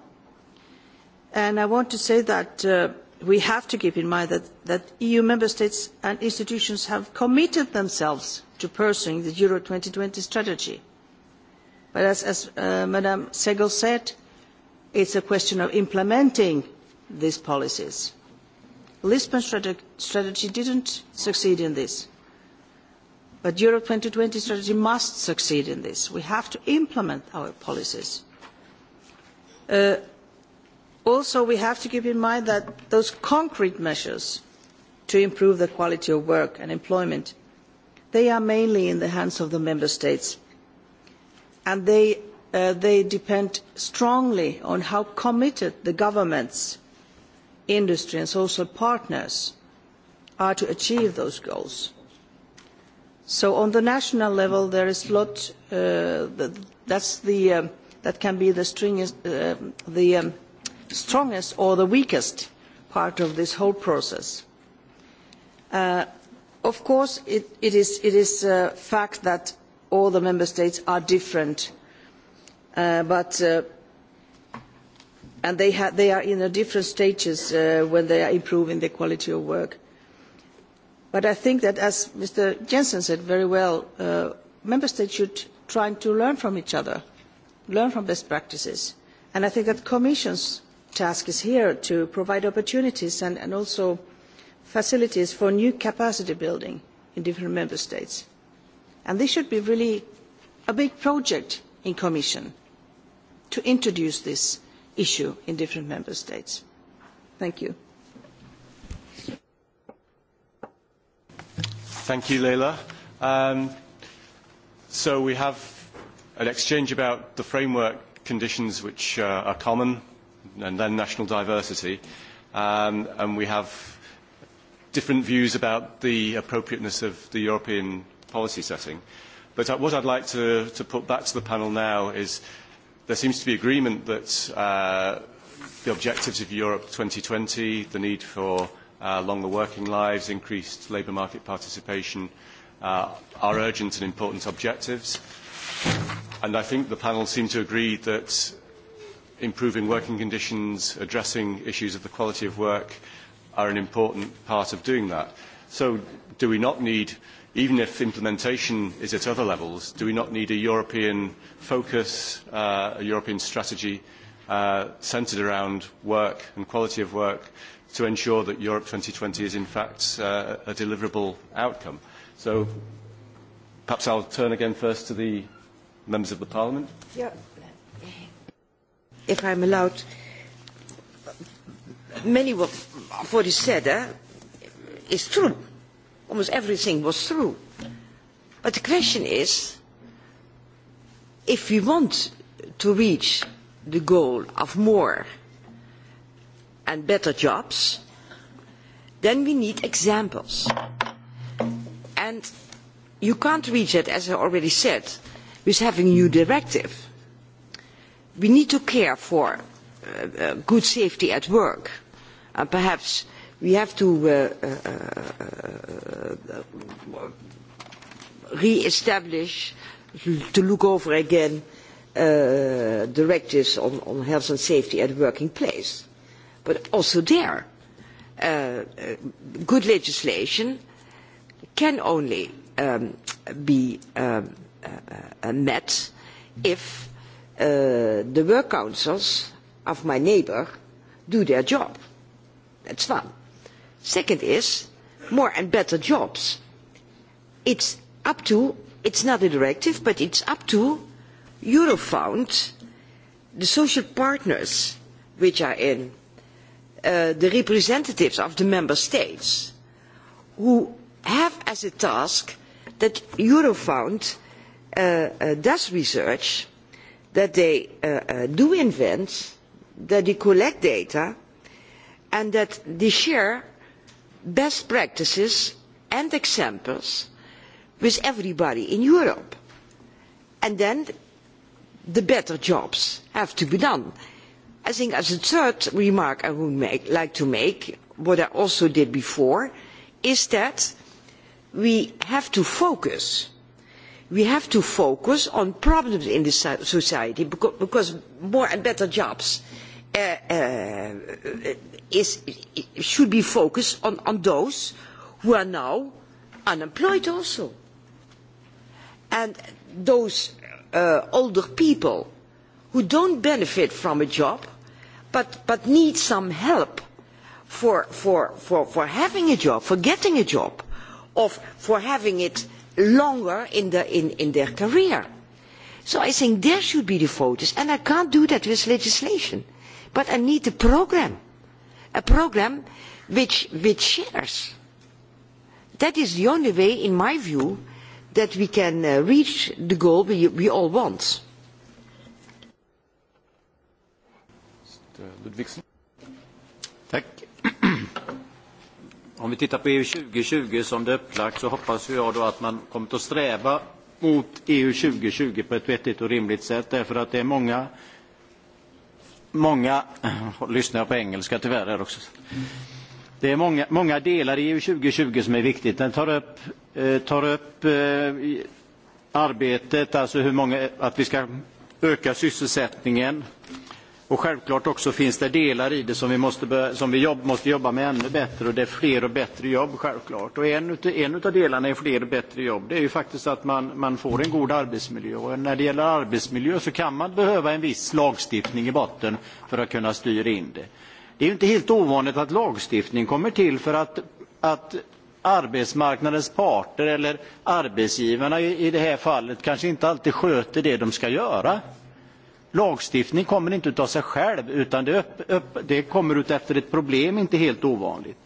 And I want to say that uh, we have to keep in mind that, that EU member states and institutions have committed themselves to pursuing the Euro twenty strategy But as, as uh, Madam Segel said, it's a question of implementing these policies. The Lisbon strategy didn't succeed in this. But Europe twenty strategy must succeed in this. We have to implement our policies. Uh, also, we have to keep in mind that those concrete measures to improve the quality of work and employment, they are mainly in the hands of the member states and they, uh, they depend strongly on how committed the governments, industry and social partners are to achieve those goals. So on the national level, there is a lot, uh, that, that's the, um, that can be the, stringest, uh, the um, strongest or the weakest part of this whole process. Uh, of course, it, it is, it is a fact that all the member states are different, uh, but uh, and they, they are in a different stages uh, when they are improving the quality of work. But I think that, as Mr. Jensen said very well, uh, member states should try to learn from each other, learn from best practices, and I think that the Commission's task is here to provide opportunities and, and also facilities for new capacity building in different member states. And this should be really a big project in Commission to introduce this issue in different member states. Thank you. Thank you, Leila. Um, so we have an exchange about the framework conditions which uh, are common and then national diversity. Um, and we have different views about the appropriateness of the European policy setting. But uh, what I'd like to, to put back to the panel now is there seems to be agreement that uh, the objectives of Europe 2020, the need for uh, longer working lives, increased labour market participation, uh, are urgent and important objectives. And I think the panel seem to agree that improving working conditions, addressing issues of the quality of work are an important part of doing that. So do we not need even if implementation is at other levels, do we not need a European focus, uh, a European strategy uh, centred around work and quality of work to ensure that Europe 2020 is in fact uh, a deliverable outcome? So perhaps I'll turn again first to the members of the Parliament. Yeah. If I'm allowed, many of what is said eh, is true almost everything was through. But the question is, if we want to reach the goal of more and better jobs, then we need examples. And you can't reach it, as I already said, with having a new directive. We need to care for uh, uh, good safety at work and perhaps we have to uh, uh, uh, re-establish, to look over again uh, directives on, on health and safety at the working place. But also there, uh, uh, good legislation can only um, be um, uh, uh, met if uh, the work councils of my neighbor do their job. That's fine. Second is more and better jobs. It's up to, it's not a directive, but it's up to Eurofound, the social partners which are in, uh, the representatives of the member states, who have as a task that Eurofound uh, uh, does research, that they uh, uh, do invent, that they collect data, and that they share best practices and examples with everybody in Europe. And then the better jobs have to be done. I think as a third remark I would make, like to make, what I also did before, is that we have to focus. We have to focus on problems in the society because more and better jobs uh, uh, is, should be focused on, on those who are now unemployed also. And those uh, older people who don't benefit from a job but, but need some help for, for, for, for having a job, for getting a job, or for having it longer in, the, in, in their career. So I think there should be the focus, and I can't do that with legislation but I need a program, a program which, which shares. That is the only way, in my view, that we can uh, reach the goal we, we all want. Tack. Om vi tittar på EU 2020 som det är upplagt så hoppas jag då att man kommer att sträva mot EU 2020 på ett vettigt och rimligt sätt därför att det är många många, lyssnar på engelska tyvärr här också. Det är många, många delar i EU 2020 som är viktigt. Den tar upp, eh, tar upp eh, arbetet, alltså hur många, att vi ska öka sysselsättningen, Och självklart också finns det delar i det som vi, måste, som vi jobb, måste jobba med ännu bättre och det är fler och bättre jobb självklart. Och en, en av delarna i fler och bättre jobb det är ju faktiskt att man, man får en god arbetsmiljö. Och när det gäller arbetsmiljö så kan man behöva en viss lagstiftning i botten för att kunna styra in det. Det är ju inte helt ovanligt att lagstiftning kommer till för att, att arbetsmarknadens parter eller arbetsgivarna i, i det här fallet kanske inte alltid sköter det de ska göra. Lagstiftning kommer inte av sig själv utan det, upp, upp, det kommer ut efter ett problem, inte helt ovanligt.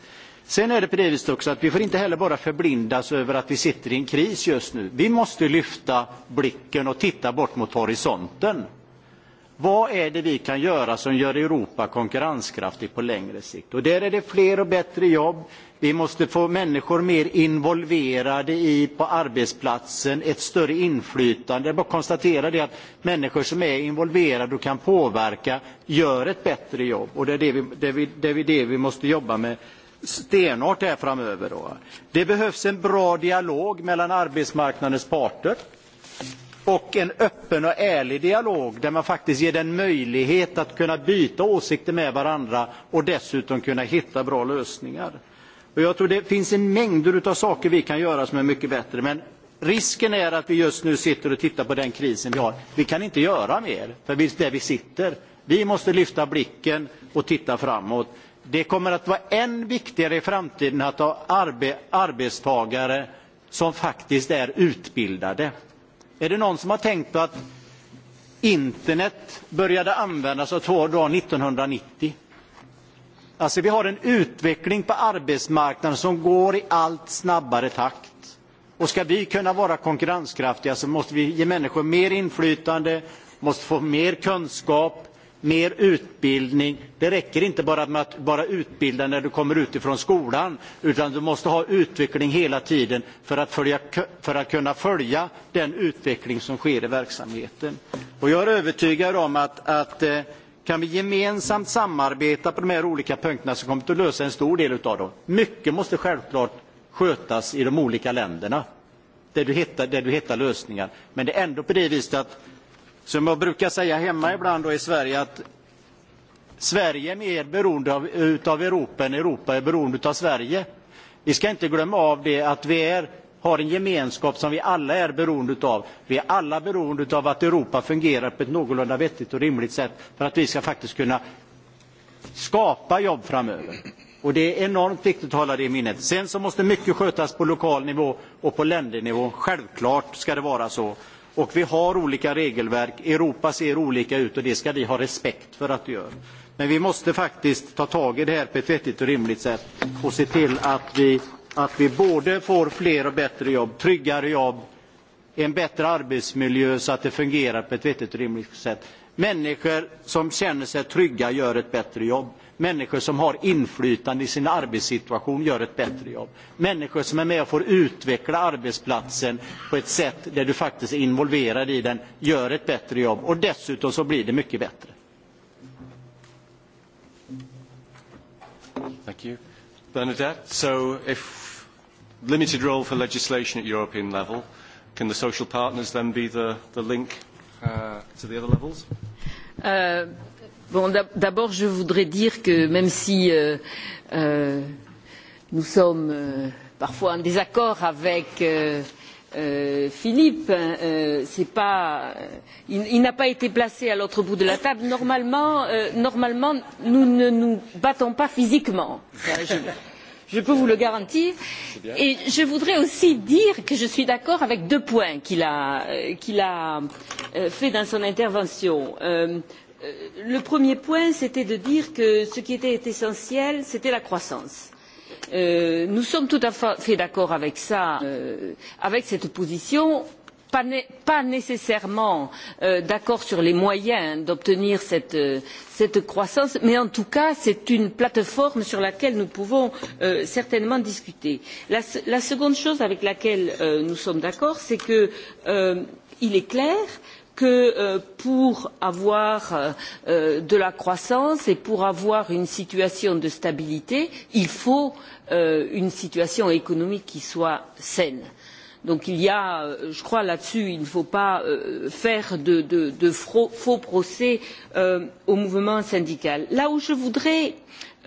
Sen är det på det viset också att vi får inte heller bara förblindas över att vi sitter i en kris just nu. Vi måste lyfta blicken och titta bort mot horisonten. Vad är det vi kan göra som gör Europa konkurrenskraftigt på längre sikt? Och där är det fler och bättre jobb, Vi måste få människor mer involverade i, på arbetsplatsen, ett större inflytande. Jag bara konstatera det att människor som är involverade och kan påverka gör ett bättre jobb. Och det är det vi, det vi, det vi, det vi måste jobba med stenhårt här framöver. Då. Det behövs en bra dialog mellan arbetsmarknadens parter och en öppen och ärlig dialog där man faktiskt ger den möjlighet att kunna byta åsikter med varandra och dessutom kunna hitta bra lösningar. Och jag tror det finns en mängd av saker vi kan göra som är mycket bättre. Men risken är att vi just nu sitter och tittar på den krisen vi har. Vi kan inte göra mer för där vi sitter. Vi måste lyfta blicken och titta framåt. Det kommer att vara än viktigare i framtiden att ha arbe, arbetstagare som faktiskt är utbildade. Är det någon som har tänkt på att internet började användas av två år 1990? Alltså vi har en utveckling på arbetsmarknaden som går i allt snabbare takt. Och ska vi kunna vara konkurrenskraftiga så måste vi ge människor mer inflytande, måste få mer kunskap, mer utbildning. Det räcker inte bara med att bara utbilda när du kommer utifrån skolan, utan du måste ha utveckling hela tiden för att, följa, för att kunna följa den utveckling som sker i verksamheten. Och jag är övertygad om att, att eh, Kan vi gemensamt samarbeta på de här olika punkterna så kommer vi att lösa en stor del av dem. Mycket måste självklart skötas i de olika länderna där du hittar, där du hittar lösningar. Men det är ändå på det viset att, som jag brukar säga hemma ibland då i Sverige, att Sverige är mer beroende av, utav Europa än Europa är beroende av Sverige. Vi ska inte glömma av det att vi är har en gemenskap som vi alla är beroende av. Vi är alla beroende av att Europa fungerar på ett någorlunda vettigt och rimligt sätt för att vi ska faktiskt kunna skapa jobb framöver. Och det är enormt viktigt att hålla det i minnet. Sen så måste mycket skötas på lokal nivå och på ländernivå. Självklart ska det vara så. Och vi har olika regelverk. Europa ser olika ut och det ska vi ha respekt för att det gör. Men vi måste faktiskt ta tag i det här på ett vettigt och rimligt sätt och se till att vi att vi både får fler och bättre jobb, tryggare jobb, en bättre arbetsmiljö så att det fungerar på ett vettigt och rimligt sätt. Människor som känner sig trygga gör ett bättre jobb. Människor som har inflytande i sin arbetssituation gör ett bättre jobb. Människor som är med och får utveckla arbetsplatsen på ett sätt där du faktiskt är involverad i den gör ett bättre jobb och dessutom så blir det mycket bättre. Thank you. Bernadette, so if limited role for legislation at European level. Can the social partners then be the, the link uh, to the other levels? Uh, bon, D'abord, je voudrais dire que même si euh, euh, nous sommes euh, parfois en désaccord avec euh, euh, Philippe, euh, pas, euh, il, il n'a pas été placé à l'autre bout de la table. Normalement, euh, normalement, nous ne nous battons pas physiquement. Enfin, je, je peux vous le garantir. Et je voudrais aussi dire que je suis d'accord avec deux points qu'il a, qu a euh, fait dans son intervention. Euh, euh, le premier point, c'était de dire que ce qui était essentiel, c'était la croissance. Euh, nous sommes tout à fait d'accord avec ça, euh, avec cette position pas, pas nécessairement euh, d'accord sur les moyens d'obtenir cette, euh, cette croissance, mais en tout cas, c'est une plateforme sur laquelle nous pouvons euh, certainement discuter. La, la seconde chose avec laquelle euh, nous sommes d'accord, c'est que euh, il est clair que euh, pour avoir euh, de la croissance et pour avoir une situation de stabilité, il faut une situation économique qui soit saine. Donc il y a, euh, je crois là-dessus, il ne faut pas euh, faire de, de, de faux, faux procès euh, au mouvement syndical. Là où je voudrais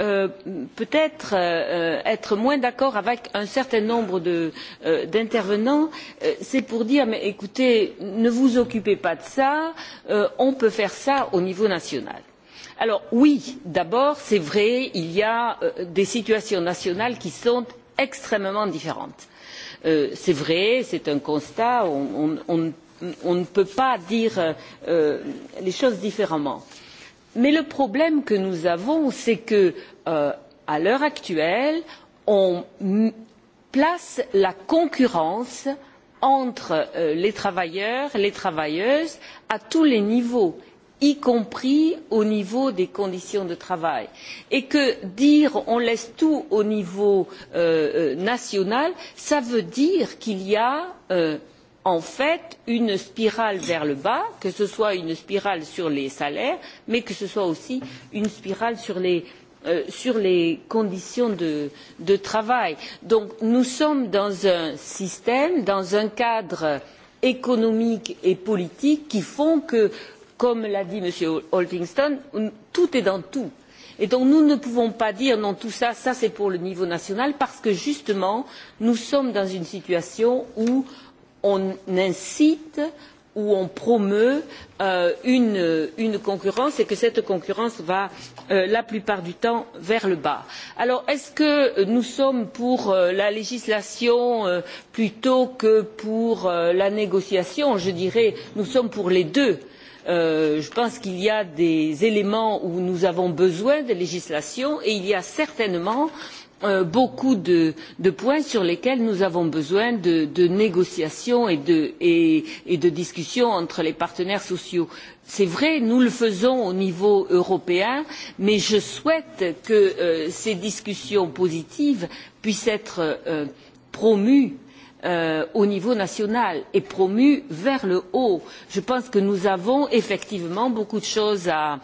euh, peut-être euh, être moins d'accord avec un certain nombre euh, d'intervenants, c'est pour dire, mais écoutez, ne vous occupez pas de ça, on peut faire ça au niveau national. Alors oui, d'abord, c'est vrai, il y a des situations nationales qui sont extrêmement différentes Euh, c'est vrai, c'est un constat, on, on, on, on, ne peut pas dire euh, euh, les choses différemment. Mais le problème que nous avons, c'est que euh, à l'heure actuelle, on place la concurrence entre euh, les travailleurs, les travailleuses à tous les niveaux y compris au niveau des conditions de travail. Et que dire on laisse tout au niveau euh, euh national, cela veut dire qu'il y a euh, en fait une spirale vers le bas, que ce soit une spirale sur les salaires, mais que ce soit aussi une spirale sur les, euh, sur les conditions de, de, travail. Donc nous sommes dans un système, dans un cadre économique et politique qui font que comme l'a dit M. Holdingston, tout est dans tout. Et donc nous ne pouvons pas dire non tout ça, ça c'est pour le niveau national parce que justement nous sommes dans une situation où on incite où on promeut euh, une, une, concurrence et que cette concurrence va euh, la plupart du temps vers le bas. Alors est-ce que nous sommes pour euh, la législation euh, plutôt que pour euh, la négociation Je dirais nous sommes pour les deux. Euh, Euh, je pense qu'il y a des éléments où nous avons besoin de législation et il y a certainement euh, beaucoup de, de, points sur lesquels nous avons besoin de, de négociations et de, et, et de discussions entre les partenaires sociaux. C'est vrai, nous le faisons au niveau européen, mais je souhaite que euh, ces discussions positives puissent être euh, promues Euh, au niveau national et promu vers le haut. Je pense que nous avons effectivement beaucoup de choses à,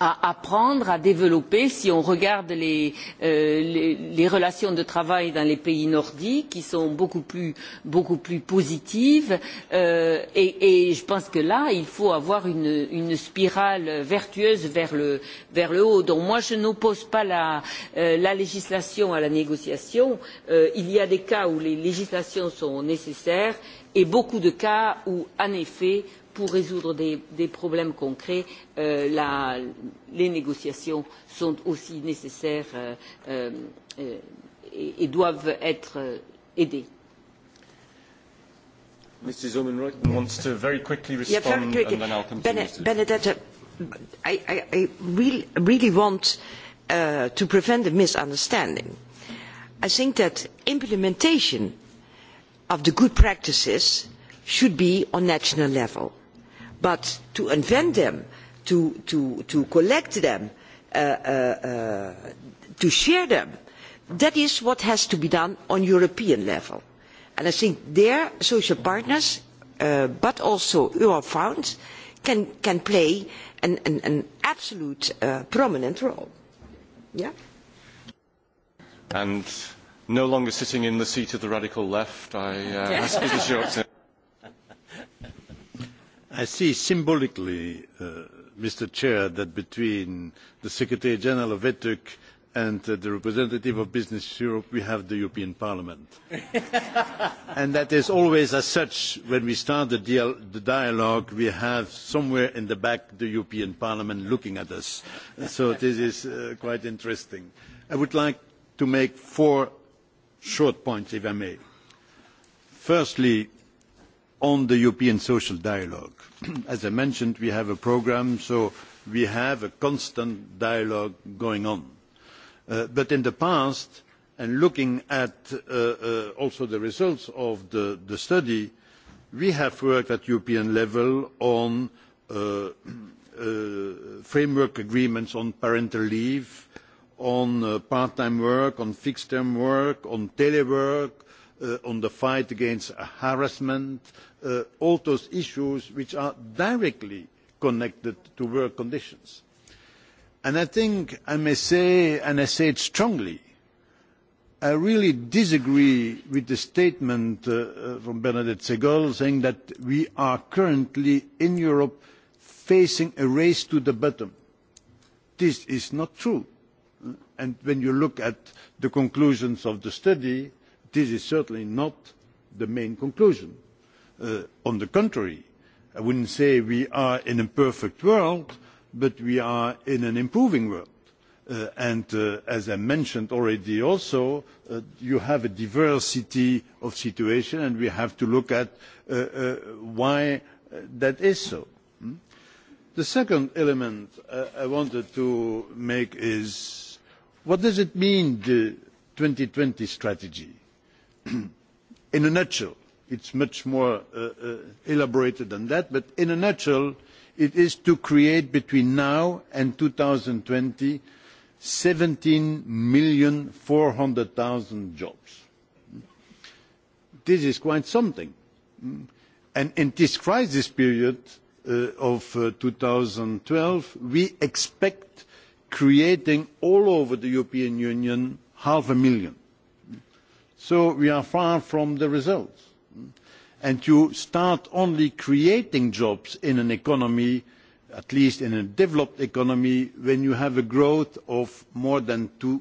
à apprendre, à développer. Si on regarde les, euh, les, les relations de travail dans les pays nordiques, qui sont beaucoup plus, beaucoup plus positives, euh, et, et je pense que là, il faut avoir une, une spirale vertueuse vers le, vers le haut. Donc moi, je n'oppose pas la, euh, la législation à la négociation. Euh, il y a des cas où les législations sont nécessaires et beaucoup de cas où, en effet, pour résoudre des, des problèmes concrets, euh, la, les négociations sont aussi nécessaires euh, euh, euh et, et doivent être euh, aidées. Mrs. Omenroyd wants to very quickly respond yeah, very quickly. and then I'll come Bene to Benedetta, I, I, I really, really want uh, to prevent a misunderstanding. I think that implementation of the good practices should be on national level But to invent them, to, to, to collect them, uh, uh, uh, to share them, that is what has to be done on European level. And I think their social partners, uh, but also Eurofound, can, can play an, an, an absolute uh, prominent role. Yeah? And no longer sitting in the seat of the radical left, I uh, ask you to show up I see symbolically, uh, Mr. Chair, that between the Secretary General of ETUC and uh, the representative of Business Europe, we have the European Parliament. and that is always as such, when we start the, deal, the dialogue, we have somewhere in the back the European Parliament looking at us. So this is uh, quite interesting. I would like to make four short points, if I may. Firstly, on the European social dialogue. As I mentioned, we have a programme, so we have a constant dialogue going on. Uh, but in the past, and looking at uh, uh, also the results of the, the, study, we have worked at European level on uh, uh, framework agreements on parental leave, on uh, part-time work, on fixed-term work, on telework, uh, on the fight against harassment, uh, all those issues which are directly connected to work conditions. And I think I may say, and I say it strongly, I really disagree with the statement uh, uh from Bernadette Segal saying that we are currently in Europe facing a race to the bottom. This is not true. And when you look at the conclusions of the study, This is certainly not the main conclusion. Uh, on the contrary, I wouldn't say we are in a perfect world, but we are in an improving world. Uh, and uh, as I mentioned already also, uh, you have a diversity of situation and we have to look at uh, uh, why uh, that is so. Hmm? The second element uh, I wanted to make is what does it mean, the 2020 strategy? in a nutshell, it is much more uh, uh, elaborated than that, but in a nutshell, it is to create between now and 2020 17,400,000 jobs. This is quite something. And in this crisis period uh, of uh, 2012, we expect creating all over the European Union half a million. So we are far from the results. And you start only creating jobs in an economy, at least in a developed economy, when you have a growth of more than 2%.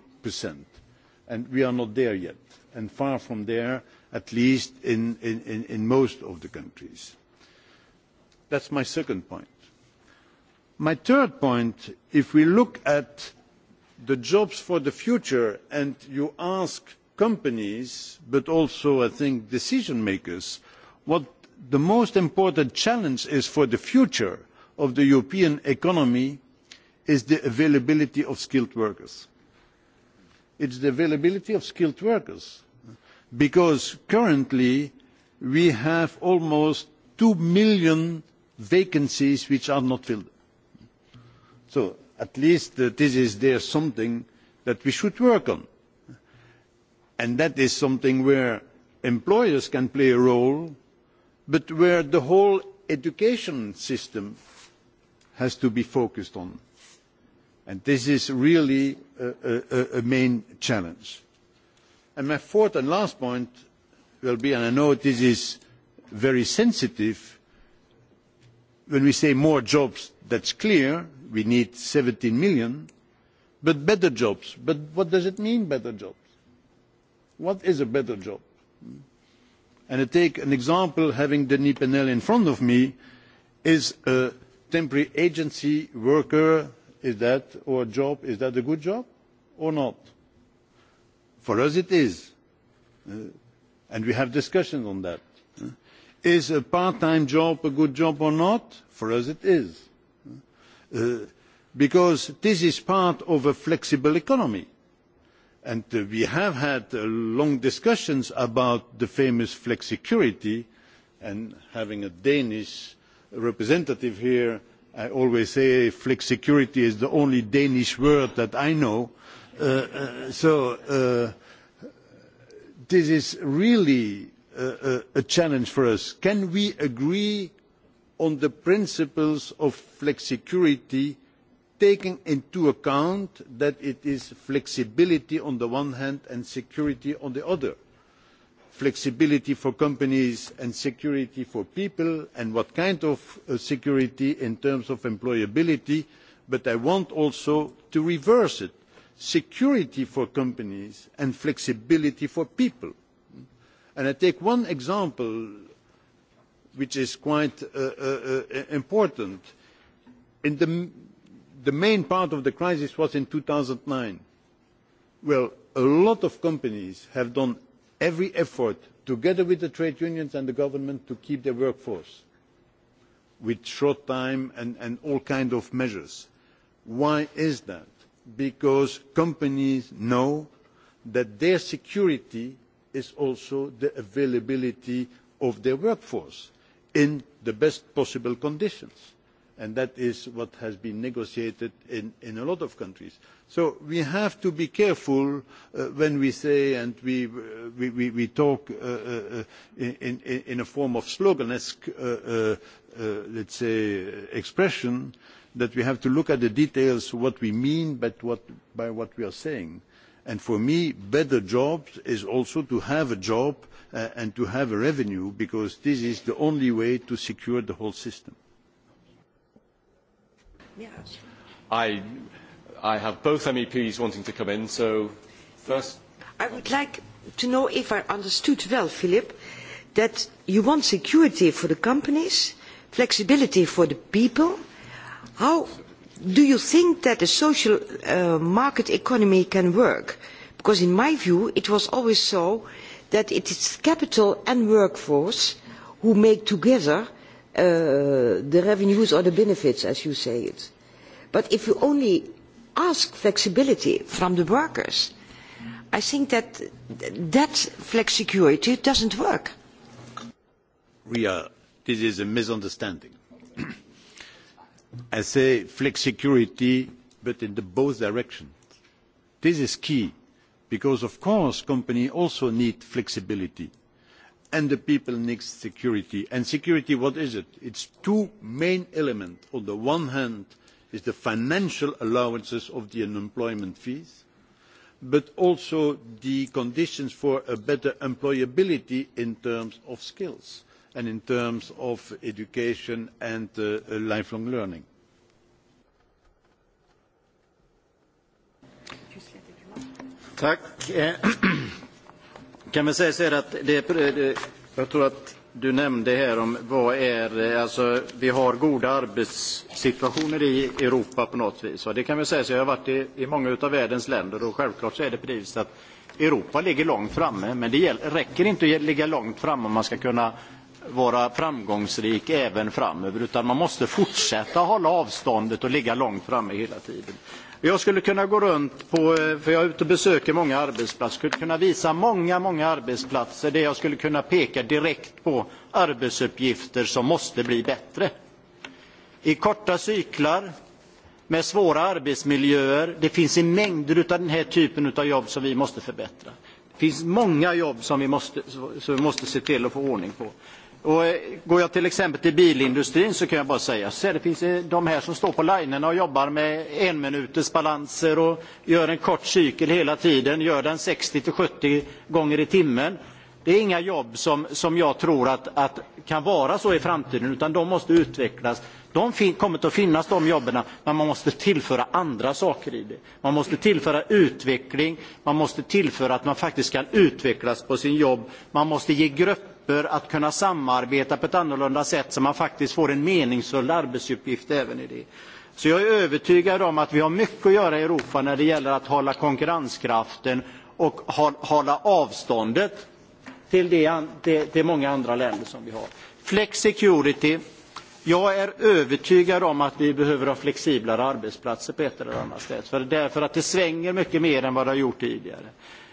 And we are not there yet, and far from there, at least in, in, in, most of the countries. That's my second point. My third point, if we look at the jobs for the future and you ask companies, but also, I think, decision makers, what the most important challenge is for the future of the European economy is the availability of skilled workers. It is the availability of skilled workers. Because currently we have almost two million vacancies which are not filled. So at least uh, this is there something that we should work on and that is something where employers can play a role, but where the whole education system has to be focused on. And this is really a, a, a main challenge. And my fourth and last point will be, and I know this is very sensitive, when we say more jobs, that's clear, we need seventeen million, but better jobs. But what does it mean, better jobs? What is a better job? And I take an example, having Denis Penel in front of me, is a temporary agency worker, is that, or a job, is that a good job or not? For us it is. Uh, and we have discussions on that. Uh, is a part-time job a good job or not? For us it is. Uh, because this is part of a flexible economy. And uh, we have had uh, long discussions about the famous flexicurity and having a Danish representative here, I always say flexicurity is the only Danish word that I know. Uh, uh, so uh, this is really a, uh, a, challenge for us. Can we agree on the principles of flexicurity taking into account that it is flexibility on the one hand and security on the other flexibility for companies and security for people and what kind of uh, security in terms of employability but i want also to reverse it security for companies and flexibility for people and i take one example which is quite uh, uh, important in the the main part of the crisis was in two thousand nine. Well, a lot of companies have done every effort together with the trade unions and the government to keep their workforce with short time and, and all kinds of measures. Why is that? Because companies know that their security is also the availability of their workforce in the best possible conditions and that is what has been negotiated in, in a lot of countries. So we have to be careful uh, when we say and we, uh, we, we, we talk uh, uh, uh, in, in, in a form of sloganesque, uh, uh, uh, let's say, expression, that we have to look at the details, what we mean by what, by what we are saying. And for me, better jobs is also to have a job uh, and to have a revenue, because this is the only way to secure the whole system. I, I have both MEPs wanting to come in, so first... I would like to know if I understood well, Philip, that you want security for the companies, flexibility for the people. How do you think that a social uh, market economy can work? Because in my view, it was always so that it is capital and workforce who make together Uh, the revenues or the benefits, as you say it. But if you only ask flexibility from the workers, I think that that flexicurity doesn't work. Ria, this is a misunderstanding. I say flexicurity, but in the both directions. This is key, because of course companies also need flexibility and the people need security. And security, what is it? It's two main elements. On the one hand is the financial allowances of the unemployment fees, but also the conditions for a better employability in terms of skills and in terms of education and uh, uh lifelong learning. Eh, Kan man säga så här att det, jag tror att du nämnde här om vad är, eh, alltså vi har goda arbetssituationer i Europa på något vis. Och det kan man säga så, jag har varit i, i många av världens länder och självklart så är det precis att Europa ligger långt framme, men det gäller, räcker inte att ligga långt framme om man ska kunna vara framgångsrik även framöver, utan man måste fortsätta hålla avståndet och ligga långt framme hela tiden. Jag skulle kunna gå runt på, eh, för jag är ute och besöker många arbetsplatser, skulle kunna visa många, många arbetsplatser där jag skulle kunna peka direkt på arbetsuppgifter som måste bli bättre. I korta cyklar, med svåra arbetsmiljöer, det finns en mängder av den här typen av jobb som vi måste förbättra. Det finns många jobb som vi måste, som vi måste se till att få ordning på. Och eh, går jag till exempel till bilindustrin så kan jag bara säga så det finns eh, de här som står på linerna och jobbar med en minuters balanser och gör en kort cykel hela tiden, gör den 60 till 70 gånger i timmen. Det är inga jobb som, som jag tror att, att kan vara så i framtiden utan de måste utvecklas. De kommer att finnas de jobben men man måste tillföra andra saker i det. Man måste tillföra utveckling, man måste tillföra att man faktiskt kan utvecklas på sin jobb, man måste ge grupper grupper att kunna samarbeta på ett annorlunda sätt så man faktiskt får en meningsfull arbetsuppgift även i det. Så jag är övertygad om att vi har mycket att göra i Europa när det gäller att hålla konkurrenskraften och hålla avståndet till, det, många andra länder som vi har. Flexicurity. Jag är övertygad om att vi behöver ha flexiblare arbetsplatser på ett eller annat sätt. För därför att det svänger mycket mer än vad det har gjort tidigare.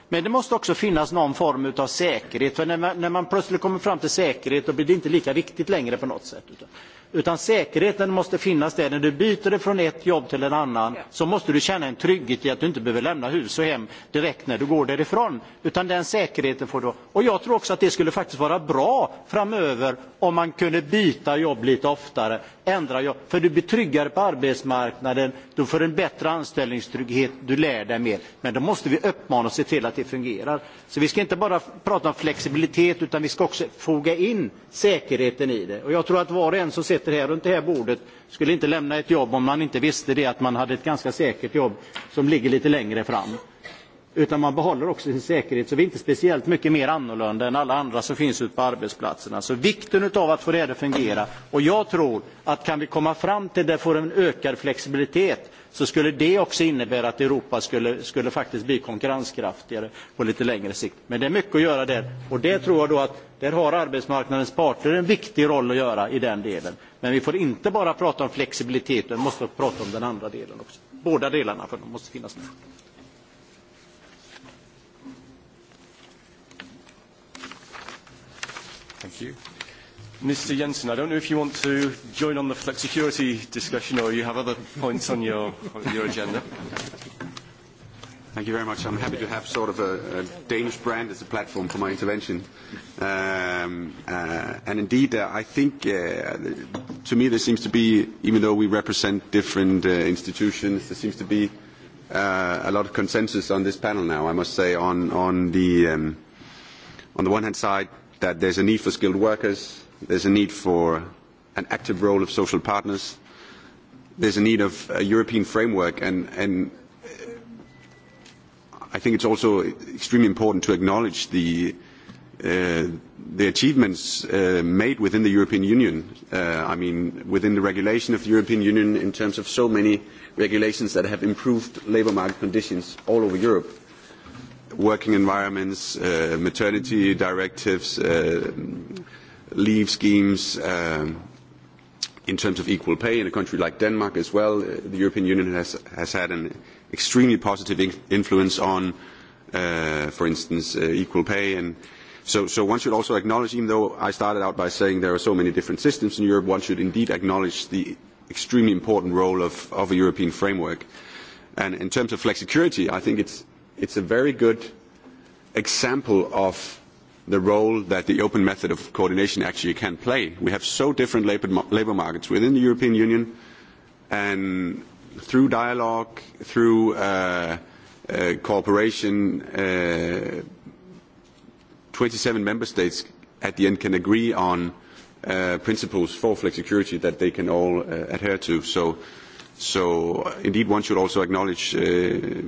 Men det måste också finnas någon form av säkerhet. För när man, när man plötsligt kommer fram till säkerhet då blir det inte lika viktigt längre på något sätt. Utan Utan säkerheten måste finnas där. När du byter från ett jobb till en annan så måste du känna en trygghet i att du inte behöver lämna hus och hem direkt när du går därifrån. Utan den säkerheten får du. Och jag tror också att det skulle faktiskt vara bra framöver om man kunde byta jobb lite oftare. Ändra jobb. För du blir tryggare på arbetsmarknaden. Du får en bättre anställningstrygghet. Du lär dig mer. Men då måste vi uppmana och se till att det fungerar. Så vi ska inte bara prata om flexibilitet utan vi ska också foga in säkerheten i det. Och jag tror att var och en som sett sitter här runt det här bordet skulle inte lämna ett jobb om man inte visste det att man hade ett ganska säkert jobb som ligger lite längre fram utan man behåller också sin säkerhet. Så vi är inte speciellt mycket mer annorlunda än alla andra som finns ute på arbetsplatserna. Så vikten av att få det att fungera. Och jag tror att kan vi komma fram till det får en ökad flexibilitet så skulle det också innebära att Europa skulle, skulle faktiskt bli konkurrenskraftigare på lite längre sikt. Men det är mycket att göra där. Och det tror jag då att där har arbetsmarknadens parter en viktig roll att göra i den delen. Men vi får inte bara prata om flexibilitet, vi måste prata om den andra delen också. Båda delarna för de måste finnas med. Thank you. Mr. Jensen, I don't know if you want to join on the flexicurity discussion or you have other points on your, on your agenda. Thank you very much. I'm happy to have sort of a, a Danish brand as a platform for my intervention. Um, uh, and indeed, uh, I think uh, to me there seems to be, even though we represent different uh, institutions, there seems to be uh, a lot of consensus on this panel now, I must say, on, on the... Um, on the one hand side, that there is a need for skilled workers, there is a need for an active role of social partners, there is a need of a European framework, and, and I think it is also extremely important to acknowledge the, uh, the achievements uh, made within the European Union. Uh, I mean, within the regulation of the European Union in terms of so many regulations that have improved labour market conditions all over Europe working environments, uh, maternity directives, uh, leave schemes, um, in terms of equal pay in a country like Denmark as well, uh, the European Union has, has had an extremely positive in influence on, uh, for instance, uh, equal pay. And so, so one should also acknowledge, even though I started out by saying there are so many different systems in Europe, one should indeed acknowledge the extremely important role of, of a European framework. And in terms of flexicurity, I think it's it is a very good example of the role that the open method of coordination actually can play. We have so different labour markets within the European Union, and through dialogue, through uh, uh, cooperation, uh, 27 member states at the end can agree on uh, principles for flexicurity that they can all uh, adhere to. So, so indeed, one should also acknowledge. Uh,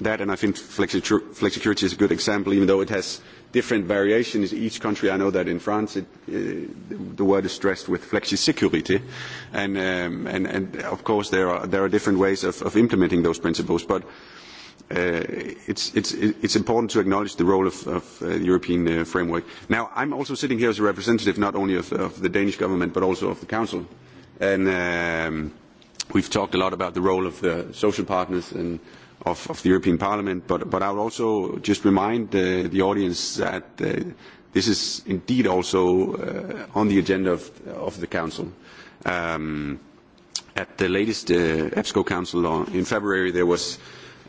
that, and I think flexicurity is a good example, even though it has different variations in each country. I know that in France, it, uh, the word is stressed with flexicurity, and, um, and, and of course there are, there are different ways of, of implementing those principles, but uh, it's, it's, it's important to acknowledge the role of, of uh the European uh, framework. Now, I'm also sitting here as a representative not only of, of the Danish government, but also of the Council, and um, we've talked a lot about the role of the social partners and of, of the European Parliament. But, but I would also just remind uh, the audience that uh, this is indeed also uh, on the agenda of, of the Council. Um, at the latest uh, EBSCO Council on, in February, there was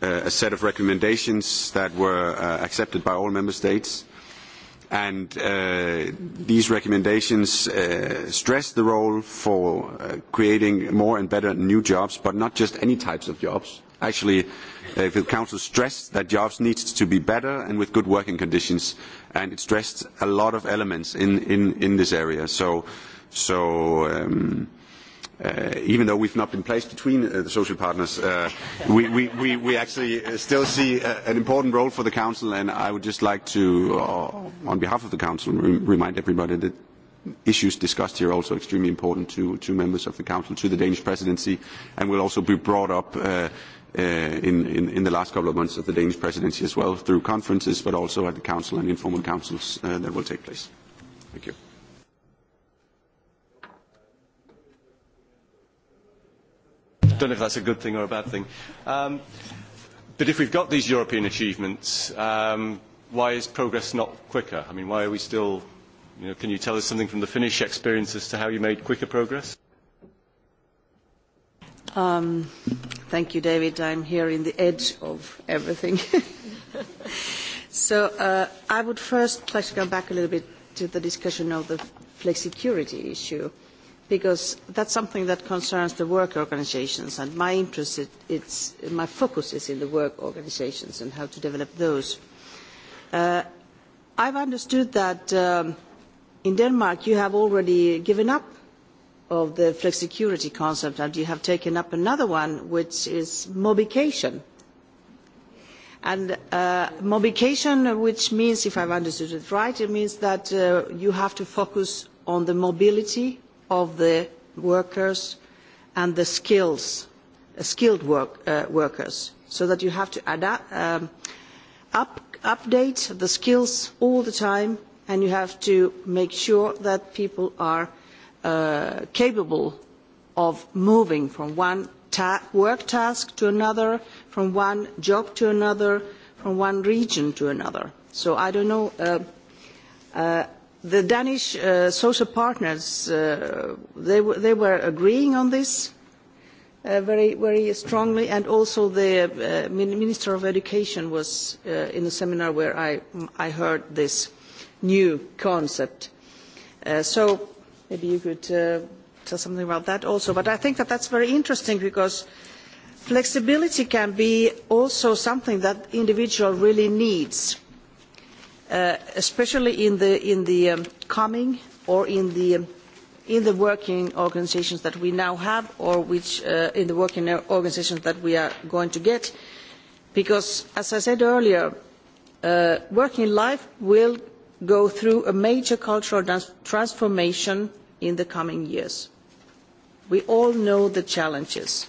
uh, a set of recommendations that were uh, accepted by all Member States. And uh, these recommendations uh, stress the role for uh, creating more and better new jobs, but not just any types of jobs, uh, actually uh, the Council stressed that jobs need to be better and with good working conditions, and it stressed a lot of elements in, in, in this area. So, so um, uh, even though we've not been placed between uh, the social partners, uh, we, we, we, we actually uh, still see a, uh, an important role for the Council, and I would just like to, uh, on behalf of the Council, re remind everybody that issues discussed here are also extremely important to, to members of the Council, to the Danish presidency, and will also be brought up uh, uh, in, in, in the last couple of months of the Danish presidency as well, through conferences, but also at the council and informal councils uh, that will take place. Thank you. I don't know if that's a good thing or a bad thing. Um, but if we've got these European achievements, um, why is progress not quicker? I mean, why are we still, you know, can you tell us something from the Finnish experience as to how you made quicker progress? Um, thank you, David. I'm here in the edge of everything. so uh, I would first like to come back a little bit to the discussion of the flexicurity issue, because that's something that concerns the work organizations, and my interest, it, it's, my focus is in the work organizations and how to develop those. Uh, I've understood that um, in Denmark you have already given up of the flexicurity concept and you have taken up another one which is mobication. And uh, mobication, which means, if I have understood it right, it means that uh, you have to focus on the mobility of the workers and the skills, uh, skilled work, uh, workers, so that you have to adapt, um, up, update the skills all the time and you have to make sure that people are – Uh, capable of moving from one ta work task to another, from one job to another, from one region to another. So I don't know. Uh, uh, the Danish uh, social partners, uh, they, they were agreeing on this uh, very, very strongly, and also the uh, Minister of Education was uh, in a seminar where I, I heard this new concept. Uh, so Maybe you could uh, tell something about that also. But I think that that's very interesting because flexibility can be also something that the individual really needs, uh, especially in the, in the um, coming or in the, um, in the working organisations that we now have or which, uh, in the working organisations that we are going to get. Because, as I said earlier, uh, working life will go through a major cultural trans transformation in the coming years. We all know the challenges.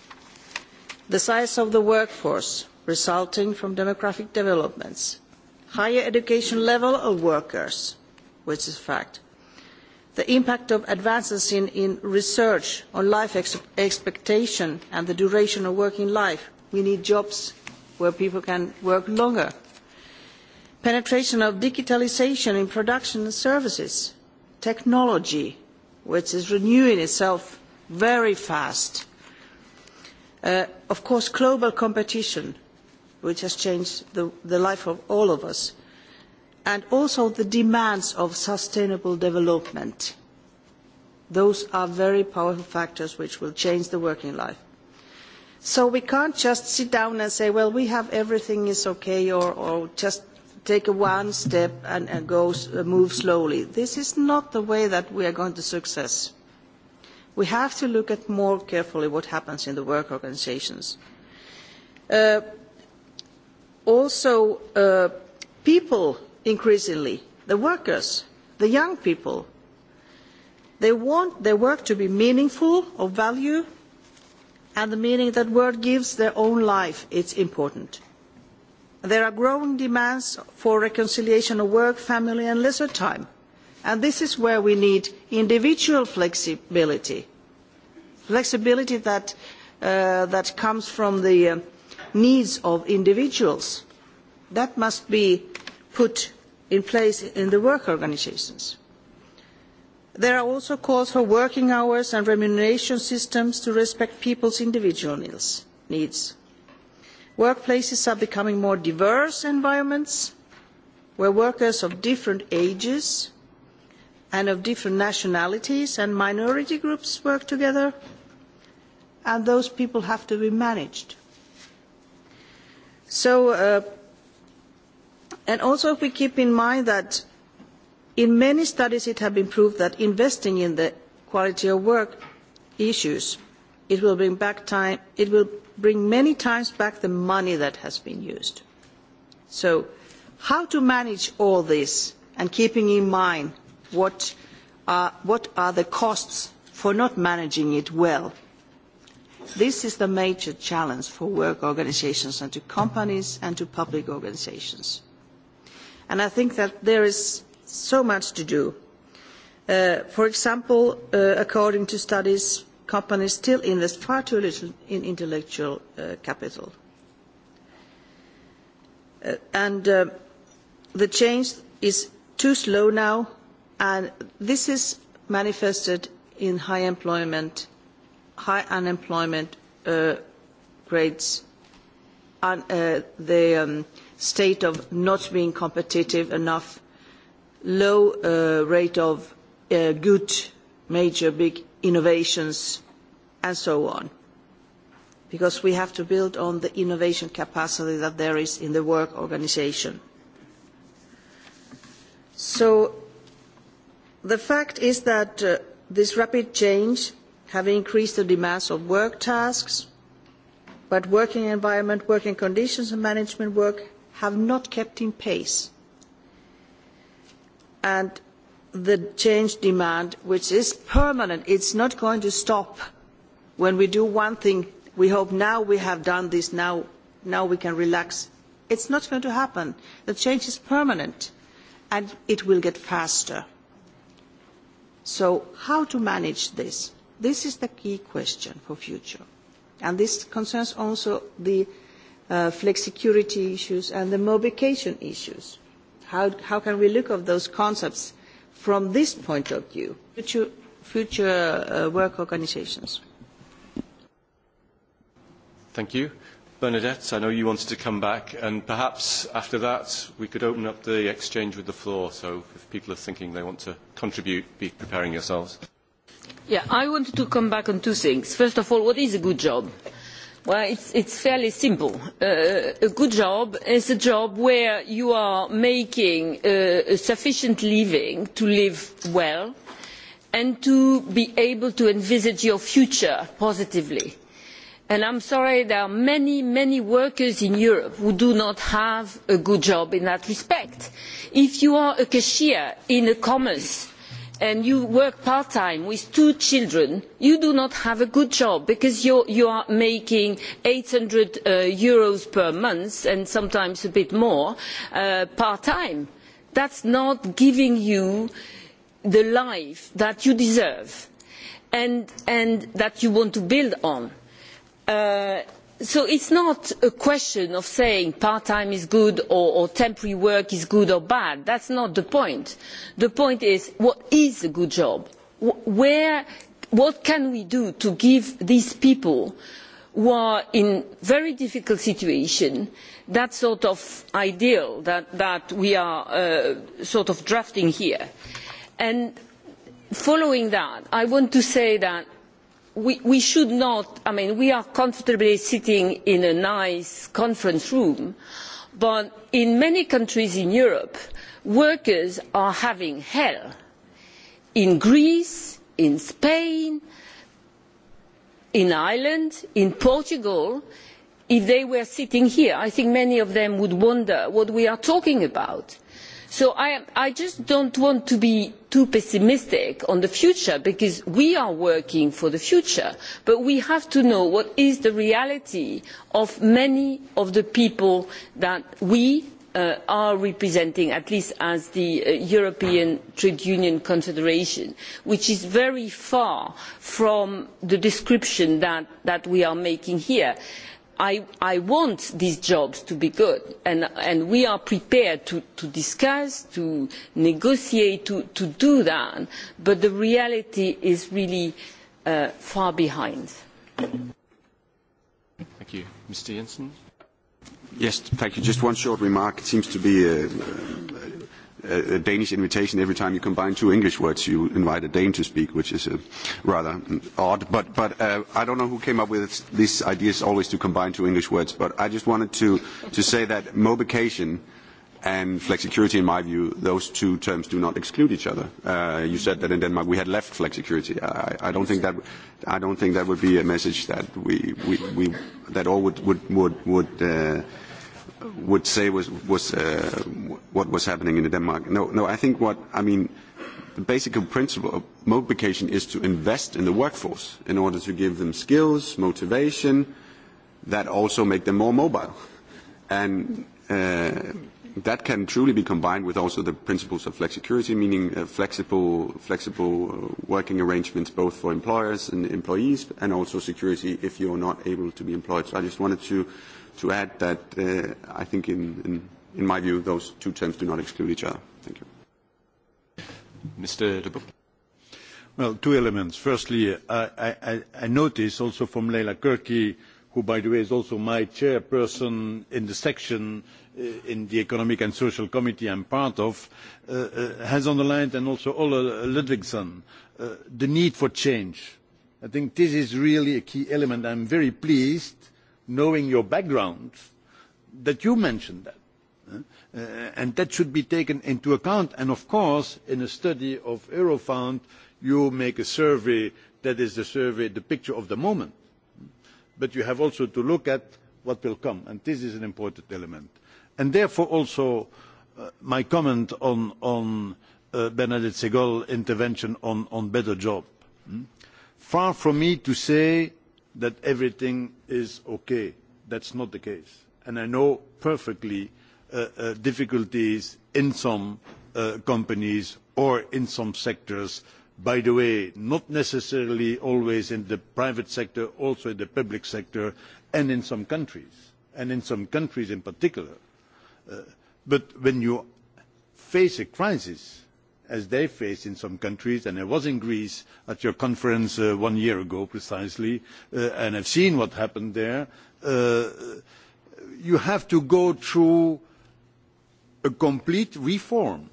The size of the workforce resulting from demographic developments, higher education level of workers, which is a fact, the impact of advances in, research on life expectation and the duration of working life. We need jobs where people can work longer. Penetration of digitalisation in production and services, technology, which is renewing itself very fast. Uh, of course, global competition, which has changed the, the life of all of us, and also the demands of sustainable development. Those are very powerful factors which will change the working life. So we can't just sit down and say, well, we have everything is okay, or, or just take one step and, and uh, move slowly. This is not the way that we are going to success. We have to look at more carefully what happens in the work organisations. Uh, also, uh, people increasingly, the workers, the young people, they want their work to be meaningful, of value, and the meaning that work gives their own life is important. There are growing demands for reconciliation of work, family and leisure time. And this is where we need individual flexibility. Flexibility that, uh, that comes from the uh, needs of individuals. That must be put in place in the work organisations. There are also calls for working hours and remuneration systems to respect people's individual needs. Workplaces are becoming more diverse environments where workers of different ages and of different nationalities and minority groups work together, and those people have to be managed. So, uh, and also if we keep in mind that in many studies it has been proved that investing in the quality of work issues, it will bring back time, it will bring many times back the money that has been used. So how to manage all this and keeping in mind what are, uh, what are the costs for not managing it well? This is the major challenge for work organisations and to companies and to public organisations. And I think that there is so much to do. Uh, for example, uh, according to studies companies still invest far too little in intellectual uh, capital. Uh, and uh, the change is too slow now, and this is manifested in high employment, high unemployment uh, rates, and uh, the um, state of not being competitive enough, low uh, rate of uh, good major big innovations and so on because we have to build on the innovation capacity that there is in the work organisation. So the fact is that uh, this rapid change has increased the demands of work tasks, but working environment, working conditions and management work have not kept in pace. And the change demand, which is permanent. It is not going to stop when we do one thing. We hope now we have done this, now, now we can relax. It is not going to happen. The change is permanent and it will get faster. So how to manage this? This is the key question for future. And this concerns also the uh, flexicurity issues and the mobilization issues. How, how can we look at those concepts from this point of view, future, future uh, work organisations. Thank you. Bernadette, I know you wanted to come back, and perhaps after that we could open up the exchange with the floor. So if people are thinking they want to contribute, be preparing yourselves. Yeah, I wanted to come back on two things. First of all, what is a good job? Well, it's, it's fairly simple. Uh, a good job is a job where you are making uh, a sufficient living to live well and to be able to envisage your future positively. And am sorry, there are many, many workers in Europe who do not have a good job in that respect. If you are a cashier in a commerce and you work part time with two children, you do not have a good job because you are making eight hundred uh, euros per month and sometimes a bit more uh, part time. That is not giving you the life that you deserve and, and that you want to build on. Uh, So it is not a question of saying part-time is good or, or, temporary work is good or bad. That is not the point. The point is what is a good job? Where, what can we do to give these people who are in a very difficult situation that sort of ideal that, that we are uh, sort of drafting here? And following that, I want to say that we, we should not, I mean, we are comfortably sitting in a nice conference room, but in many countries in Europe, workers are having hell. In Greece, in Spain, in Ireland, in Portugal, if they were sitting here, I think many of them would wonder what we are talking about So I, I just don't want to be too pessimistic on the future because we are working for the future, but we have to know what is the reality of many of the people that we uh, are representing, at least as the uh, European Trade Union Confederation, which is very far from the description that, that we are making here. I, want these jobs to be good, and, and we are prepared to, to discuss, to negotiate, to, to, do that, but the reality is really uh, far behind. Thank you. Mr. Jensen? Yes, thank you. Just one short remark. It seems to be a, uh, a a Danish invitation every time you combine two English words. You invite a Dane to speak, which is uh, rather odd. But, but uh, I don't know who came up with these ideas always to combine two English words. But I just wanted to, to say that mobication and flexicurity, in my view, those two terms do not exclude each other. Uh, you said that in Denmark we had left flexicurity. I, I don't think that I don't think that would be a message that we, we, we that all would would would, would uh, would say was, was uh, what was happening in Denmark. No, no, I think what, I mean, the basic principle of mobilization is to invest in the workforce in order to give them skills, motivation, that also make them more mobile. And uh, that can truly be combined with also the principles of flexicurity, meaning uh, flexible, flexible uh, working arrangements both for employers and employees, and also security if you are not able to be employed. So I just wanted to to add that uh, I think, in, in, in my view, those two terms do not exclude each other. Thank you. Mr. Dubuk. Well, two elements. Firstly, I, I, I notice also from Leila Kirky, who, by the way, is also my chairperson in the section uh, in the Economic and Social Committee I'm part of, uh, uh has underlined, and also Ola Ludvigsson, uh, the need for change. I think this is really a key element. I'm very pleased uh, knowing your background, that you mentioned that. Uh, uh, and that should be taken into account. And of course, in a study of Eurofound, you make a survey that is the survey, the picture of the moment. But you have also to look at what will come, and this is an important element. And therefore also uh, my comment on, on uh, Bernadette Segal's intervention on, on better job. Hmm? Far from me to say that everything is okay. That's not the case. And I know perfectly uh, uh, difficulties in some uh, companies or in some sectors. By the way, not necessarily always in the private sector, also in the public sector and in some countries, and in some countries in particular. Uh, but when you face a crisis, as they face in some countries and I was in Greece at your conference uh, one year ago precisely uh, and I've seen what happened there uh, you have to go through a complete reform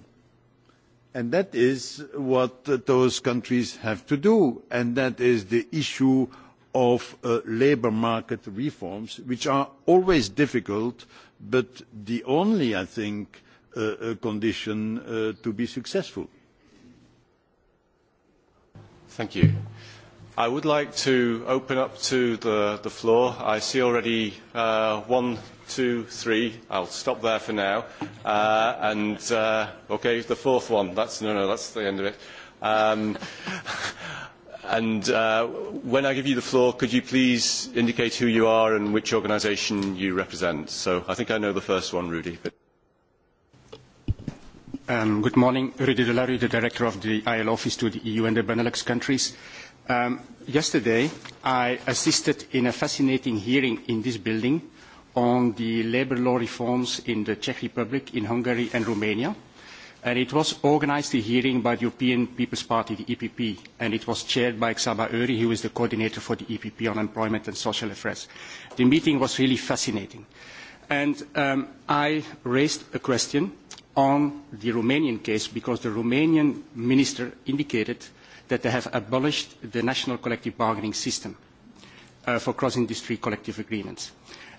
and that is what uh, those countries have to do and that is the issue of uh, labour market reforms which are always difficult but the only I think Uh, uh, condition uh, to be successful. Thank you. I would like to open up to the, the floor. I see already uh, one, two, three. I'll stop there for now. Uh, and, uh, okay, the fourth one. That's, no, no, that's the end of it. Um, and uh, when I give you the floor, could you please indicate who you are and which organisation you represent? So I think I know the first one, Rudy. But Um, good morning. Rudy Delary, the director of the IL office to the EU and the Benelux countries. Um, yesterday, I assisted in a fascinating hearing in this building on the labor law reforms in the Czech Republic, in Hungary and Romania. And it was organized a hearing by the European People's Party, the EPP, and it was chaired by Xaba Uri, who is the coordinator for the EPP on employment and social affairs. The meeting was really fascinating. And um, I raised a question on the Romanian case because the Romanian minister indicated that they have abolished the national collective bargaining system uh, for cross-industry collective agreements.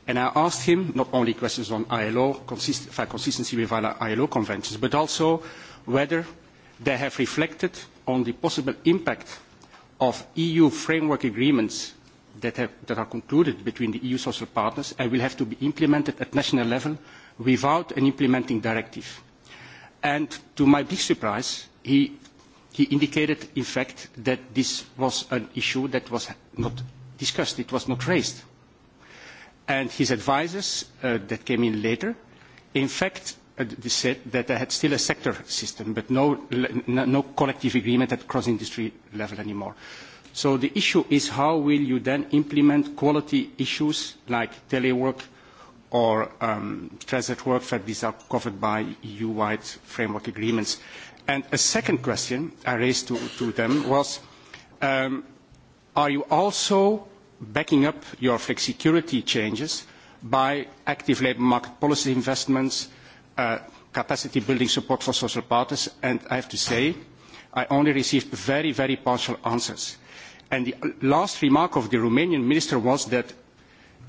And I asked him not only questions on ILO, consist consistency with ILO conventions, but also whether they have reflected on the possible impact of EU framework agreements that, have, that are concluded between the EU social partners and will have to be implemented at national level without an implementing directive. And to my big surprise, he, he indicated, in fact, that this was an issue that was not discussed, it was not raised. And his advisers uh, that came in later, in fact, uh, they said that they had still a sector system, but no, no collective agreement at cross-industry level anymore. So the issue is how will you then implement quality issues like telework, or um, transit work that these are covered by EU-wide framework agreements. And a second question I raised to, to them was, um, are you also backing up your flexicurity changes by active labour market policy investments, uh, capacity building support for social partners, and I have to say, I only received very, very partial answers. And the last remark of the Romanian minister was that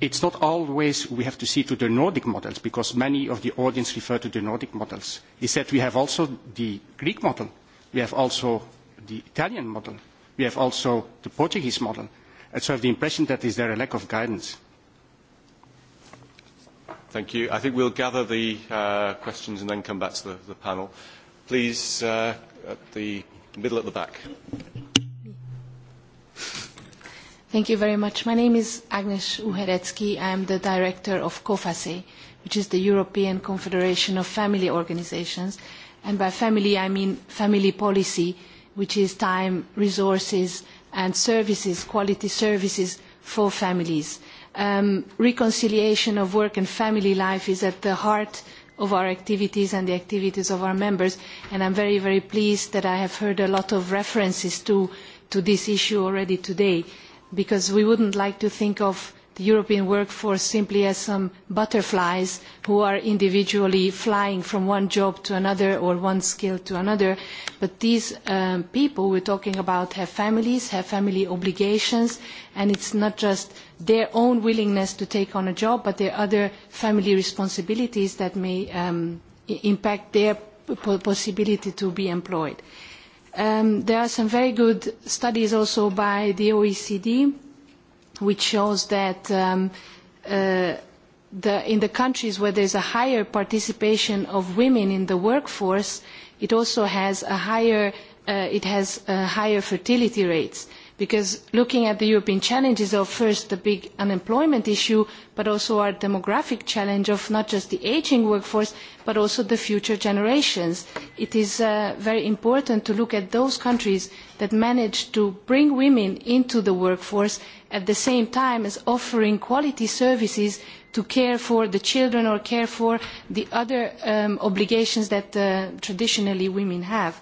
It is not always we have to see to the Nordic models, because many of the audience refer to the Nordic models. Is that we have also the Greek model, we have also the Italian model, we have also the Portuguese model. And so I have the impression that is there a lack of guidance. Thank you. I think we'll gather the uh, questions and then come back to the, the panel. Please, uh, at the middle at the back. Thank you very much. My name is Agnes Uheretsky. I am the director of COFASE, which is the European Confederation of Family Organizations. And by family, I mean family policy, which is time, resources, and services, quality services for families. Um, reconciliation of work and family life is at the heart of our activities and the activities of our members, and I am very, very pleased that I have heard a lot of references to, to this issue already today because we would not like to think of the European workforce simply as some butterflies who are individually flying from one job to another or one skill to another. But these um, people we are talking about have families, have family obligations, and it is not just their own willingness to take on a job, but their other family responsibilities that may um, impact their possibility to be employed. Um, there are some very good studies also by the OECD, which shows that um, uh, the, in the countries where there is a higher participation of women in the workforce, it also has a higher, uh, it has, a uh, higher fertility rates because looking at the European challenges of first the big unemployment issue, but also our demographic challenge of not just the ageing workforce, but also the future generations. It is uh, very important to look at those countries that manage to bring women into the workforce at the same time as offering quality services to care for the children or care for the other um, obligations that uh, traditionally women have.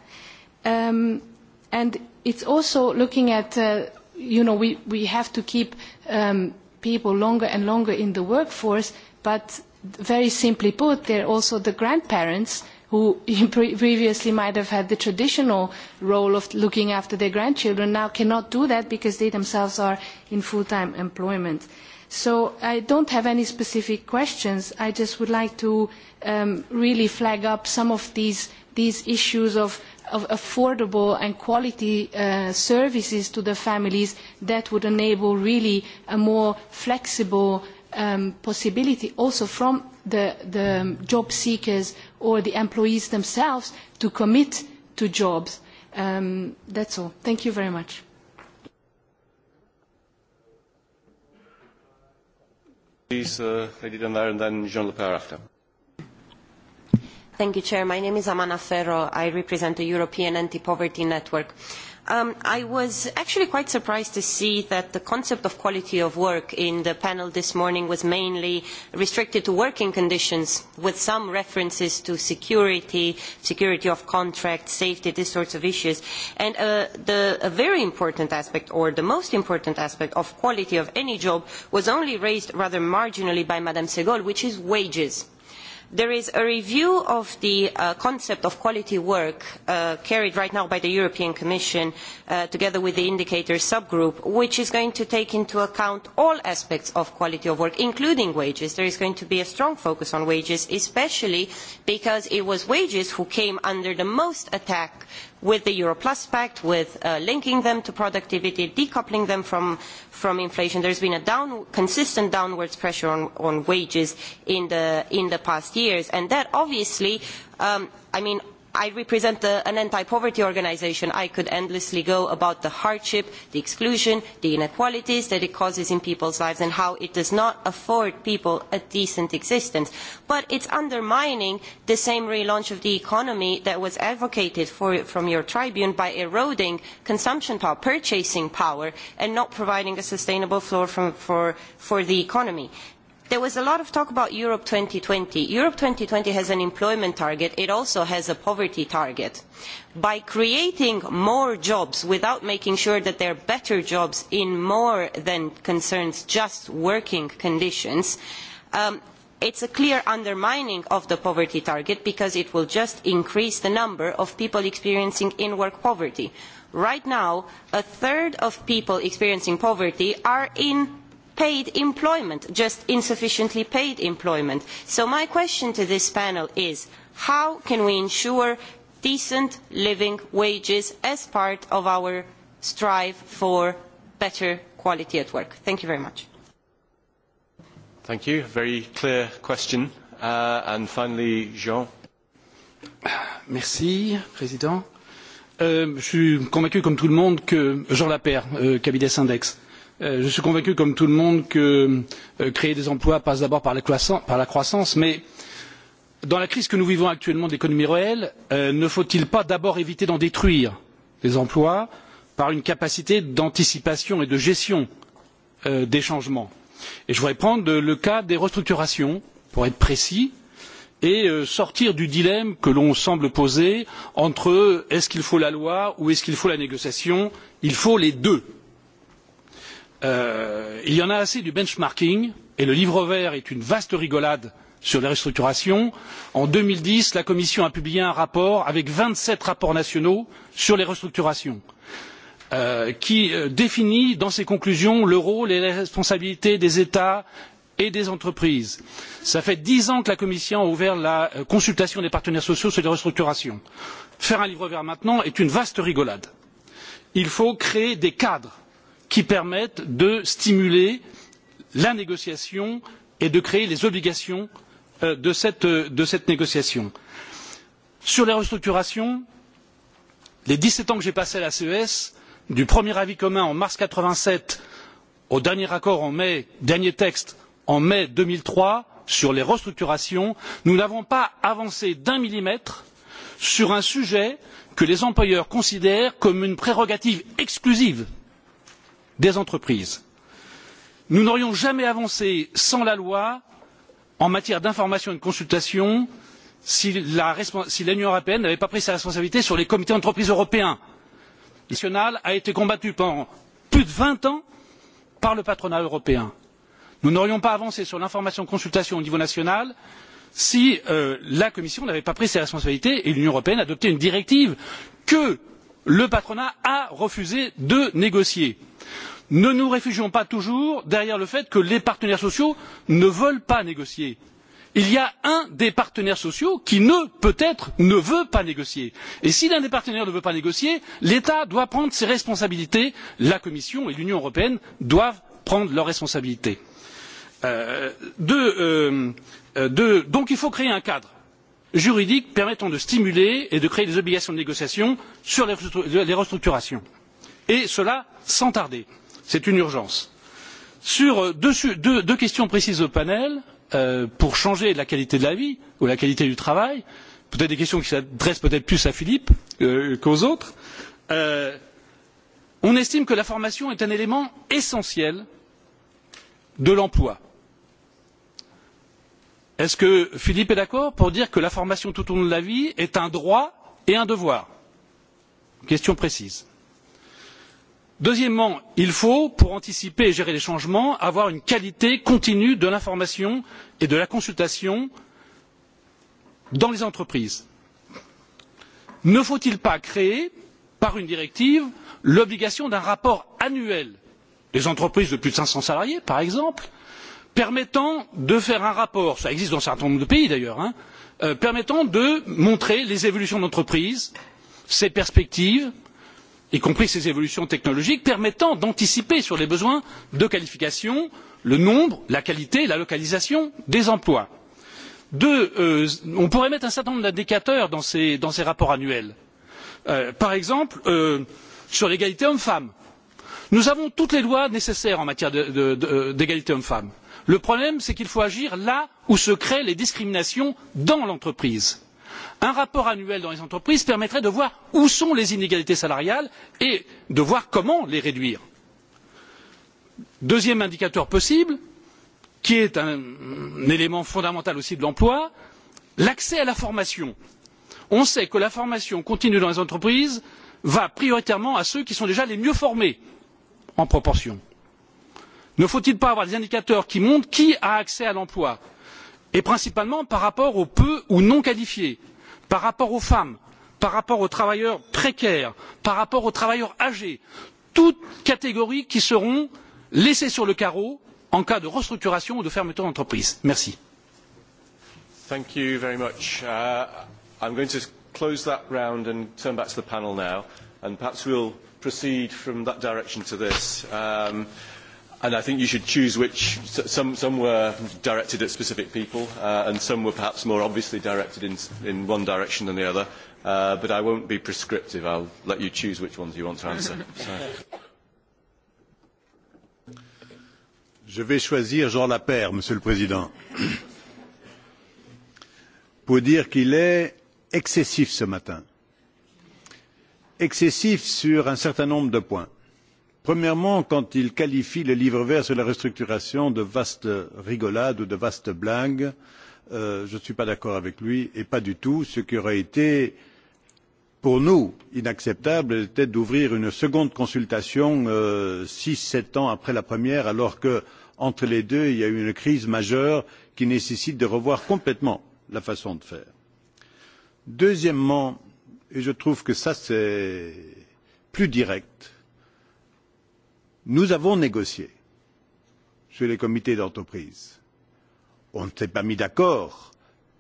Um, and it's also looking at, uh, you know, we, we have to keep um, people longer and longer in the workforce, but very simply put, they're also the grandparents who previously might have had the traditional role of looking after their grandchildren now cannot do that because they themselves are in full-time employment. So I don't have any specific questions. I just would like to um, really flag up some of these, these issues of affordable and quality uh, services to the families that would enable really a more flexible um, possibility also from the, the job seekers or the employees themselves to commit to jobs. Um, that's all. Thank you very much. Please, uh, Lady Dunbar, and then Jean Lepere after. Thank you, Chair. My name is Amana Ferro. I represent the European Anti-Poverty Network. Um, I was actually quite surprised to see that the concept of quality of work in the panel this morning was mainly restricted to working conditions, with some references to security, security of contract, safety, these sorts of issues. And uh, the, a very important aspect, or the most important aspect of quality of any job was only raised rather marginally by Madame Segol, which is wages There is a review of the uh, concept of quality work uh, carried right now by the European Commission uh, together with the indicator subgroup, which is going to take into account all aspects of quality of work, including wages. There is going to be a strong focus on wages, especially because it was wages who came under the most attack with the Euro Plus Pact, with uh, linking them to productivity, decoupling them from, from inflation. There has been a down, consistent downwards pressure on, on wages in the, in the past years, and that obviously, um, I mean, I represent a, an anti-poverty organisation. I could endlessly go about the hardship, the exclusion, the inequalities that it causes in people's lives and how it does not afford people a decent existence. But it is undermining the same relaunch of the economy that was advocated for, from your tribune by eroding consumption power, purchasing power, and not providing a sustainable floor from, for, for the economy. There was a lot of talk about Europe twenty. Europe twenty has an employment target. It also has a poverty target. By creating more jobs without making sure that they are better jobs in more than concerns just working conditions, um, it is a clear undermining of the poverty target because it will just increase the number of people experiencing in-work poverty. Right now, a third of people experiencing poverty are in paid employment, just insufficiently paid employment. So my question to this panel is, how can we ensure decent living wages as part of our strive for better quality at work? Thank you very much. Thank you. Very clear question. Uh, and finally, Jean. Merci, Président. Euh, je suis convaincu, comme tout le monde, que Jean Lapère, euh, cabinet Euh, je suis convaincu, comme tout le monde, que euh, créer des emplois passe d'abord par, par, la croissance, mais dans la crise que nous vivons actuellement de l'économie réelle, euh, ne faut-il pas d'abord éviter d'en détruire des emplois par une capacité d'anticipation et de gestion des changements Et je voudrais prendre le cas des restructurations, pour être précis, et sortir du dilemme que l'on semble poser entre est-ce qu'il faut la loi ou est-ce qu'il faut la négociation Il faut les deux. Euh, il y en a assez du benchmarking et le livre vert est une vaste rigolade sur les restructurations. En deux mille dix, la Commission a publié un rapport avec vingt sept rapports nationaux sur les restructurations euh, qui euh, définit dans ses conclusions le rôle et les responsabilités des États et des entreprises. Cela fait dix ans que la Commission a ouvert la euh, consultation des partenaires sociaux sur les restructurations. Faire un livre vert maintenant est une vaste rigolade. Il faut créer des cadres qui permettent de stimuler la négociation et de créer les obligations euh, de cette, euh, de cette négociation. Sur les restructurations, les dix sept ans que j'ai passés à la CES, du premier avis commun en mars quatre vingt sept au dernier accord en mai, dernier texte en mai deux mille trois sur les restructurations, nous n'avons pas avancé d'un millimètre sur un sujet que les employeurs considèrent comme une prérogative exclusive des entreprises. Nous n'aurions jamais avancé sans la loi en matière d'information et de consultation si l'Union si européenne n'avait pas pris ses responsabilités sur les comités d'entreprise européens. Le national a été combattu pendant plus de vingt ans par le patronat européen. Nous n'aurions pas avancé sur l'information consultation au niveau national si euh, la Commission n'avait pas pris ses responsabilités et l'Union européenne adoptait une directive que le patronat a refusé de négocier ne nous réfugions pas toujours derrière le fait que les partenaires sociaux ne veulent pas négocier. Il y a un des partenaires sociaux qui ne, peut-être, ne veut pas négocier. Et si l'un des partenaires ne veut pas négocier, l'État doit prendre ses responsabilités, la Commission et l'Union européenne doivent prendre leurs responsabilités. Euh, de, euh, de, donc il faut créer un cadre juridique permettant de stimuler et de créer des obligations de négociation sur les restructurations. Et cela sans tarder. C'est une urgence. Sur euh, deux, deux, deux, questions précises au panel, euh, pour changer la qualité de la vie ou la qualité du travail, peut-être des questions qui s'adressent peut-être plus à Philippe euh, qu'aux autres, euh, on estime que la formation est un élément essentiel de l'emploi. Est-ce que Philippe est d'accord pour dire que la formation tout au long de la vie est un droit et un devoir Question précise. Deuxièmement, il faut, pour anticiper et gérer les changements, avoir une qualité continue de l'information et de la consultation dans les entreprises. Ne faut-il pas créer, par une directive, l'obligation d'un rapport annuel des entreprises de plus de cinq cents salariés, par exemple, permettant de faire un rapport, cela existe dans un certain nombre de pays d'ailleurs, euh, permettant de montrer les évolutions de l'entreprise, ses perspectives, y compris ces évolutions technologiques permettant d'anticiper sur les besoins de qualification le nombre, la qualité et la localisation des emplois. Deux, euh, on pourrait mettre un certain nombre d'indicateurs dans ces, dans ces rapports annuels. Euh, par exemple, euh, sur l'égalité hommes-femmes. Nous avons toutes les lois nécessaires en matière euh, d'égalité hommes-femmes. Le problème, c'est qu'il faut agir là où se créent les discriminations dans l'entreprise. Un rapport annuel dans les entreprises permettrait de voir où sont les inégalités salariales et de voir comment les réduire. Deuxième indicateur possible, qui est un, un élément fondamental aussi de l'emploi, l'accès à la formation. On sait que la formation continue dans les entreprises va prioritairement à ceux qui sont déjà les mieux formés en proportion. Ne faut-il pas avoir des indicateurs qui montrent qui a accès à l'emploi et principalement par rapport aux peu ou non qualifiés par rapport aux femmes, par rapport aux travailleurs précaires, par rapport aux travailleurs âgés, toutes catégories qui seront laissées sur le carreau en cas de restructuration ou de fermeture d'entreprise. Merci. Thank you very much. Uh, I'm going to close that round and turn back to the panel now, and perhaps we'll proceed from that direction to this. Um, And I think you should choose which, some, some were directed at specific people uh, and some were perhaps more obviously directed in, in one direction than the other. Uh, but I won't be prescriptive. I'll let you choose which ones you want to answer. So. Je vais choisir Jean Lapère, Monsieur le Président, pour dire qu'il est excessif ce matin. Excessif sur un certain nombre de points. Premièrement, quand il qualifie le livre vert sur la restructuration de vaste rigolade ou de vaste blague, euh, je ne suis pas d'accord avec lui et pas du tout. Ce qui aurait été pour nous inacceptable était d'ouvrir une seconde consultation euh, six, sept ans après la première, alors que entre les deux, il y a eu une crise majeure qui nécessite de revoir complètement la façon de faire. Deuxièmement, et je trouve que ça c'est plus direct, Nous avons négocié sur les comités d'entreprise. On ne s'est pas mis d'accord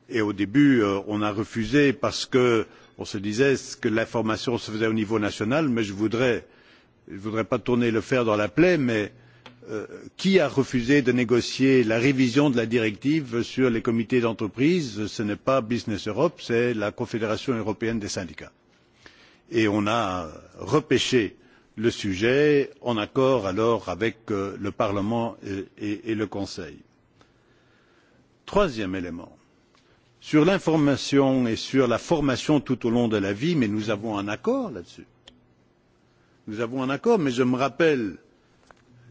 et au début euh, on a refusé parce que on se disait que l'information se faisait au niveau national, mais je voudrais je ne voudrais pas tourner le fer dans la plaie, mais euh, qui a refusé de négocier la révision de la directive sur les comités d'entreprise? Ce n'est pas Business Europe, c'est la Confédération européenne des syndicats. Et on a repêché le sujet en accord alors avec euh, le Parlement et, le Conseil. Troisième élément, sur l'information et sur la formation tout au long de la vie, mais nous avons un accord là-dessus. Nous avons un accord, mais je me rappelle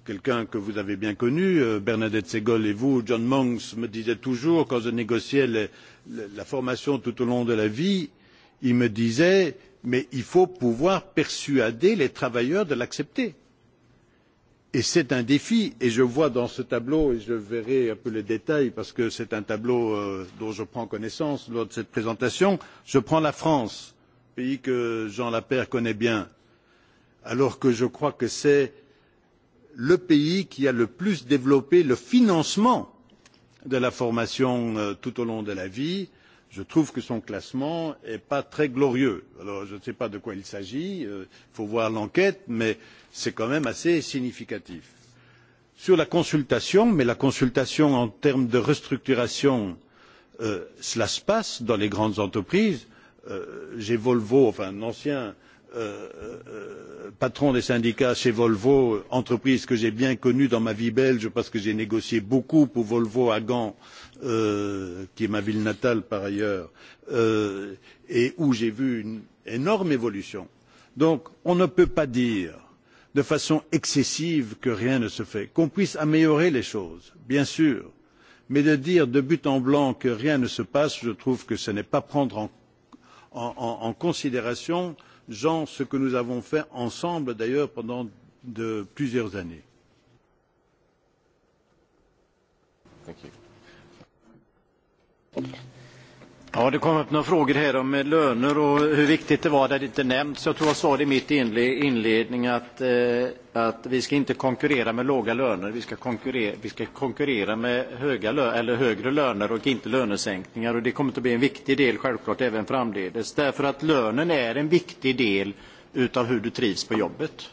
quelqu'un que vous avez bien connu, euh, Bernadette Segol et vous, John Monks me disait toujours quand je négociais les, la formation tout au long de la vie, il me disait mais il faut pouvoir persuader les travailleurs de l'accepter. Et c'est un défi, et je vois dans ce tableau, et je verrai un peu les détails parce que c'est un tableau euh, dont je prends connaissance lors de cette présentation, je prends la France, pays que Jean Lapère connaît bien, alors que je crois que c'est le pays qui a le plus développé le financement de la formation euh, tout au long de la vie, je trouve que son classement n'est pas très glorieux. Alors, je ne sais pas de quoi il s'agit, il euh, faut voir l'enquête, mais c'est quand même assez significatif. Sur la consultation, mais la consultation en termes de restructuration, euh, cela se passe dans les grandes entreprises. Euh, J'ai Volvo, enfin un ancien euh, Euh, euh, patron des syndicats chez Volvo, entreprise que j'ai bien connue dans ma vie belge parce que j'ai négocié beaucoup pour Volvo à Gand, euh, qui est ma ville natale par ailleurs, euh, et où j'ai vu une énorme évolution. Donc on ne peut pas dire de façon excessive que rien ne se fait, qu'on puisse améliorer les choses, bien sûr, mais de dire de but en blanc que rien ne se passe, je trouve que ce n'est pas prendre en, en, en, en considération euh, genre ce que nous avons fait ensemble d'ailleurs pendant de plusieurs années. Thank you. Ja, det kom upp några frågor här om löner och hur viktigt det var där det inte nämnts. Jag tror jag sa det i mitt inledning att, eh, att vi ska inte konkurrera med låga löner. Vi ska konkurrera, vi ska konkurrera med höga lö eller högre löner och inte lönesänkningar. Och det kommer att bli en viktig del självklart även framdeles. Därför att lönen är en viktig del utav hur du trivs på jobbet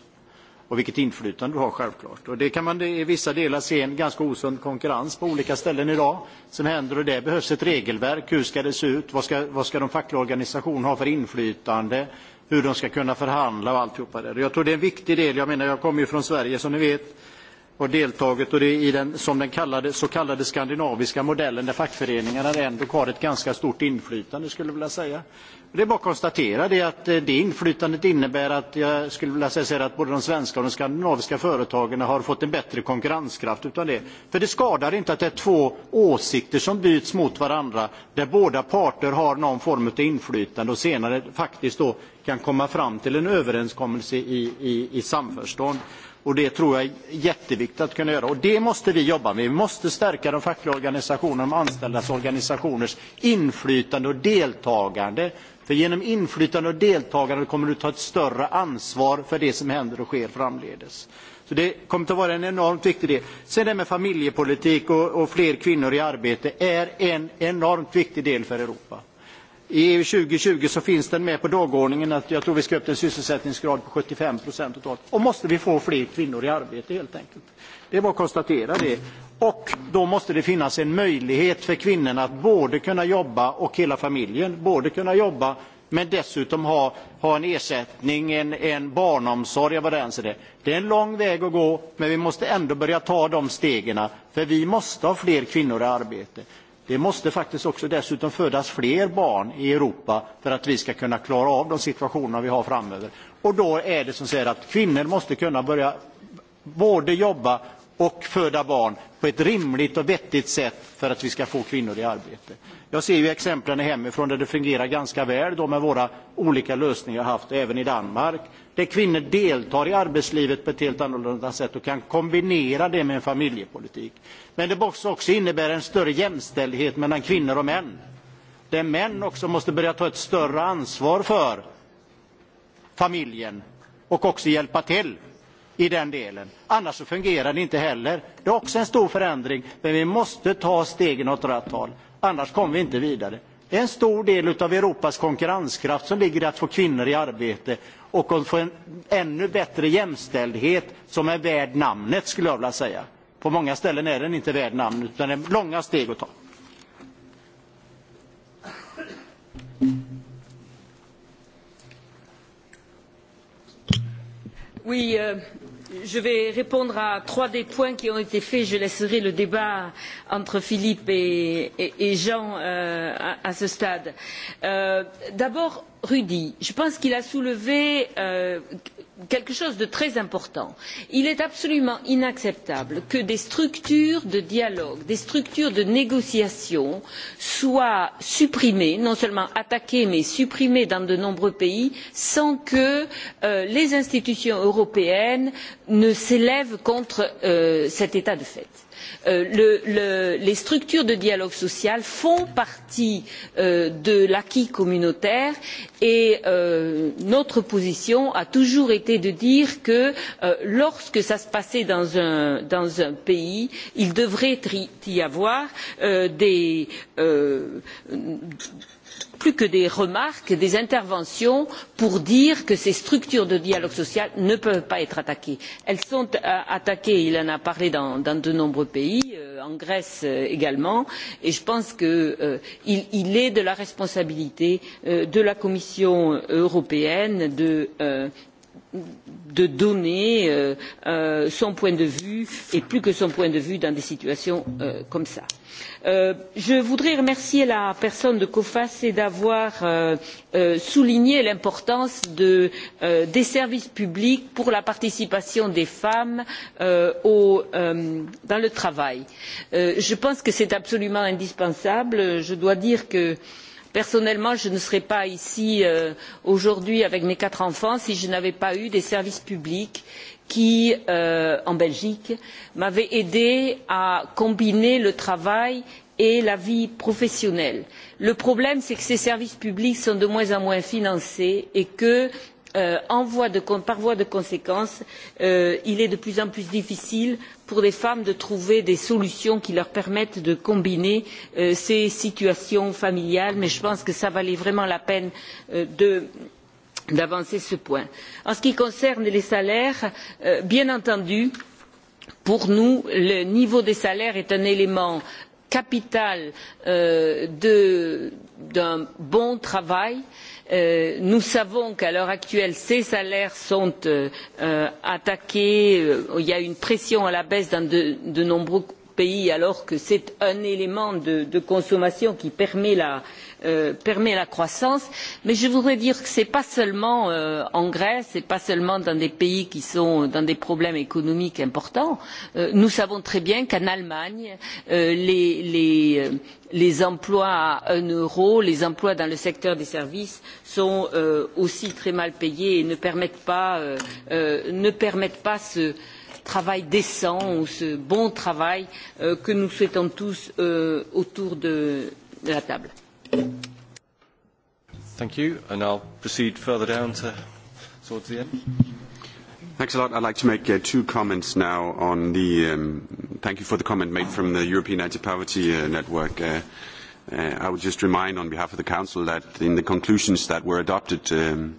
och vilket inflytande du har självklart. Och det kan man i vissa delar se en ganska osund konkurrens på olika ställen idag som händer och det behövs ett regelverk. Hur ska det se ut? Vad ska, vad ska de fackliga organisationerna ha för inflytande? Hur de ska kunna förhandla och alltihopa det. Jag tror det är en viktig del. Jag menar, jag kommer ju från Sverige som ni vet har deltagit och det i den, som den kallade, så kallade skandinaviska modellen där fackföreningarna ändå har ett ganska stort inflytande skulle jag vilja säga. Det är bara att konstatera det att eh, det inflytandet innebär att jag skulle vilja säga att både de svenska och de skandinaviska företagen har fått en bättre konkurrenskraft av det. För det skadar inte att det är två åsikter som byts mot varandra där båda parter har någon form av inflytande och senare faktiskt då kan komma fram till en överenskommelse i, i, i samförstånd. Och det tror jag är jätteviktigt att kunna göra. Och det måste vi jobba med. Vi måste stärka de fackliga organisationerna, de anställdas organisationers inflytande och deltagande För genom inflytande och deltagande kommer du ta ett större ansvar för det som händer och sker framledes. Så det kommer att vara en enormt viktig del. Sen det med familjepolitik och, och fler kvinnor i arbete är en enormt viktig del för Europa. I EU 2020 så finns den med på dagordningen att jag tror vi ska upp till en sysselsättningsgrad på 75 procent totalt. Och måste vi få fler kvinnor i arbete helt enkelt. Det är bara att konstatera det. Och då måste det finnas en möjlighet för kvinnorna att både kunna jobba och hela familjen, både kunna jobba men dessutom ha, ha en ersättning, en, en barnomsorg eller vad det ens är. Det är en lång väg att gå, men vi måste ändå börja ta de stegen, för vi måste ha fler kvinnor i arbete. Det måste faktiskt också dessutom födas fler barn i Europa för att vi ska kunna klara av de situationer vi har framöver. Och då är det som säger att kvinnor måste kunna börja både jobba och föda barn på ett rimligt och vettigt sätt för att vi ska få kvinnor i arbete. Jag ser ju exemplen hemifrån där det fungerar ganska väl då med våra olika lösningar haft, även i Danmark, där kvinnor deltar i arbetslivet på ett helt annorlunda sätt och kan kombinera det med en familjepolitik. Men det måste också innebära en större jämställdhet mellan kvinnor och män, där män också måste börja ta ett större ansvar för familjen och också hjälpa till i den delen. Annars så fungerar det inte heller. Det är också en stor förändring, men vi måste ta stegen åt rätt håll. Annars kommer vi inte vidare. Det är en stor del av Europas konkurrenskraft som ligger i att få kvinnor i arbete och att få en ännu bättre jämställdhet som är värd namnet, skulle jag vilja säga. På många ställen är den inte värd namnet, utan det är långa steg att ta. Uh, je vais répondre à trois des points qui ont été faits. Je laisserai le débat entre Philippe et, et, et Jean euh, à, à, ce stade. Euh, D'abord, Rudy, je pense qu'il a soulevé euh, quelque chose de très important. Il est absolument inacceptable que des structures de dialogue, des structures de négociation soient supprimées, non seulement attaquées, mais supprimées dans de nombreux pays, sans que euh, les institutions européennes ne s'élèvent contre euh, cet état de fait. Euh, le, le, les structures de dialogue social font partie euh, de l'acquis communautaire et euh, notre position a toujours été de dire que euh, lorsque cela se passait dans un, dans un, pays, il devrait y avoir euh, des euh, plus que des remarques, des interventions pour dire que ces structures de dialogue social ne peuvent pas être attaquées. Elles sont euh, attaquées, il en a parlé dans, dans de nombreux pays, euh, en Grèce euh, également, et je pense qu'il euh, est de la responsabilité de la Commission européenne de, euh, de donner euh, euh, son point de vue et plus que son point de vue dans des situations euh, comme ça. Euh, je voudrais remercier la personne de COFAS et d'avoir euh, euh, souligné l'importance de, des services publics pour la participation des femmes au, dans le travail. je pense que c'est absolument indispensable. Je dois dire que Personnellement, je ne serais pas ici euh, aujourd'hui avec mes quatre enfants si je n'avais pas eu des services publics qui, euh, en Belgique, m'avaient aidé à combiner le travail et la vie professionnelle. Le problème, c'est que ces services publics sont de moins en moins financés et que Euh, en voie de, par voie de conséquence, euh, il est de plus en plus difficile pour les femmes de trouver des solutions qui leur permettent de combiner euh, ces situations familiales, mais je pense que cela valait vraiment la peine de d'avancer ce point. En ce qui concerne les salaires, euh, bien entendu, pour nous, le niveau des salaires est un élément capital euh, de d'un bon travail. Euh, nous savons qu'à l'heure actuelle, ces salaires sont euh, euh attaqués. Euh, il y a une pression à la baisse dans de, de nombreux pays alors que c'est un élément de, de consommation qui permet la, Euh, permet la croissance. Mais je voudrais dire que ce n'est pas seulement euh, en Grèce, ce n'est pas seulement dans des pays qui sont dans des problèmes économiques importants. Euh, nous savons très bien qu'en Allemagne, euh, les, les, euh, les emplois à un euro, les emplois dans le secteur des services sont euh, aussi très mal payés et ne permettent pas, euh, euh, ne permettent pas ce travail décent ou ce bon travail euh, que nous souhaitons tous euh, autour de, de la table. Thank you, and I'll proceed further down to, towards the end. Thanks a lot. I'd like to make uh, two comments now on the, um, thank you for the comment made from the European Anti-Poverty uh, Network. Uh, uh, I would just remind on behalf of the Council that in the conclusions that were adopted um,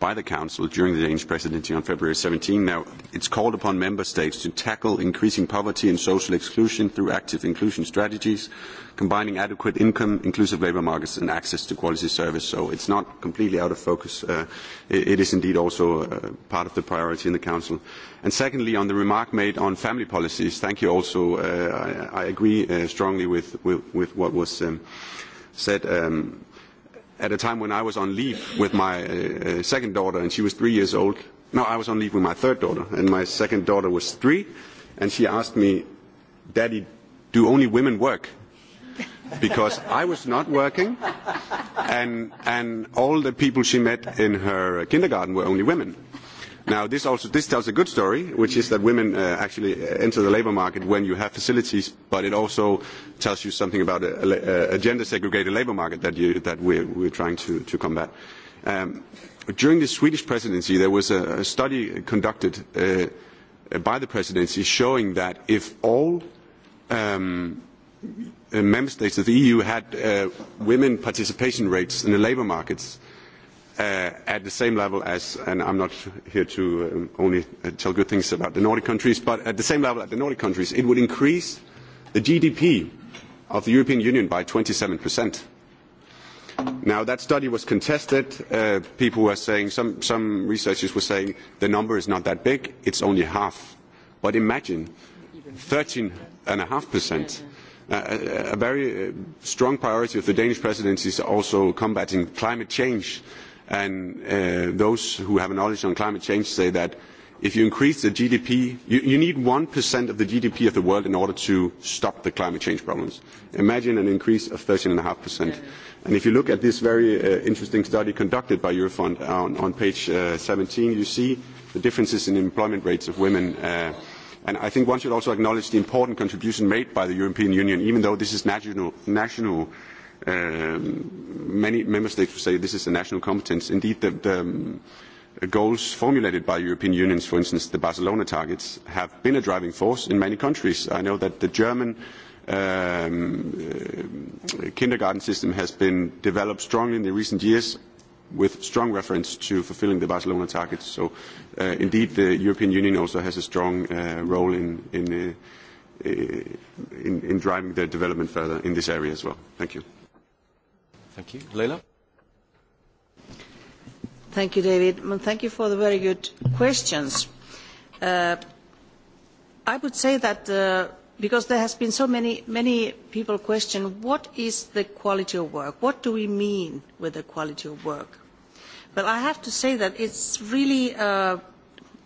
by the Council during the Danish presidency on February 17. Now, it's called upon Member States to tackle increasing poverty and social exclusion through active inclusion strategies, combining adequate income, inclusive labour markets and access to quality service. So it's not completely out of focus. Uh, it, it is indeed also uh, part of the priority in the Council. And secondly, on the remark made on family policies, thank you also. Uh, I, I agree uh, strongly with, with, with what was um, said. Um, at a time when I was on leave with my uh, uh, second daughter, and she was three years old. No, I was on leave with my third daughter, and my second daughter was three, and she asked me, Daddy, do only women work? Because I was not working, and, and all the people she met in her kindergarten were only women. Now, this also this tells a good story, which is that women uh, actually uh, enter the labour market when you have facilities, but it also tells you something about a, a, uh, a gender segregated labour market that, you, that we're, we're trying to, to combat. Um, during the Swedish presidency, there was a, a study conducted uh, by the presidency showing that if all um, uh, member states of the EU had uh, women participation rates in the labour markets, Uh, at the same level as, and I'm not here to um, only tell good things about the Nordic countries, but at the same level as the Nordic countries, it would increase the GDP of the European Union by 27%. Now, that study was contested. Uh, people were saying, some, some researchers were saying, the number is not that big, it's only half. But imagine, 13.5%. Uh, uh, a, a very uh, strong priority of the Danish presidency is also combating climate change And uh, those who have knowledge on climate change say that if you increase the GDP, you, you need 1% of the GDP of the world in order to stop the climate change problems. Imagine an increase of 13.5%. Yeah. And if you look at this very uh, interesting study conducted by Eurofund on, on page uh, 17, you see the differences in employment rates of women. Uh, and I think one should also acknowledge the important contribution made by the European Union, even though this is national, national Um, many member states would say this is a national competence. Indeed, the, the um, goals formulated by European unions, for instance, the Barcelona targets, have been a driving force in many countries. I know that the German um, uh, kindergarten system has been developed strongly in the recent years with strong reference to fulfilling the Barcelona targets. So, uh, indeed, the European Union also has a strong uh, role in, in, uh, in, in driving the development further in this area as well. Thank you. Thank you. Leila? Thank you, David. Well, thank you for the very good questions. Uh, I would say that uh, because there has been so many, many people question what is the quality of work? What do we mean with the quality of work? But I have to say that it's really a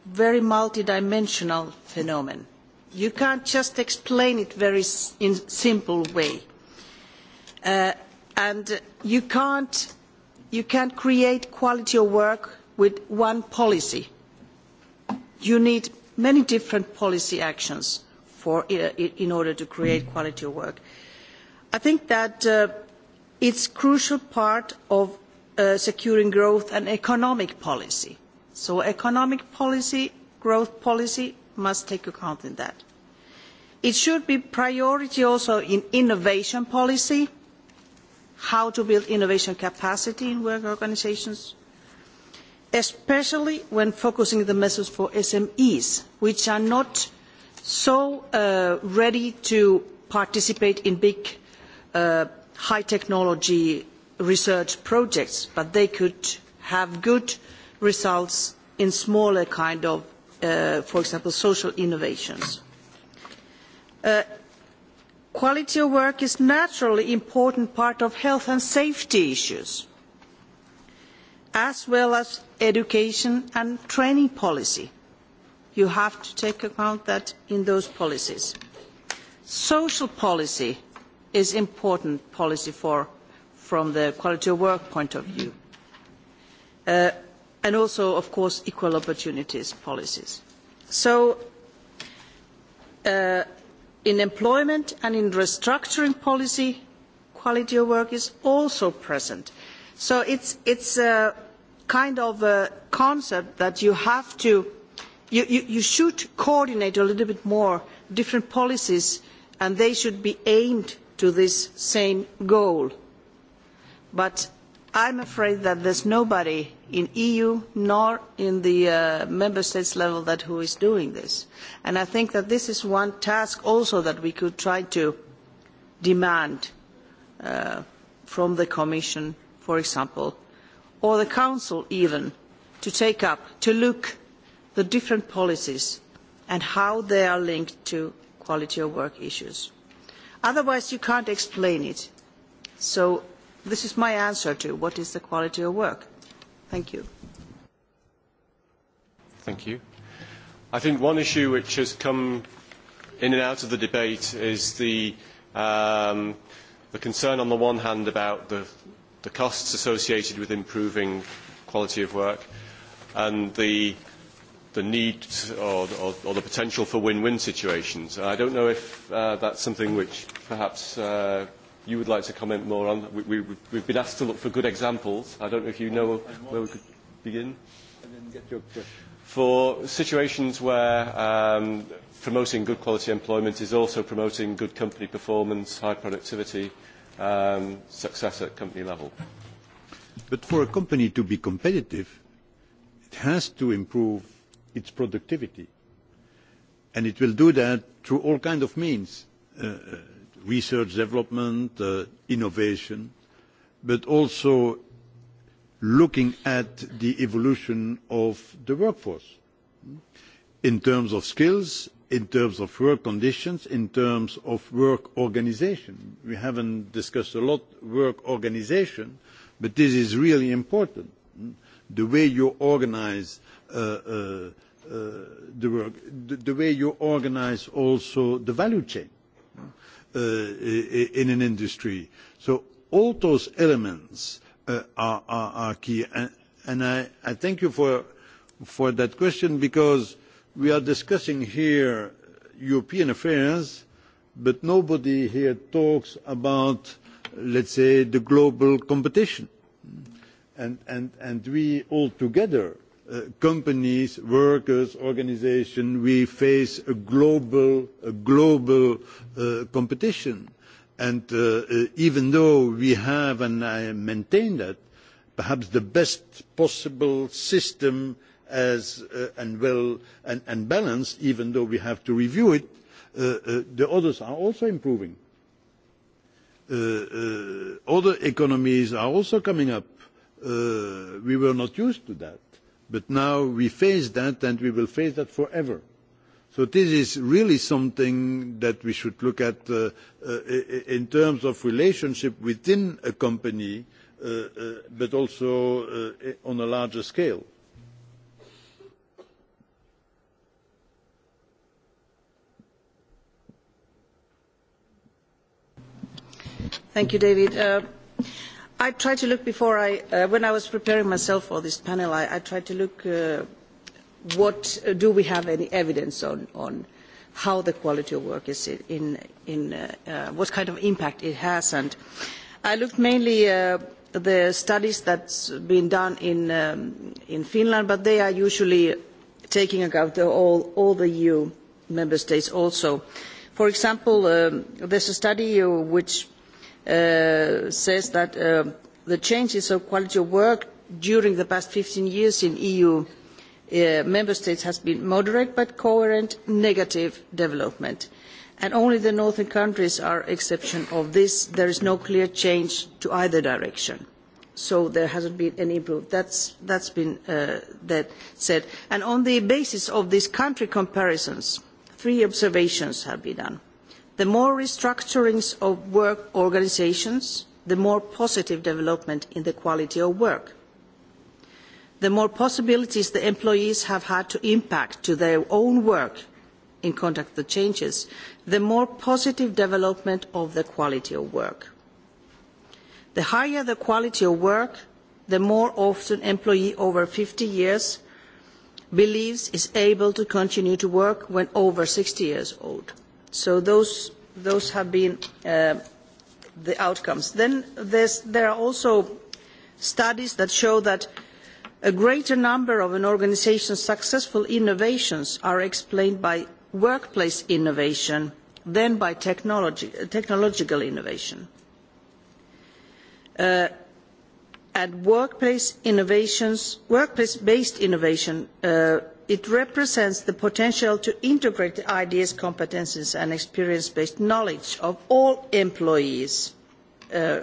very multidimensional phenomenon. You can't just explain it very in simple way. Uh, and you can't, you can't create quality of work with one policy. You need many different policy actions for, in order to create quality of work. I think that uh, it's a crucial part of uh, securing growth and economic policy. So economic policy, growth policy must take account in that. It should be priority also in innovation policy how to build innovation capacity in work organisations, especially when focusing the measures for SMEs, which are not so uh, ready to participate in big uh, high technology research projects, but they could have good results in smaller kind of, uh, for example, social innovations. Uh, Quality of work is naturally an important part of health and safety issues, as well as education and training policy. You have to take account that in those policies. Social policy is important policy for, from the quality of work point of view. Uh, and also, of course, equal opportunities policies. So, uh, in employment and in restructuring policy, quality of work is also present. So it's, it's a kind of a concept that you have to, you, you, you should coordinate a little bit more different policies and they should be aimed to this same goal. But I am afraid that there is nobody in the EU nor in the uh, member states level that who is doing this. And I think that this is one task also that we could try to demand uh, from the Commission, for example, or the Council even, to take up, to look at the different policies and how they are linked to quality of work issues. Otherwise, you cannot explain it. So this is my answer to what is the quality of work. Thank you. Thank you. I think one issue which has come in and out of the debate is the, um, the concern on the one hand about the, the costs associated with improving quality of work and the, the need or, or, or the potential for win-win situations. I don't know if uh, that's something which perhaps uh, you would like to comment more on. We, we, we've been asked to look for good examples. I don't know if you know where we could begin. For situations where um, promoting good quality employment is also promoting good company performance, high productivity, um, success at company level. But for a company to be competitive, it has to improve its productivity. And it will do that through all kinds of means. Uh, uh research development, uh, innovation, but also looking at the evolution of the workforce in terms of skills, in terms of work conditions, in terms of work organisation. We haven't discussed a lot work organisation, but this is really important. The way you organise uh, uh, uh, the work, the, the way you organise also the value chain uh, in an industry. So all those elements uh, are, are, are key. And, and I, I thank you for, for that question because we are discussing here European affairs, but nobody here talks about, let's say, the global competition. And, and, and we all together Uh, companies, workers, organisations, we face a global, a global uh, competition. And uh, uh, even though we have, and I maintain that, perhaps the best possible system as uh, and well and, and, balanced, even though we have to review it, the others are also improving. other economies are also coming up. we were not used to that But now we face that and we will face that forever. So this is really something that we should look at uh, uh, in terms of relationship within a company, uh, uh, but also uh, on a larger scale. Thank you, David. Uh, I tried to look before I, uh, when I was preparing myself for this panel, I, I tried to look uh, what uh, do we have any evidence on, on how the quality of work is in, in uh, uh, what kind of impact it has. And I looked mainly uh, the studies that's been done in, um, in Finland, but they are usually taking account of all, all the EU member states also. For example, um, there's a study uh, which Uh, says that uh, the changes of quality of work during the past 15 years in EU uh, member states has been moderate but coherent negative development. And only the northern countries are exception of this. There is no clear change to either direction. So there hasn't been any improvement. That's, that's been uh, that said. And on the basis of these country comparisons, three observations have been done. The more restructurings of work organisations, the more positive development in the quality of work. The more possibilities the employees have had to impact to their own work in contact with the changes, the more positive development of the quality of work. The higher the quality of work, the more often employee over fifty years believes is able to continue to work when over sixty years old. So those, those have been uh, the outcomes. Then there are also studies that show that a greater number of an organisation's successful innovations are explained by workplace innovation than by technology, technological innovation. Uh, and workplace innovations, workplace-based innovation uh, it represents the potential to integrate the ideas, competences and experience-based knowledge of all employees uh,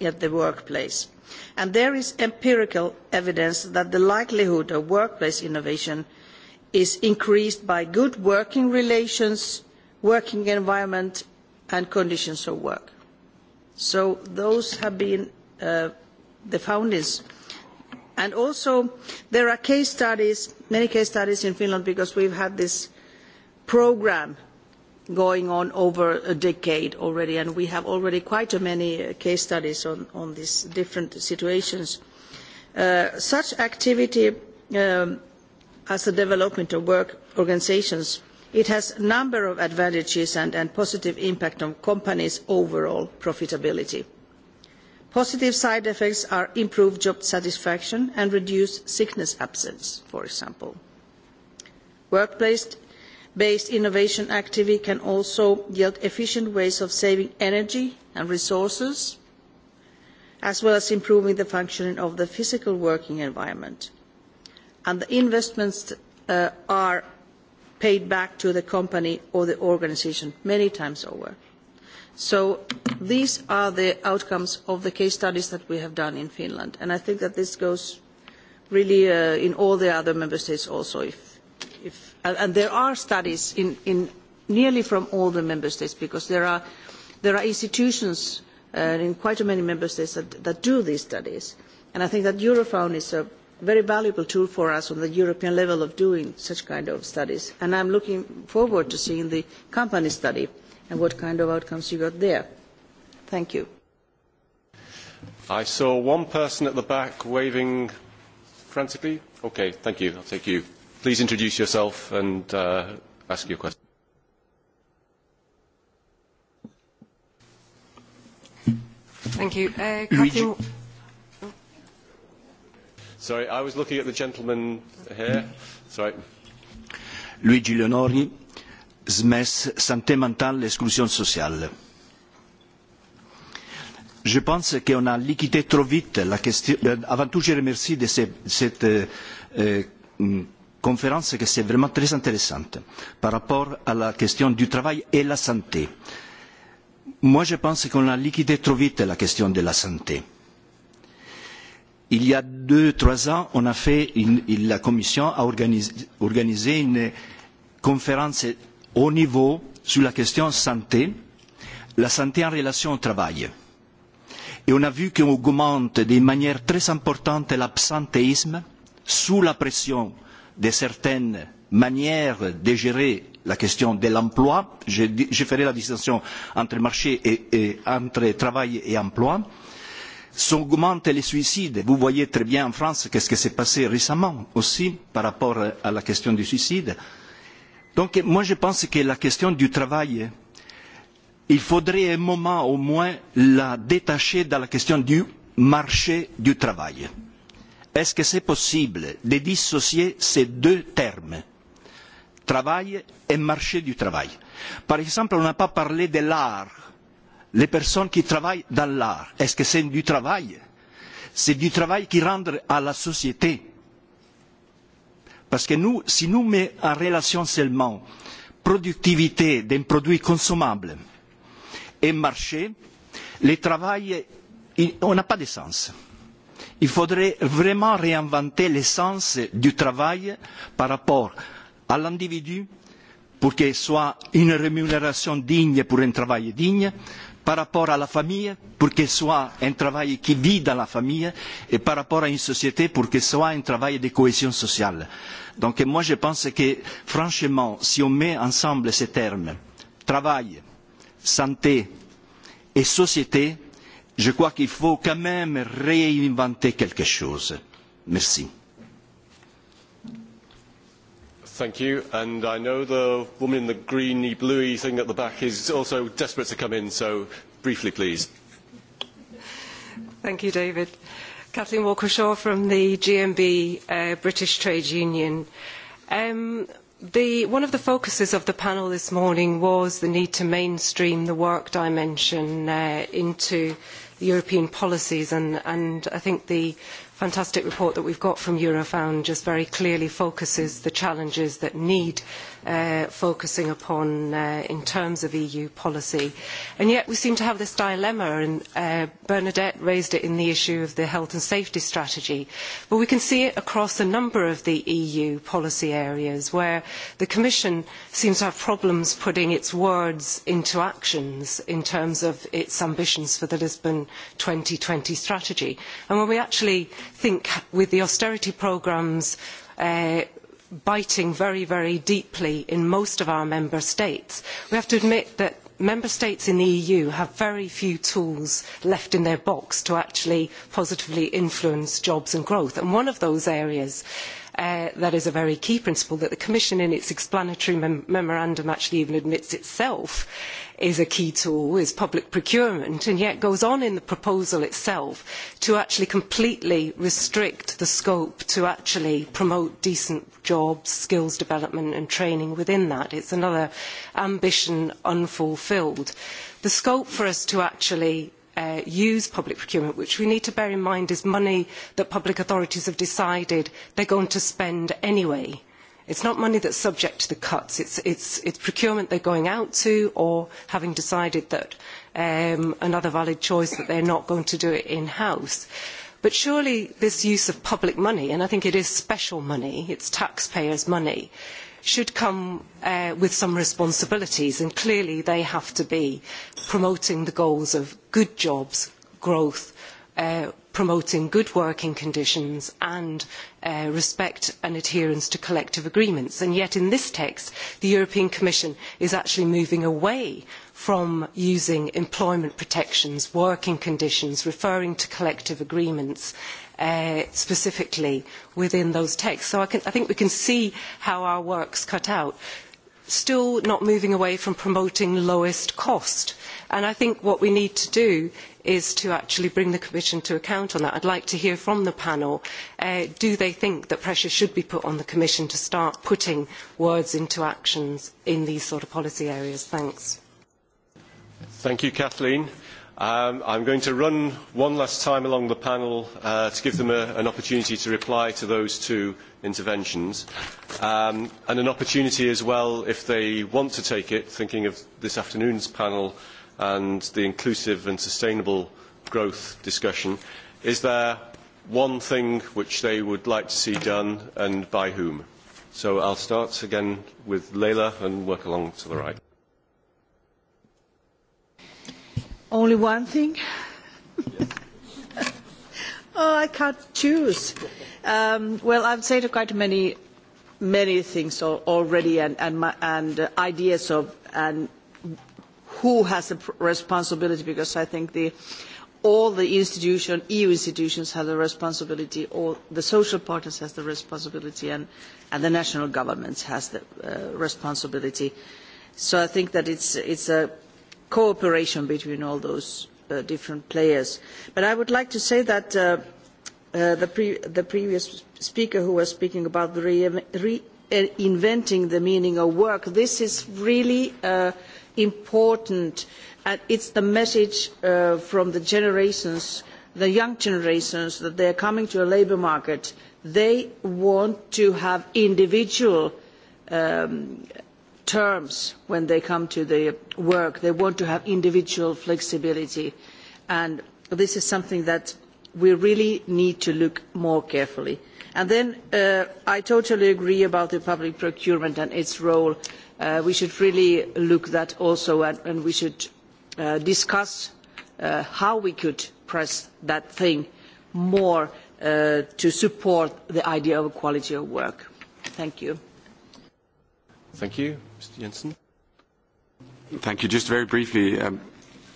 at the workplace. And there is empirical evidence that the likelihood of workplace innovation is increased by good working relations, working environment and conditions of work. So those have been uh, the foundations And also, there are case studies, many case studies in Finland, because we have had this programme going on over a decade already, and we have already quite many uh, case studies on, on these different situations. Uh, such activity um, as the development of work organisations, it has a number of advantages and, and positive impact on companies' overall profitability. Positive side effects are improved job satisfaction and reduced sickness absence, for example. Workplace-based innovation activity can also yield efficient ways of saving energy and resources, as well as improving the functioning of the physical working environment. And the investments uh, are paid back to the company or the organisation many times over. So these are the outcomes of the case studies that we have done in Finland. And I think that this goes really uh, in all the other member states also. If, if, and there are studies in, in nearly from all the member states because there are, there are institutions uh, in quite a many member states that, that do these studies. And I think that Eurofound is a very valuable tool for us on the European level of doing such kind of studies. And I'm looking forward to seeing the company study and what kind of outcomes you got there. Thank you. I saw one person at the back waving frantically. Okay, thank you. I'll take you. Please introduce yourself and uh, ask your question. Thank you. Uh, Catherine... Sorry, I was looking at the gentleman here. Sorry. Luigi Leonori, zmess santé mentale, exclusion sociale. Je pense qu'on a liquidé trop vite la question. Euh, avant tout, je remercie de cette, cette euh, euh conférence qui est vraiment très intéressante par rapport à la question du travail et la santé. Moi, je pense qu'on a liquidé trop vite la question de la santé. Il y a deux, trois ans, on a fait une, la commission a organisé, organisé une conférence haut niveau sur la question santé, la santé en relation au travail. Et on a vu qu'on augmente de manière très importante l'absentéisme sous la pression de certaines manières de gérer la question de l'emploi. Je, je, ferai la distinction entre marché et, et entre travail et emploi. S'augmentent les suicides. Vous voyez très bien en France qu'est-ce qui s'est passé récemment aussi par rapport à la question du suicide. Euh, Donc moi je pense que la question du travail, il faudrait un moment au moins la détacher de la question du marché du travail. Est-ce que c'est possible de dissocier ces deux termes Travail et marché du travail. Par exemple, on n'a pas parlé de l'art. Les personnes qui travaillent dans l'art, est-ce que c'est du travail C'est du travail qui rend à la société. Parce que nous, si nous mettons en relation seulement productivité d'un produit consommable et marché, le travail, on n'a pas de sens. Il faudrait vraiment réinventer l'essence du travail par rapport à l'individu pour qu'il soit une rémunération digne pour un travail digne, par rapport à la famille, pour qu'elle soit un travail qui vit dans la famille, et par rapport à une société, pour que ce soit un travail de cohésion sociale. Donc moi je pense que franchement, si on met ensemble ces termes, travail, santé et société, je crois qu'il faut quand même réinventer quelque chose. Merci. Thank you. And I know the woman in the greeny bluey thing at the back is also desperate to come in, so briefly, please. Thank you, David. Kathleen Walkershaw from the GMB uh, British Trade Union. Um, the, one of the focuses of the panel this morning was the need to mainstream the work dimension uh, into European policies, and, and I think the fantastic report that we have got from Eurofound just very clearly focuses the challenges that need uh, focusing upon uh, in terms of EU policy. And yet we seem to have this dilemma, and uh, Bernadette raised it in the issue of the health and safety strategy. But we can see it across a number of the EU policy areas where the Commission seems to have problems putting its words into actions in terms of its ambitions for the Lisbon twenty strategy. And when we actually think with the austerity programmes, uh, biting very, very deeply in most of our member states. We have to admit that member states in the EU have very few tools left in their box to actually positively influence jobs and growth. And one of those areas Uh, that is a very key principle that the Commission in its explanatory mem memorandum actually even admits itself is a key tool, is public procurement, and yet goes on in the proposal itself to actually completely restrict the scope to actually promote decent jobs, skills development and training within that. It is another ambition unfulfilled. The scope for us to actually uh, use public procurement, which we need to bear in mind is money that public authorities have decided they are going to spend anyway. It is not money that is subject to the cuts. It is procurement they are going out to or having decided that um, another valid choice that they are not going to do it in-house. But surely this use of public money, and I think it is special money, it is taxpayers' money, should come uh, with some responsibilities, and clearly they have to be promoting the goals of good jobs, growth, uh, promoting good working conditions and uh, respect and adherence to collective agreements. And yet in this text, the European Commission is actually moving away from using employment protections, working conditions, referring to collective agreements Uh, specifically within those texts. So I, can, I think we can see how our work's cut out still not moving away from promoting lowest cost. And I think what we need to do is to actually bring the Commission to account on that. I would like to hear from the panel, uh, do they think that pressure should be put on the Commission to start putting words into actions in these sort of policy areas? Thanks. Thank you, Kathleen. Um, I'm going to run one last time along the panel uh, to give them a, an opportunity to reply to those two interventions um, and an opportunity as well if they want to take it, thinking of this afternoon's panel and the inclusive and sustainable growth discussion. Is there one thing which they would like to see done and by whom? So I'll start again with Leila and work along to the right. Only one thing? oh, I can't choose. Um, well, I've said quite many, many things already and, and, my, and uh, ideas of and who has the responsibility because I think the, all the institution EU institutions have the responsibility, all the social partners has the responsibility and, and the national governments has the uh, responsibility. So I think that it's, it's a cooperation between all those uh, different players. But I would like to say that uh, uh, the, pre the previous speaker who was speaking about the reinventing uh, the meaning of work, this is really uh, important and it's the message uh, from the generations, the young generations that they are coming to a labour market. They want to have individual um, terms when they come to the work. They want to have individual flexibility. And this is something that we really need to look more carefully. And then uh, I totally agree about the public procurement and its role. Uh, we should really look at that also and, and we should uh, discuss uh, how we could press that thing more uh, to support the idea of quality of work. Thank you. Thank you. Mr. Jensen. Thank you. Just very briefly, um,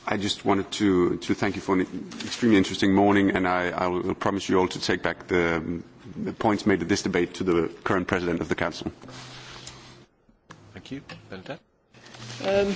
I just wanted to, to thank you for an extremely interesting morning, and I, I will promise you all to take back the, the points made at this debate to the current President of the Council. Thank you. Belinda? Um,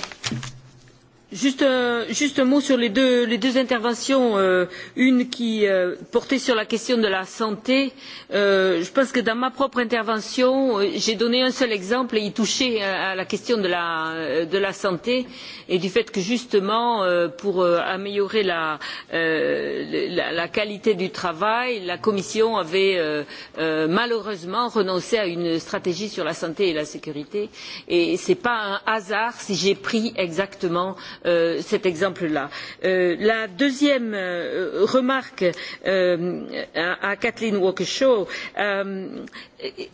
Juste, juste un mot sur les deux, les deux interventions, euh, une qui euh, portait sur la question de la santé. Euh, je pense que dans ma propre intervention, euh, j'ai donné un seul exemple et il touchait à la question de la, euh, de la santé et du fait que justement, euh, pour euh, améliorer la, euh, la, la qualité du travail, la Commission avait euh, euh, malheureusement renoncé à une stratégie sur la santé et la sécurité. Et ce n'est pas un hasard si j'ai pris exactement Euh, cet exemple-là. Euh, la deuxième euh, remarque à, Kathleen Walkershaw,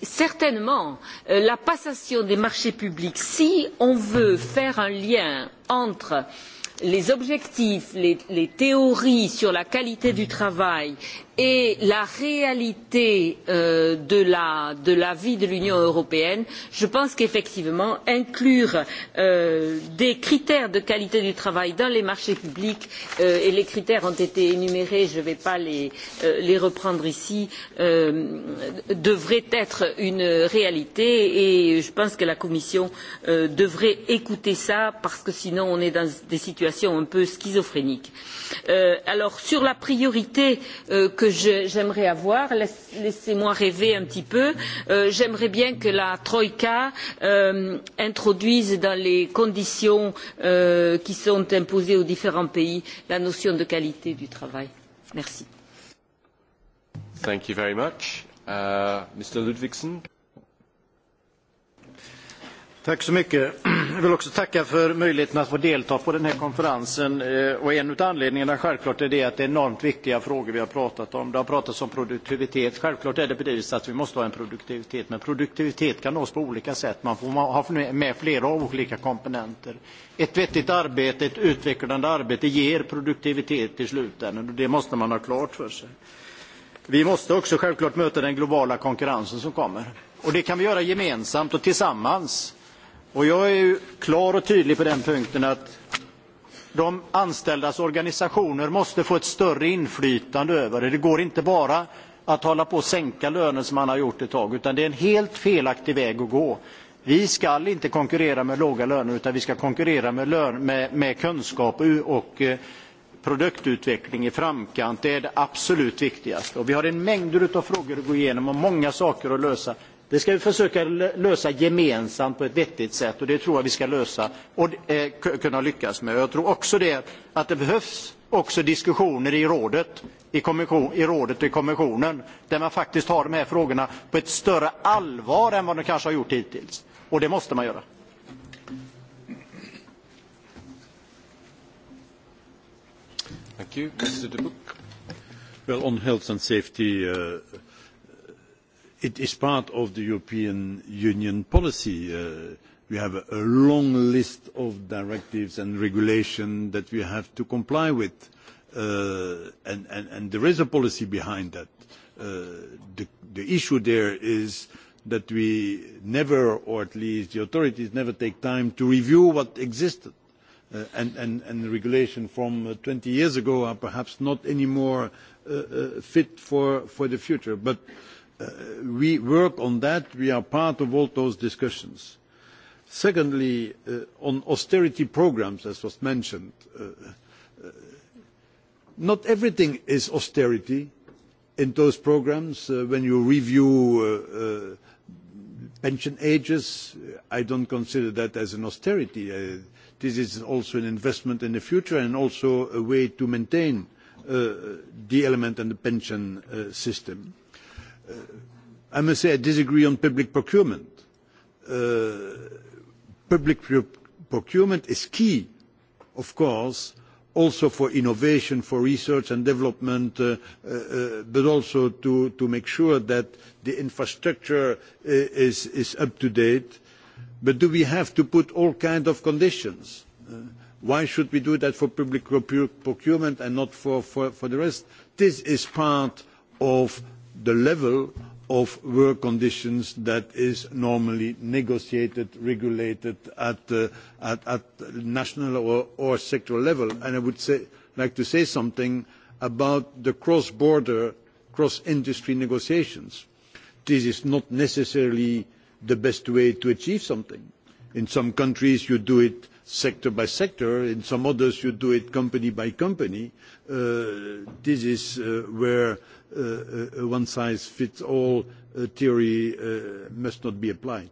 certainement la passation des marchés publics, si on veut faire un lien entre les objectifs, les, les théories sur la qualité du travail et la réalité euh, de, la, de, la, vie de l'Union européenne, je pense qu'effectivement, inclure euh, des critères de qualité du travail dans les marchés publics, euh, et les critères ont été énumérés, je ne vais pas les, euh, les reprendre ici, euh, devrait être une réalité et je pense que la Commission euh, devrait écouter cela parce que sinon on est dans des situations un peu schizophréniques. alors, sur la priorité que que j'aimerais avoir. Laissez-moi rêver un petit peu. Euh, j'aimerais bien que la Troïka euh, introduise dans les conditions euh, qui sont imposées aux différents pays la notion de qualité du travail. Merci. Thank you very much. Uh, Mr. Ludvigsen. Tack så mycket. Jag vill också tacka för möjligheten att få delta på den här konferensen. Eh, och en av anledningarna självklart är det att det är enormt viktiga frågor vi har pratat om. Det har pratats om produktivitet. Självklart är det precis att vi måste ha en produktivitet. Men produktivitet kan nås på olika sätt. Man får ha med flera av olika komponenter. Ett vettigt arbete, ett utvecklande arbete ger produktivitet i slutändan. Och det måste man ha klart för sig. Vi måste också självklart möta den globala konkurrensen som kommer. Och det kan vi göra gemensamt och tillsammans. Och jag är klar och tydlig på den punkten att de anställdas organisationer måste få ett större inflytande över det. Det går inte bara att hålla på och sänka löner som man har gjort ett tag, utan det är en helt felaktig väg att gå. Vi ska inte konkurrera med låga löner, utan vi ska konkurrera med, lön, med, med kunskap och, och eh, produktutveckling i framkant. Det är det absolut viktigaste. Och vi har en mängd av frågor att gå igenom och många saker att lösa. Det ska vi försöka lösa gemensamt på ett vettigt sätt och det tror jag vi ska lösa och eh, kunna lyckas med. Jag tror också det att det behövs också diskussioner i rådet, i, kommission, i rådet och i kommissionen där man faktiskt tar de här frågorna på ett större allvar än vad de kanske har gjort hittills. Och det måste man göra. Thank you. Mr. Well, on health and safety, uh, it is part of the European Union policy. Uh, we have a, a long list of directives and regulations that we have to comply with, uh, and, and, and there is a policy behind that. Uh, the, the issue there is that we never, or at least the authorities never take time to review what existed. Uh, and, and, and regulation from uh, 20 years ago are perhaps not anymore uh, uh, fit for, for the future. But uh, Uh, we work on that. We are part of all those discussions. Secondly, uh, on austerity programmes, as was mentioned, uh, uh, not everything is austerity in those programmes. Uh, when you review uh, pension ages, I don't consider that as an austerity. this is also an investment in the future and also a way to maintain the element and the pension system. Uh, I must say I disagree on public procurement. Uh, public procurement is key, of course, also for innovation, for research and development, uh, uh, uh but also to, to make sure that the infrastructure is, is up to date. But do we have to put all kinds of conditions? Uh, why should we do that for public procurement and not for, for, for the rest? This is part of the level of work conditions that is normally negotiated, regulated at, uh, at, at national or, or sectoral level. And I would say, like to say something about the cross-border, cross-industry negotiations. This is not necessarily the best way to achieve something. In some countries you do it sector by sector, in some others you do it company by company. Uh, this is uh, where Uh, uh, one size fits all uh, theory uh, must not be applied.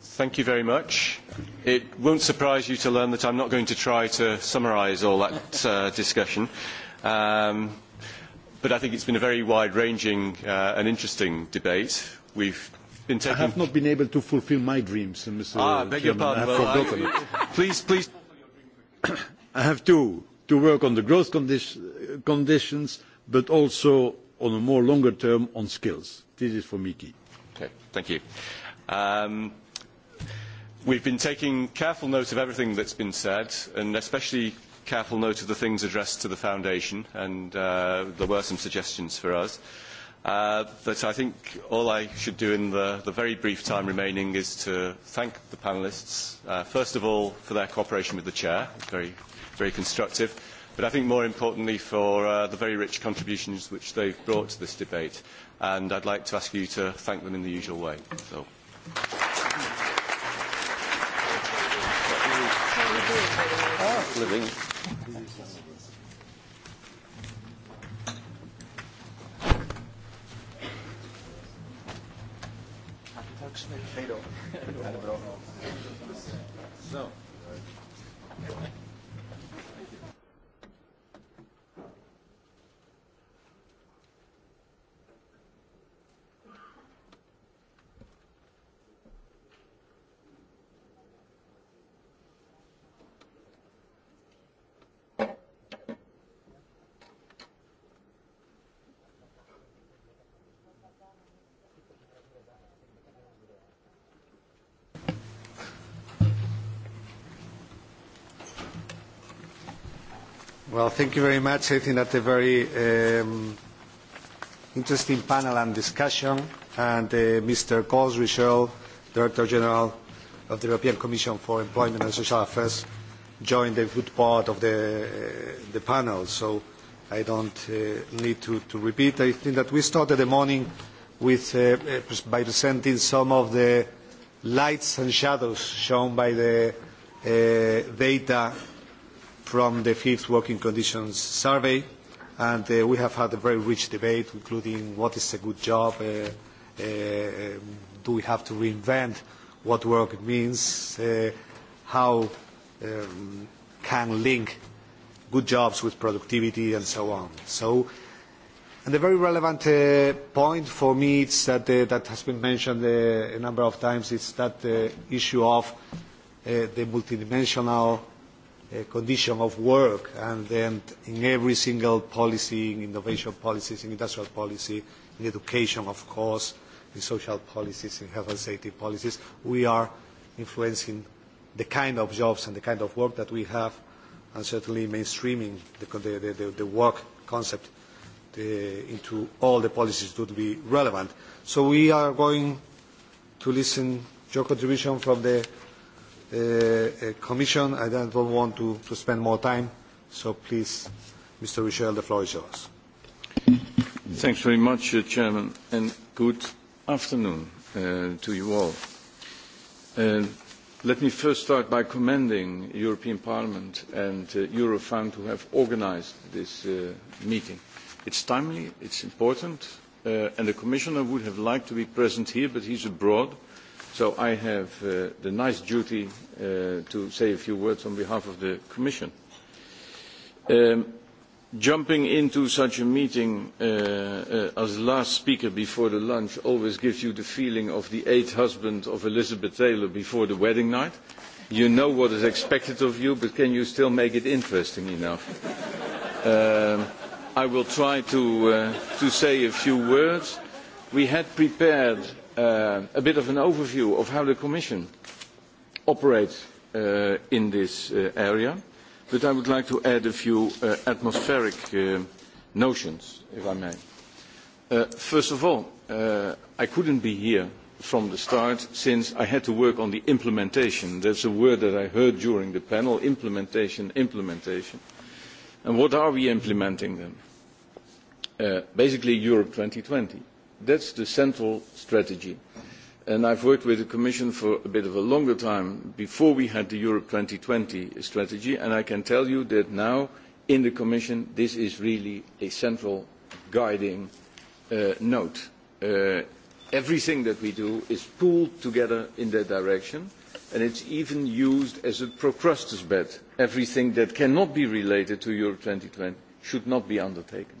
Thank you very much. It won't surprise you to learn that I'm not going to try to summarise all that uh, discussion. Um, but I think it's been a very wide-ranging uh, and interesting debate. We've been taking... I have not been able to fulfil my dreams, Mr. Ah, I beg Chairman. your pardon. I have well, forgotten. I, please, please. I have two to work on the growth condi conditions, but also on a more longer term on skills. This is for me key. Okay, thank you. Um, we've been taking careful note of everything that's been said, and especially careful note of the things addressed to the Foundation, and uh, there were some suggestions for us. Uh, but I think all I should do in the, the very brief time remaining is to thank the panellists, uh, first of all, for their cooperation with the Chair. very very constructive, but I think more importantly for uh, the very rich contributions which they've brought to this debate. And I'd like to ask you to thank them in the usual way. So. Well, thank you very much. I think that a very um, interesting panel and discussion. And uh, Mr. Coles Richel, Director General of the European Commission for Employment and Social Affairs, joined a good part of the, uh, the panel. So I don't uh, need to, to repeat. I think that we started the morning with, uh, uh by presenting some of the lights and shadows shown by the uh, data from the fifth working conditions survey and uh, we have had a very rich debate including what is a good job, uh, uh, um, do we have to reinvent what work means, uh, how um, can link good jobs with productivity and so on. So, and a very relevant uh, point for me is that, uh, that has been mentioned uh, a number of times, is that uh, issue of uh, the multidimensional condition of work and, then in every single policy, in innovation policies, in industrial policy, in education, of course, in social policies, in health and safety policies, we are influencing the kind of jobs and the kind of work that we have, and certainly mainstreaming the, the, the, the work concept the, into all the policies to would be relevant. So we are going to listen to your contribution from the Uh, uh, commission. I don't want to, to spend more time, so please, Mr. Richel, the floor is yours. Thanks very much, uh, Chairman, and good afternoon uh, to you all. Uh, let me first start by commending European Parliament and uh, Eurofound who have organized this uh, meeting. It's timely, it's important, uh, and the Commissioner would have liked to be present here, but he's abroad, So I have uh, the nice duty uh, to say a few words on behalf of the Commission. Um, jumping into such a meeting uh, uh, as last speaker before the lunch always gives you the feeling of the eighth husband of Elizabeth Taylor before the wedding night. You know what is expected of you, but can you still make it interesting enough? um, I will try to, uh, to say a few words. We had prepared uh, a bit of an overview of how the Commission operates uh, in this uh, area, but I would like to add a few uh, atmospheric uh, notions, if I may. Uh, first of all, uh, I couldn't be here from the start since I had to work on the implementation. That's a word that I heard during the panel, implementation, implementation. And what are we implementing then? Uh, basically, Europe 2020. That's the central strategy. And I've worked with the Commission for a bit of a longer time before we had the Europe twenty strategy, and I can tell you that now in the Commission this is really a central guiding uh, note. Uh, everything that we do is pooled together in that direction, and it's even used as a Procrustes bed. Everything that cannot be related to Europe twenty should not be undertaken.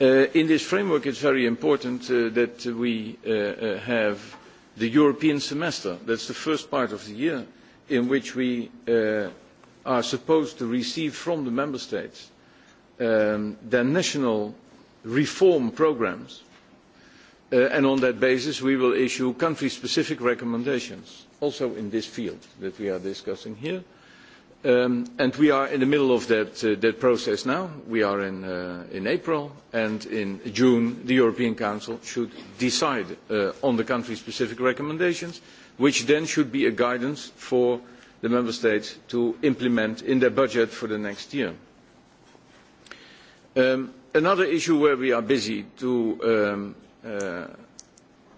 Uh, in this framework, it is very important uh, that we uh, uh have the European semester. That is the first part of the year in which we uh, are supposed to receive from the member states um, their national reform programmes, uh, and on that basis, we will issue country-specific recommendations, also in this field that we are discussing here Um, and we are in the middle of that, uh, that process now. We are in, uh, in April, and in June, the European Council should decide uh, on the country-specific recommendations, which then should be a guidance for the Member States to implement in their budget for the next year. Um, another issue where we are busy to um, uh,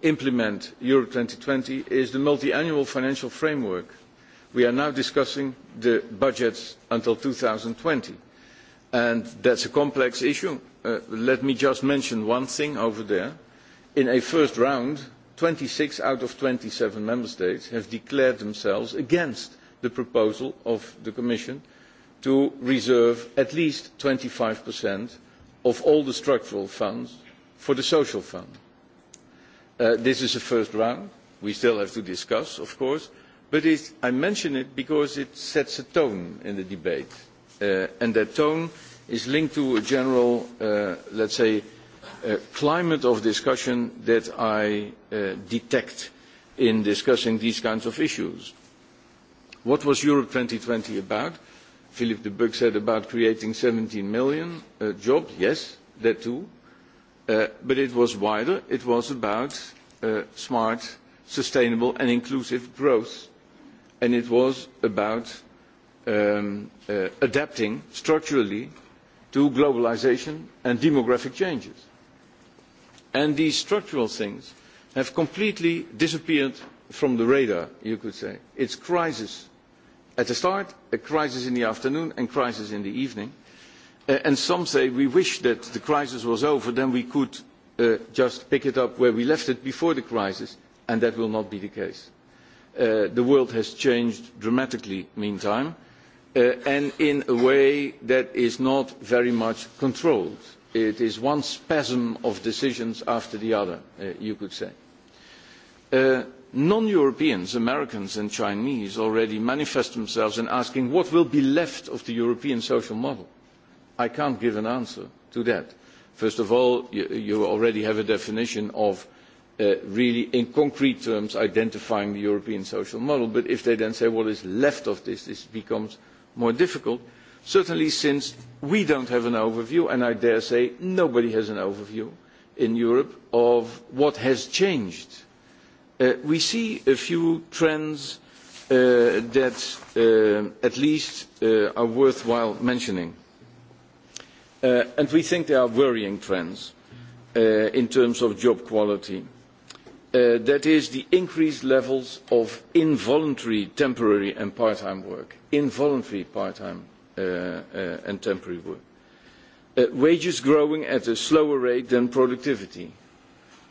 implement Europe twenty is the multiannual financial framework we are now discussing the budget until twenty and that is a complex issue. Uh, let me just mention one thing over there. In a first round, twenty six out of twenty seven member states have declared themselves against the proposal of the Commission to reserve at least twenty five of all the structural funds for the social fund. Uh, this is the first round. We still have to discuss, of course, But I mention it because it sets a tone in the debate. Uh, and that tone is linked to a general, uh, let's say, uh, climate of discussion that I uh, detect in discussing these kinds of issues. What was Europe twenty about? Philip de Bug said about creating seventeen million uh, jobs. Yes, that too. Uh, but it was wider. It was about uh, smart, sustainable and inclusive growth and it was about um, uh, adapting structurally to globalization and demographic changes. And these structural things have completely disappeared from the radar, you could say. It's crisis at the start, a crisis in the afternoon, and crisis in the evening. Uh, and some say we wish that the crisis was over, then we could uh, just pick it up where we left it before the crisis, and that will not be the case. Uh, the world has changed dramatically meantime uh, and in a way that is not very much controlled. It is one spasm of decisions after the other, uh, you could say. Uh, Non-Europeans, Americans and Chinese already manifest themselves in asking what will be left of the European social model. I cannot give an answer to that. First of all, you, you already have a definition of Uh, really in concrete terms identifying the European social model. But if they then say what is left of this, this becomes more difficult, certainly since we do not have an overview, and I dare say nobody has an overview in Europe of what has changed. Uh, we see a few trends uh, that uh, at least uh, are worthwhile mentioning. Uh, and we think they are worrying trends in terms of job quality Uh, that is the increased levels of involuntary temporary and part-time work, involuntary part-time uh, uh, and temporary work. Uh, wages growing at a slower rate than productivity,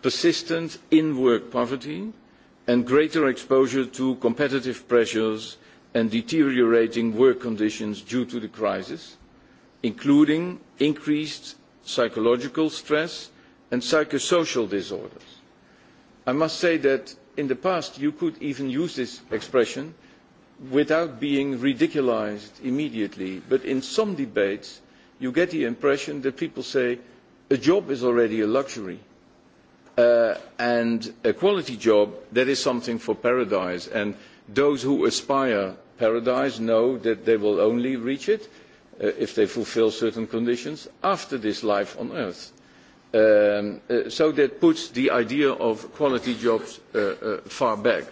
persistent in-work poverty, and greater exposure to competitive pressures and deteriorating work conditions due to the crisis, including increased psychological stress and psychosocial disorders I must say that in the past you could even use this expression without being ridiculised immediately. But in some debates, you get the impression that people say a job is already a luxury. Uh, and a quality job, that is something for paradise. And those who aspire paradise know that they will only reach it uh, if they fulfil certain conditions after this life on earth. Um, uh, so that puts the idea of quality jobs uh, uh, far back.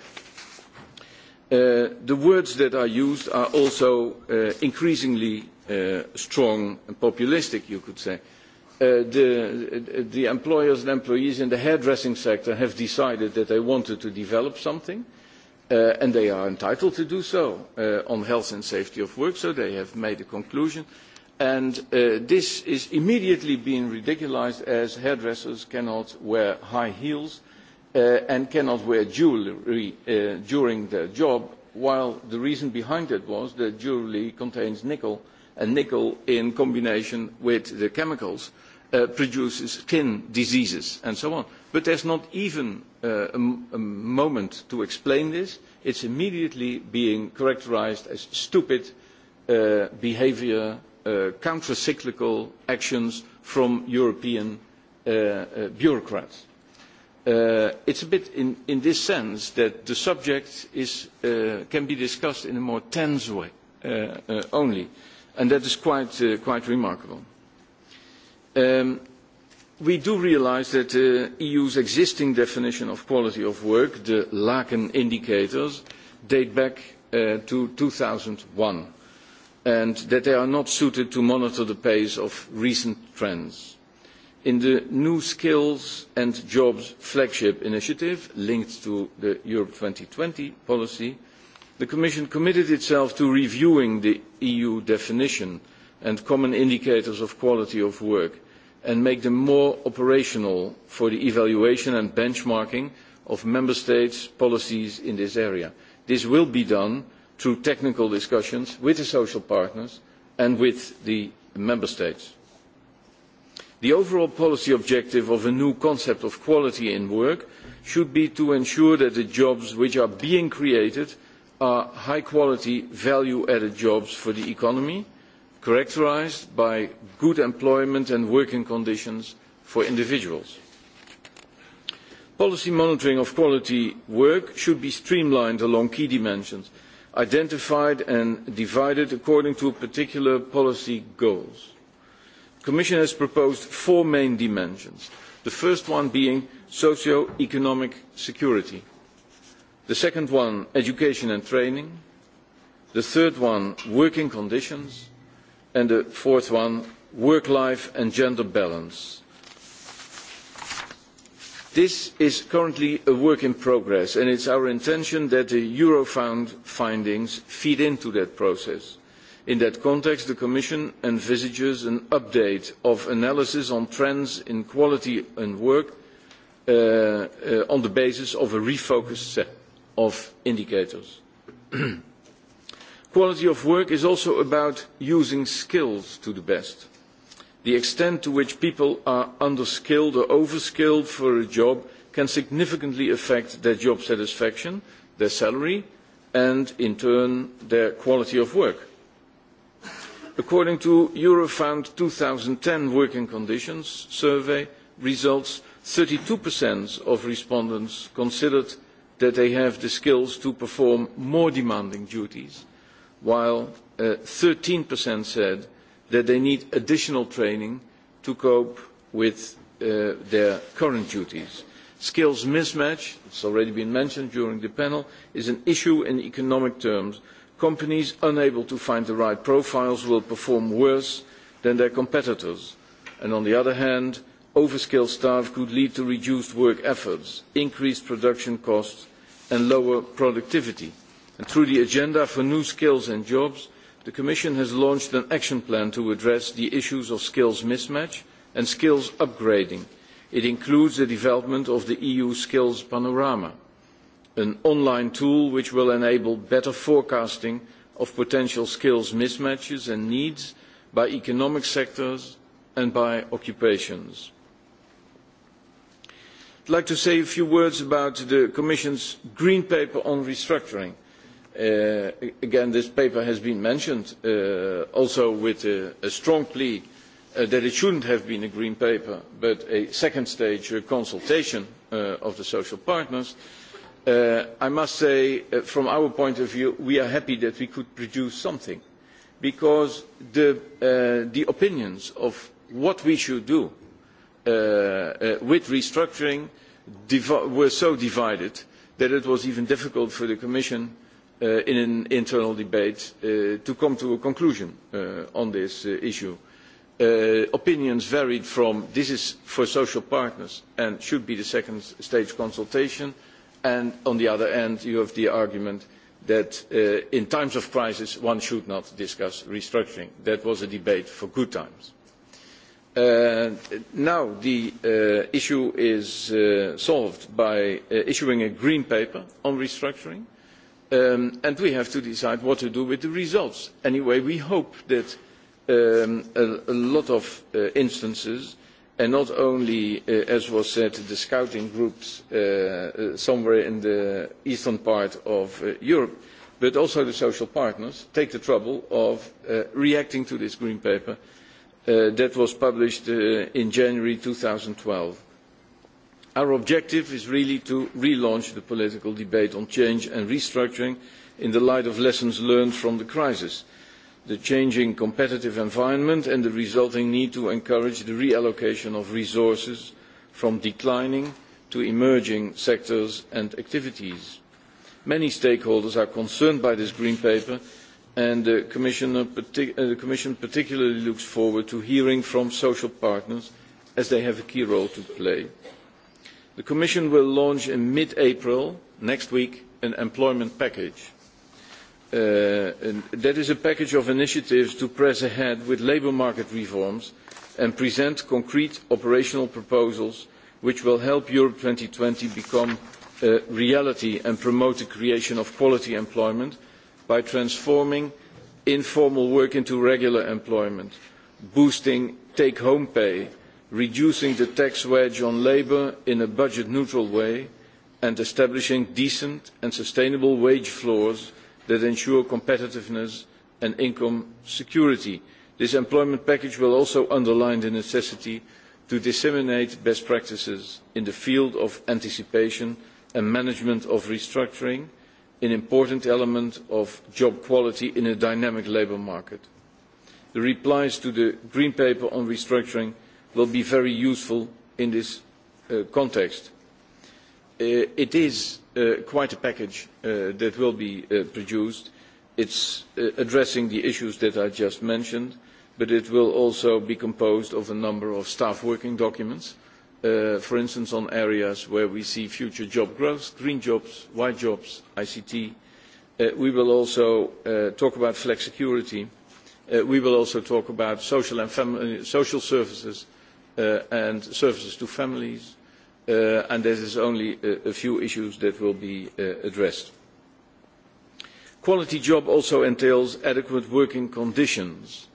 Uh, the words that are used are also uh, increasingly uh, strong and populistic, you could say. The, the, employers and employees in the hairdressing sector have decided that they wanted to develop something, and they are entitled to do so on health and safety of work, so they have made a conclusion And uh, this is immediately being ridiculised as hairdressers cannot wear high heels uh, and cannot wear jewellery uh, during their job, while the reason behind it was that jewellery contains nickel, and nickel in combination with the chemicals uh, produces skin diseases and so on. But there is not even uh, a, a moment to explain this. It is immediately being characterised as stupid uh, behaviour Uh, counter cyclical actions from European uh, uh, bureaucrats. It is a bit in, in, this sense that the subject is, can be discussed in a more tense way only, and that is quite, quite remarkable. Um, we do realise that the EU's existing definition of quality of work, the Laken indicators, date back uh, to two thousand one and that they are not suited to monitor the pace of recent trends. In the New Skills and Jobs flagship initiative linked to the Europe twenty policy, the Commission committed itself to reviewing the EU definition and common indicators of quality of work and make them more operational for the evaluation and benchmarking of member states' policies in this area. This will be done through technical discussions with the social partners and with the member states. The overall policy objective of a new concept of quality in work should be to ensure that the jobs which are being created are high quality value added jobs for the economy characterised by good employment and working conditions for individuals. Policy monitoring of quality work should be streamlined along key dimensions identified and divided according to particular policy goals. The Commission has proposed four main dimensions, the first one being socio-economic security, the second one education and training, the third one working conditions, and the fourth one work-life and gender balance. This is currently a work in progress, and it is our intention that the Eurofound findings feed into that process. In that context, the Commission envisages an update of analysis on trends in quality and work uh, uh, on the basis of a refocused set of indicators. quality of work is also about using skills to the best. The extent to which people are underskilled or overskilled for a job can significantly affect their job satisfaction, their salary, and in turn their quality of work. According to Eurofound ten Working Conditions survey results, thirty 32% of respondents considered that they have the skills to perform more demanding duties, while uh, thirteen uh, said that they need additional training to cope with uh, their current duties. Skills mismatch, it's already been mentioned during the panel, is an issue in economic terms. Companies unable to find the right profiles will perform worse than their competitors. And on the other hand, overskilled staff could lead to reduced work efforts, increased production costs, and lower productivity. And through the agenda for new skills and jobs, the Commission has launched an action plan to address the issues of skills mismatch and skills upgrading. It includes the development of the EU Skills Panorama, an online tool which will enable better forecasting of potential skills mismatches and needs by economic sectors and by occupations. I would like to say a few words about the Commission's Green Paper on Restructuring – Uh, again, this paper has been mentioned uh, also with a, a strong plea uh, that it shouldn't have been a green paper, but a second stage consultation uh, of the social partners. Uh, I must say, uh, from our point of view, we are happy that we could produce something, because the, uh, the opinions of what we should do uh, uh, with restructuring were so divided that it was even difficult for the Commission Uh, in an internal debate uh, to come to a conclusion uh, on this issue. opinions varied from this is for social partners and should be the second stage consultation and on the other end you have the argument that uh, in times of crisis one should not discuss restructuring. That was a debate for good times. Uh, now the uh, issue is solved by issuing a green paper on restructuring Um, and we have to decide what to do with the results. Anyway, we hope that um, a, a, lot of uh, instances, and not only, uh, as was said, the scouting groups uh, uh somewhere in the eastern part of uh, Europe, but also the social partners, take the trouble of uh, reacting to this green paper that was published in January twelve Our objective is really to relaunch the political debate on change and restructuring in the light of lessons learned from the crisis, the changing competitive environment and the resulting need to encourage the reallocation of resources from declining to emerging sectors and activities. Many stakeholders are concerned by this Green Paper and the, uh, uh, the Commission particularly looks forward to hearing from social partners as they have a key role to play. The Commission will launch in mid-April, next week, an employment package. Uh, that is a package of initiatives to press ahead with labour market reforms and present concrete operational proposals which will help Europe twenty become a reality and promote the creation of quality employment by transforming informal work into regular employment, boosting take-home pay, reducing the tax wedge on labour in a budget neutral way and establishing decent and sustainable wage floors that ensure competitiveness and income security. This employment package will also underline the necessity to disseminate best practices in the field of anticipation and management of restructuring, an important element of job quality in a dynamic labour market. The replies to the Green Paper on restructuring will be very useful in this uh, context. Uh, it is uh, quite a package uh, that will be uh, produced. It is uh, addressing the issues that I just mentioned, but it will also be composed of a number of staff working documents, for instance on areas where we see future job growth, green jobs, white jobs, ICT. we will also talk about flexicurity. security. we will also talk about social, and family, social services uh, and services to families, uh, and there is only a, a few issues that will be uh, addressed. Quality job also entails adequate working conditions.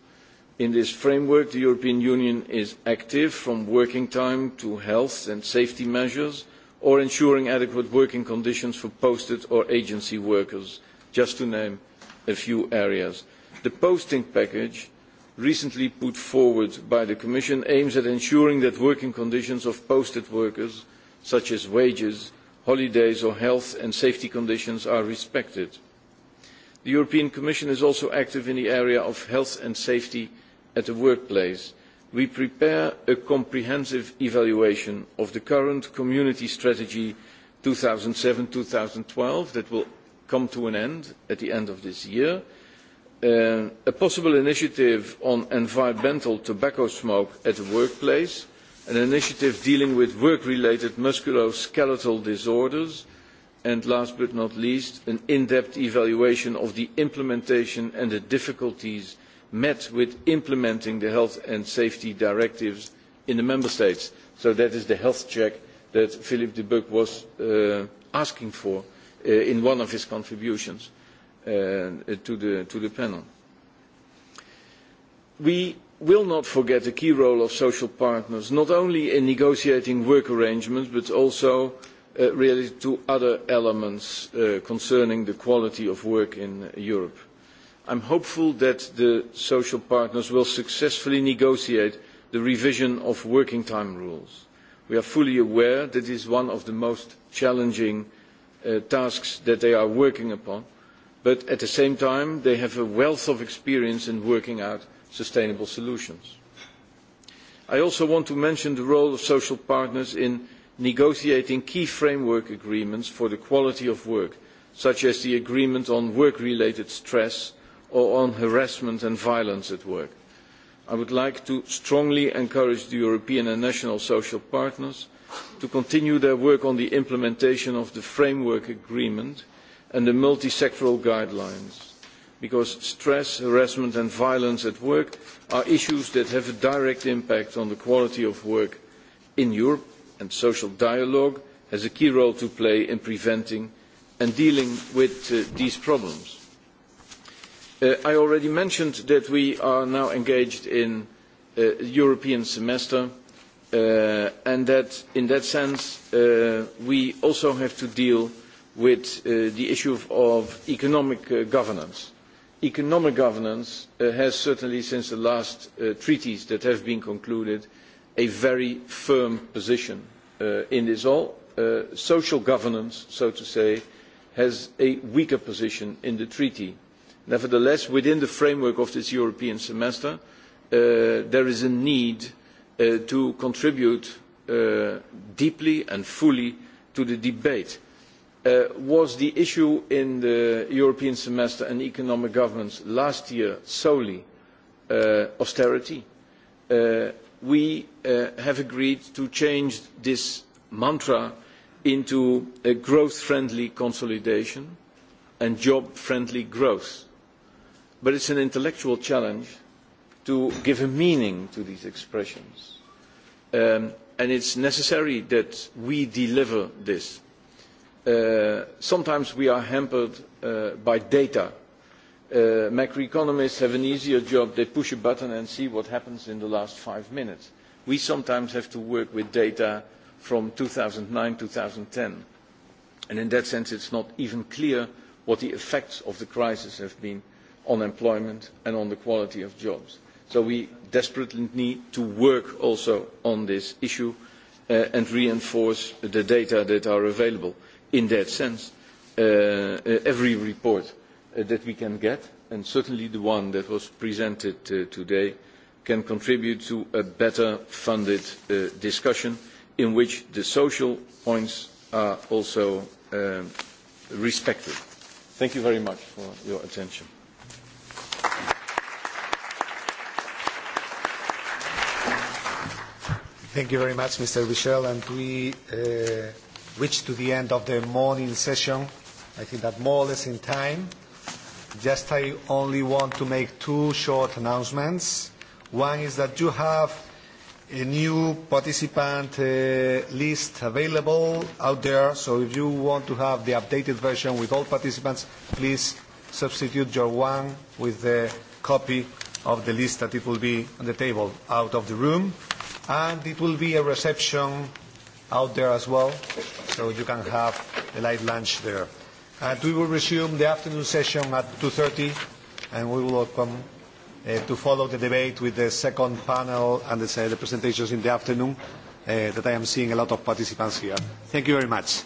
In this framework, the European Union is active from working time to health and safety measures or ensuring adequate working conditions for posted or agency workers, just to name a few areas. The posting package recently put forward by the Commission aims at ensuring that working conditions of posted workers, such as wages, holidays or health and safety conditions are respected. The European Commission is also active in the area of health and safety at the workplace. We prepare a comprehensive evaluation of the current Community Strategy 2007-2012 that will come to an end at the end of this year Uh, a possible initiative on environmental tobacco smoke at the workplace, an initiative dealing with work-related musculoskeletal disorders, and last but not least, an in-depth evaluation of the implementation and the difficulties met with implementing the health and safety directives in the member states. So that is the health check that Philippe de Buc was uh, asking for uh, in one of his contributions. Uh, to, the, to the panel. We will not forget the key role of social partners, not only in negotiating work arrangements, but also uh, really to other elements uh, concerning the quality of work in Europe. I am hopeful that the social partners will successfully negotiate the revision of working time rules. We are fully aware that it is one of the most challenging uh, tasks that they are working upon, but at the same time they have a wealth of experience in working out sustainable solutions. I also want to mention the role of social partners in negotiating key framework agreements for the quality of work, such as the agreement on work-related stress or on harassment and violence at work. I would like to strongly encourage the European and national social partners to continue their work on the implementation of the framework agreement and the multi-sectoral guidelines, because stress, harassment and violence at work are issues that have a direct impact on the quality of work in Europe, and social dialogue has a key role to play in preventing and dealing with uh, these problems. Uh, I already mentioned that we are now engaged in uh, European semester uh, and that in that sense uh, we also have to deal with uh, the issue of, of economic uh, governance. Economic governance uh, has certainly, since the last treaties that have been concluded, a very firm position in this all. social governance, so to say, has a weaker position in the treaty. Nevertheless, within the framework of this European semester, Uh, there is a need uh, to contribute uh, deeply and fully to the debate uh, was the issue in the European semester and economic governance last year solely uh, austerity. Uh, we uh, have agreed to change this mantra into a growth-friendly consolidation and job-friendly growth. But it is an intellectual challenge to give a meaning to these expressions. Um, and it is necessary that we deliver this. Uh, sometimes we are hampered uh, by data. Uh, macroeconomists have an easier job. They push a button and see what happens in the last five minutes. We sometimes have to work with data from 2009, 2010. And in that sense, it's not even clear what the effects of the crisis have been on employment and on the quality of jobs. So we desperately need to work also on this issue uh, and reinforce the data that are available in that sense uh, uh, every report uh, that we can get, and certainly the one that was presented today, can contribute to a better funded discussion in which the social points are also um, respected. Thank you very much for your attention. Thank you very much, Mr. Michel, and we uh, reached to the end of the morning session. I think that more or less in time. Just I only want to make two short announcements. One is that you have a new participant uh, list available out there, so if you want to have the updated version with all participants, please substitute your one with the copy of the list that it will be on the table out of the room. And it will be a reception out there as well, so you can have a light lunch there. And we will resume the afternoon session at 2.30, and we will come uh, to follow the debate with the second panel and the, uh, the presentations in the afternoon, uh, that I am seeing a lot of participants here. Thank you very much.